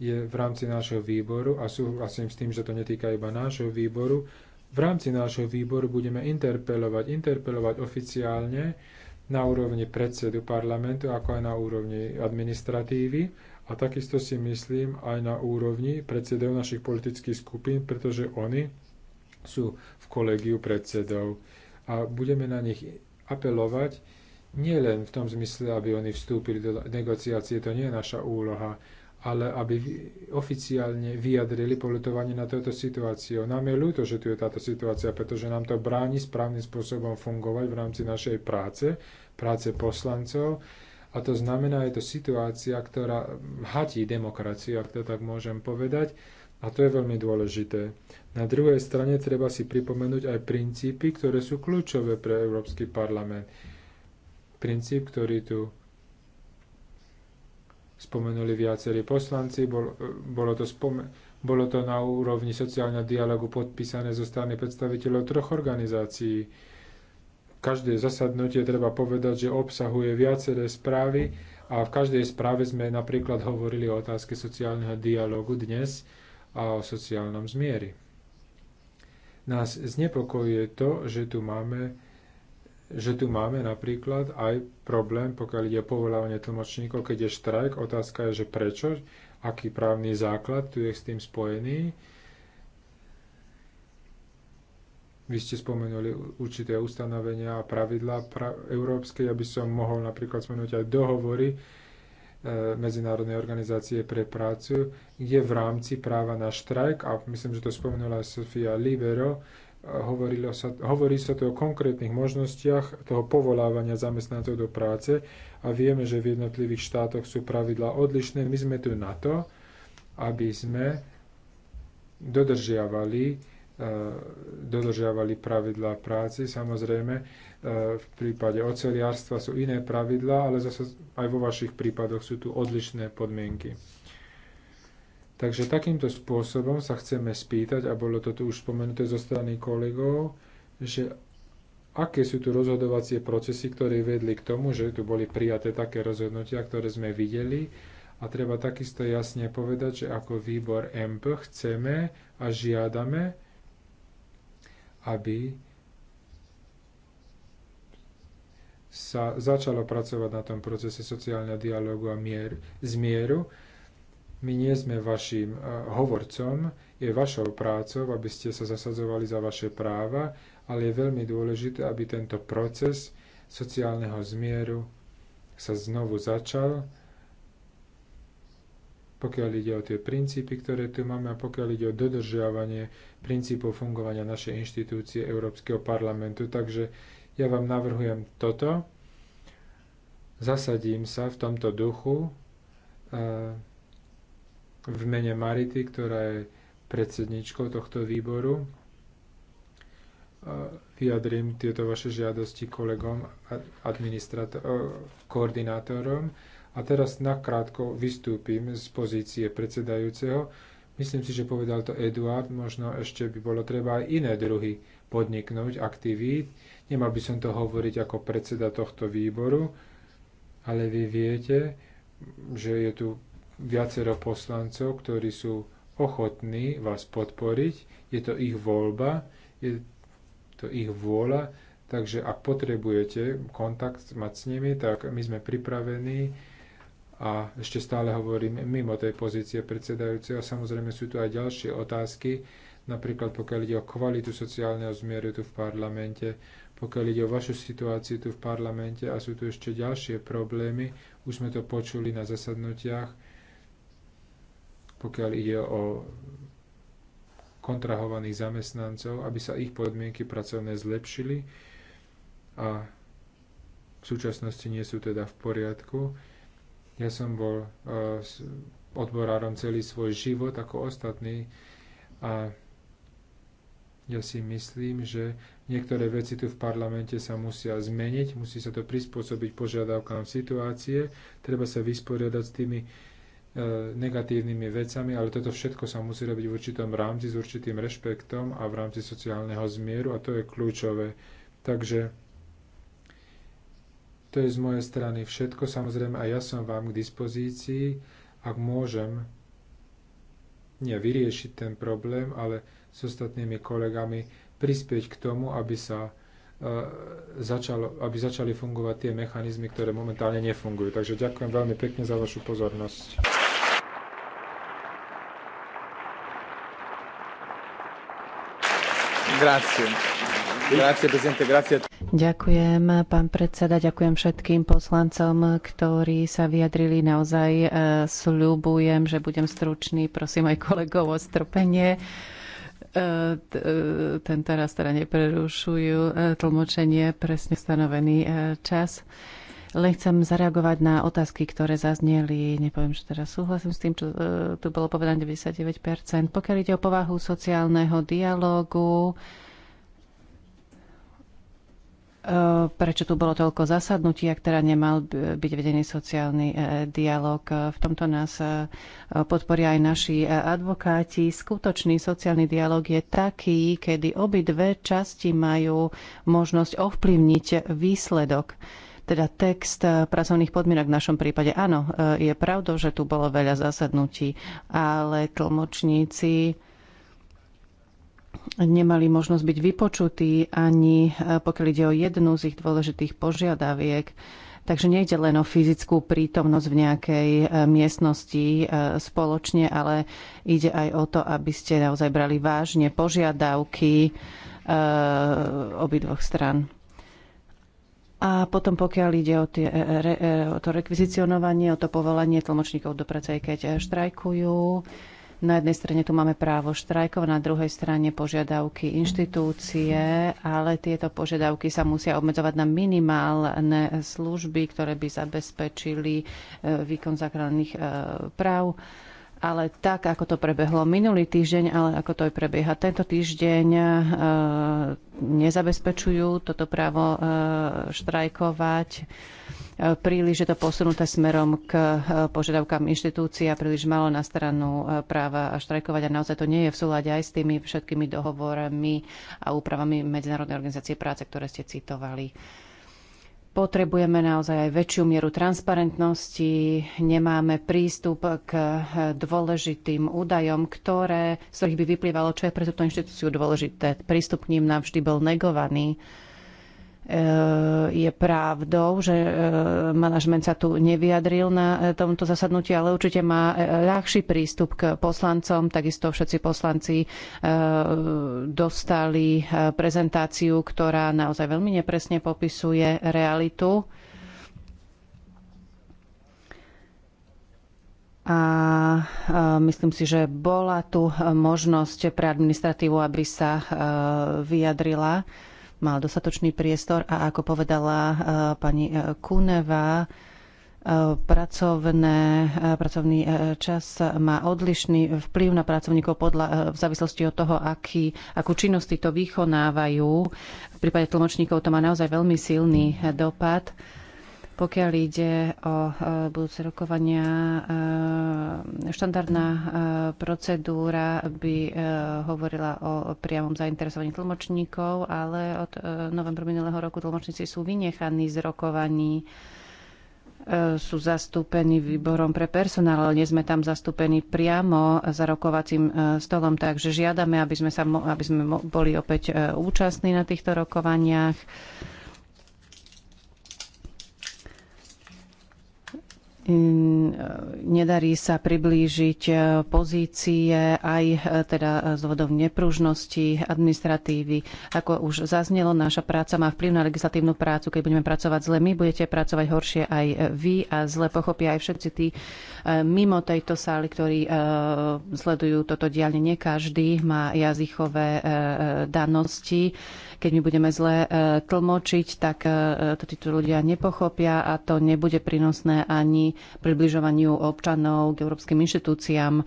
je v rámci nášho výboru, a súhlasím s tým, že to netýka iba nášho výboru, v rámci nášho výboru budeme interpelovať, interpelovať oficiálne na úrovni predsedu parlamentu, ako aj na úrovni administratívy a takisto si myslím aj na úrovni predsedov našich politických skupín, pretože oni sú v kolegiu predsedov a budeme na nich apelovať nielen v tom zmysle, aby oni vstúpili do negociácie, to nie je naša úloha, ale aby oficiálne vyjadrili poletovanie na touto situáciu. Nám je ľúto, že tu je táto situácia, pretože nám to bráni správnym spôsobom fungovať v rámci našej práce, práce poslancov. A to znamená, je to situácia, ktorá hatí demokraciu, ak to tak môžem povedať. A to je veľmi dôležité. Na druhej strane treba si pripomenúť aj princípy, ktoré sú kľúčové pre Európsky parlament. Princíp, ktorý tu spomenuli viacerí poslanci, bol, bolo, to spome, bolo to na úrovni sociálneho dialogu podpísané zo strany predstaviteľov troch organizácií. Každé zasadnutie, treba povedať, že obsahuje viaceré správy a v každej správe sme napríklad hovorili o otázke sociálneho dialogu dnes a o sociálnom zmieri. Nás znepokojuje to, že tu máme že tu máme napríklad aj problém, pokiaľ ide o povolávanie tlmočníkov, keď je štrajk, otázka je, že prečo, aký právny základ tu je s tým spojený. Vy ste spomenuli určité ustanovenia a pravidlá pra- európske, aby som mohol napríklad spomenúť aj dohovory e, Medzinárodnej organizácie pre prácu, kde v rámci práva na štrajk, a myslím, že to spomenula aj Sofia Libero, sa, hovorí sa tu o konkrétnych možnostiach toho povolávania zamestnancov do práce a vieme, že v jednotlivých štátoch sú pravidlá odlišné. My sme tu na to, aby sme dodržiavali, e, dodržiavali pravidlá práci. Samozrejme, e, v prípade oceliarstva sú iné pravidlá, ale zase aj vo vašich prípadoch sú tu odlišné podmienky. Takže takýmto spôsobom sa chceme spýtať, a bolo to tu už spomenuté zo strany kolegov, že aké sú tu rozhodovacie procesy, ktoré vedli k tomu, že tu boli prijaté také rozhodnutia, ktoré sme videli. A treba takisto jasne povedať, že ako výbor MP chceme a žiadame, aby sa začalo pracovať na tom procese sociálneho dialogu a mier, zmieru my nie sme vašim eh, hovorcom, je vašou prácou, aby ste sa zasadzovali za vaše práva, ale je veľmi dôležité, aby tento proces sociálneho zmieru sa znovu začal, pokiaľ ide o tie princípy, ktoré tu máme a pokiaľ ide o dodržiavanie princípov fungovania našej inštitúcie Európskeho parlamentu. Takže ja vám navrhujem toto. Zasadím sa v tomto duchu. Uh, v mene Marity, ktorá je predsedničkou tohto výboru. Vyjadrím tieto vaše žiadosti kolegom, koordinátorom. A teraz nakrátko vystúpim z pozície predsedajúceho. Myslím si, že povedal to Eduard, možno ešte by bolo treba aj iné druhy podniknúť aktivít. Nemal by som to hovoriť ako predseda tohto výboru, ale vy viete, že je tu viacero poslancov, ktorí sú ochotní vás podporiť. Je to ich voľba, je to ich vôľa, takže ak potrebujete kontakt mať s nimi, tak my sme pripravení a ešte stále hovorím mimo tej pozície predsedajúceho. Samozrejme sú tu aj ďalšie otázky, napríklad pokiaľ ide o kvalitu sociálneho zmieru tu v parlamente, pokiaľ ide o vašu situáciu tu v parlamente a sú tu ešte ďalšie problémy, už sme to počuli na zasadnutiach, pokiaľ ide o kontrahovaných zamestnancov, aby sa ich podmienky pracovné zlepšili a v súčasnosti nie sú teda v poriadku. Ja som bol e, odborárom celý svoj život ako ostatný, a ja si myslím, že niektoré veci tu v parlamente sa musia zmeniť, musí sa to prispôsobiť požiadavkám situácie, treba sa vysporiadať s tými E, negatívnymi vecami, ale toto všetko sa musí robiť v určitom rámci s určitým rešpektom a v rámci sociálneho zmieru a to je kľúčové. Takže to je z mojej strany všetko. Samozrejme a ja som vám k dispozícii, ak môžem nie vyriešiť ten problém, ale s ostatnými kolegami prispieť k tomu, aby sa e, začalo, aby začali fungovať tie mechanizmy, ktoré momentálne nefungujú. Takže ďakujem veľmi pekne za vašu pozornosť. Ďakujem, pán predseda, ďakujem všetkým poslancom, ktorí sa vyjadrili. Naozaj e, sľubujem, že budem stručný. Prosím aj kolegov o strpenie e, e, ten teraz teda neprerušujú tlmočenie, presne stanovený čas. Len chcem zareagovať na otázky, ktoré zazneli. Nepoviem, že teraz súhlasím s tým, čo e, tu bolo povedané 99%. Pokiaľ ide o povahu sociálneho dialogu. E, prečo tu bolo toľko zasadnutí, ak teda nemal byť vedený sociálny e, dialog. V tomto nás podporia aj naši advokáti. Skutočný sociálny dialog je taký, kedy obidve časti majú možnosť ovplyvniť výsledok teda text eh, pracovných podmienok v našom prípade. Áno, eh, je pravdou, že tu bolo veľa zasadnutí, ale tlmočníci nemali možnosť byť vypočutí ani eh, pokiaľ ide o jednu z ich dôležitých požiadaviek. Takže nejde len o fyzickú prítomnosť v nejakej miestnosti spoločne, ale ide aj o to, aby ste naozaj brali vážne požiadavky obidvoch stran. A potom pokiaľ ide o, tie, e, e, e, o to rekvizicionovanie, o to povolanie tlmočníkov do práce, aj keď štrajkujú, na jednej strane tu máme právo štrajkov, na druhej strane požiadavky inštitúcie, ale tieto požiadavky sa musia obmedzovať na minimálne služby, ktoré by zabezpečili výkon základných práv ale tak, ako to prebehlo minulý týždeň, ale ako to aj prebieha tento týždeň, e, nezabezpečujú toto právo e, štrajkovať. E, príliš je to posunuté smerom k požiadavkám inštitúcií a príliš malo na stranu práva štrajkovať a naozaj to nie je v súlade aj s tými všetkými dohovorami a úpravami Medzinárodnej organizácie práce, ktoré ste citovali. Potrebujeme naozaj aj väčšiu mieru transparentnosti, nemáme prístup k dôležitým údajom, ktoré, z ktorých by vyplývalo, čo je pre túto inštitúciu dôležité. Prístup k ním navždy bol negovaný je pravdou, že e, manažment sa tu nevyjadril na e, tomto zasadnutí, ale určite má e, ľahší prístup k poslancom. Takisto všetci poslanci dostali prezentáciu, ktorá naozaj veľmi nepresne popisuje realitu. a myslím si, že bola tu možnosť pre administratívu, aby sa vyjadrila mal dostatočný priestor a ako povedala e, pani e, Kuneva, e, pracovné, pracovný čas má odlišný vplyv na pracovníkov podľa, v závislosti od toho, aký, akú činnosti to vykonávajú. V prípade tlmočníkov to má naozaj veľmi silný dopad. Pokiaľ ide o e, budúce rokovania, e, štandardná e, procedúra by hovorila o priamom zainteresovaní tlmočníkov, ale od novembra minulého roku tlmočníci sú vynechaní z rokovaní sú zastúpení výborom pre personál, ale nie sme tam zastúpení priamo za rokovacím stolom, takže žiadame, aby sme, sa, aby sme boli opäť účastní na týchto rokovaniach Mm, nedarí sa priblížiť eh, pozície aj eh, teda eh, z vodov nepružnosti, administratívy. Ako už zaznelo, naša práca má vplyv na legislatívnu prácu. Keď budeme pracovať zle my, budete pracovať horšie aj vy a zle pochopia aj všetci tí mimo tejto sály, ktorí sledujú toto dialne. Nie každý má jazykové danosti keď my budeme zle e, tlmočiť, tak e, to títo ľudia nepochopia a to nebude prínosné ani približovaniu občanov k európskym inštitúciám, e,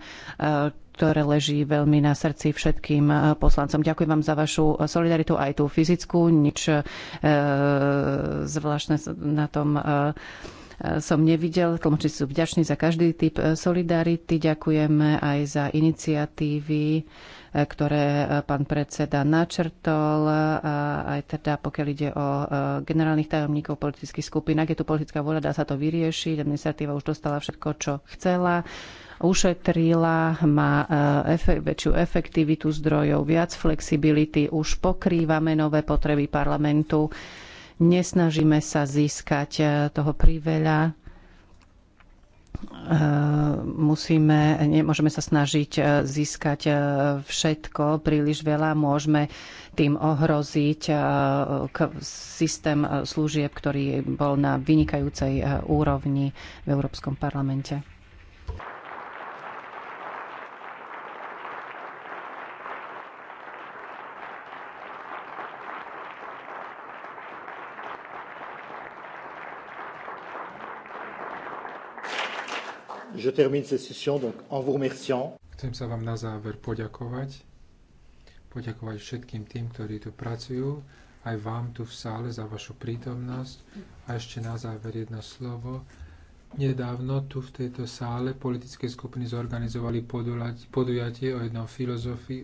ktoré leží veľmi na srdci všetkým poslancom. Ďakujem vám za vašu solidaritu, aj tú fyzickú. Nič zvláštne na tom som nevidel. Tlmočníci sú vďační za každý typ solidarity. Ďakujeme aj za iniciatívy ktoré e, pán predseda načrtol. Aj teda pokiaľ ide o e, generálnych tajomníkov politických skupín, ak je tu politická vôľa, dá sa to vyriešiť. Administratíva už dostala všetko, čo chcela ušetrila, má e, efe, väčšiu efektivitu zdrojov, viac flexibility, už pokrývame nové potreby parlamentu, nesnažíme sa získať toho priveľa, musíme, nemôžeme sa snažiť eh, získať eh, všetko, príliš veľa môžeme tým ohroziť eh, systém služieb, ktorý bol na vynikajúcej úrovni v Európskom parlamente. Je termine cette session donc en vous remerciant. Chcem sa vám na záver poďakovať. Poďakovať všetkým tým, ktorí tu pracujú, aj vám tu v sále za vašu prítomnosť. A ešte na záver jedno slovo. Nedávno tu v tejto sále politické skupiny zorganizovali podujatie o jednom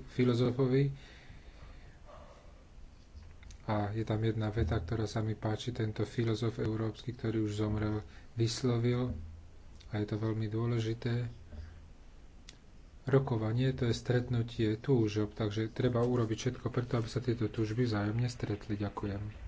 filozofovi. A je tam jedna veta, ktorá sa mi páči, tento filozof európsky, ktorý už zomrel, vyslovil a je to veľmi dôležité. Rokovanie to je stretnutie túžob, takže treba urobiť všetko preto, aby sa tieto túžby vzájomne stretli. Ďakujem.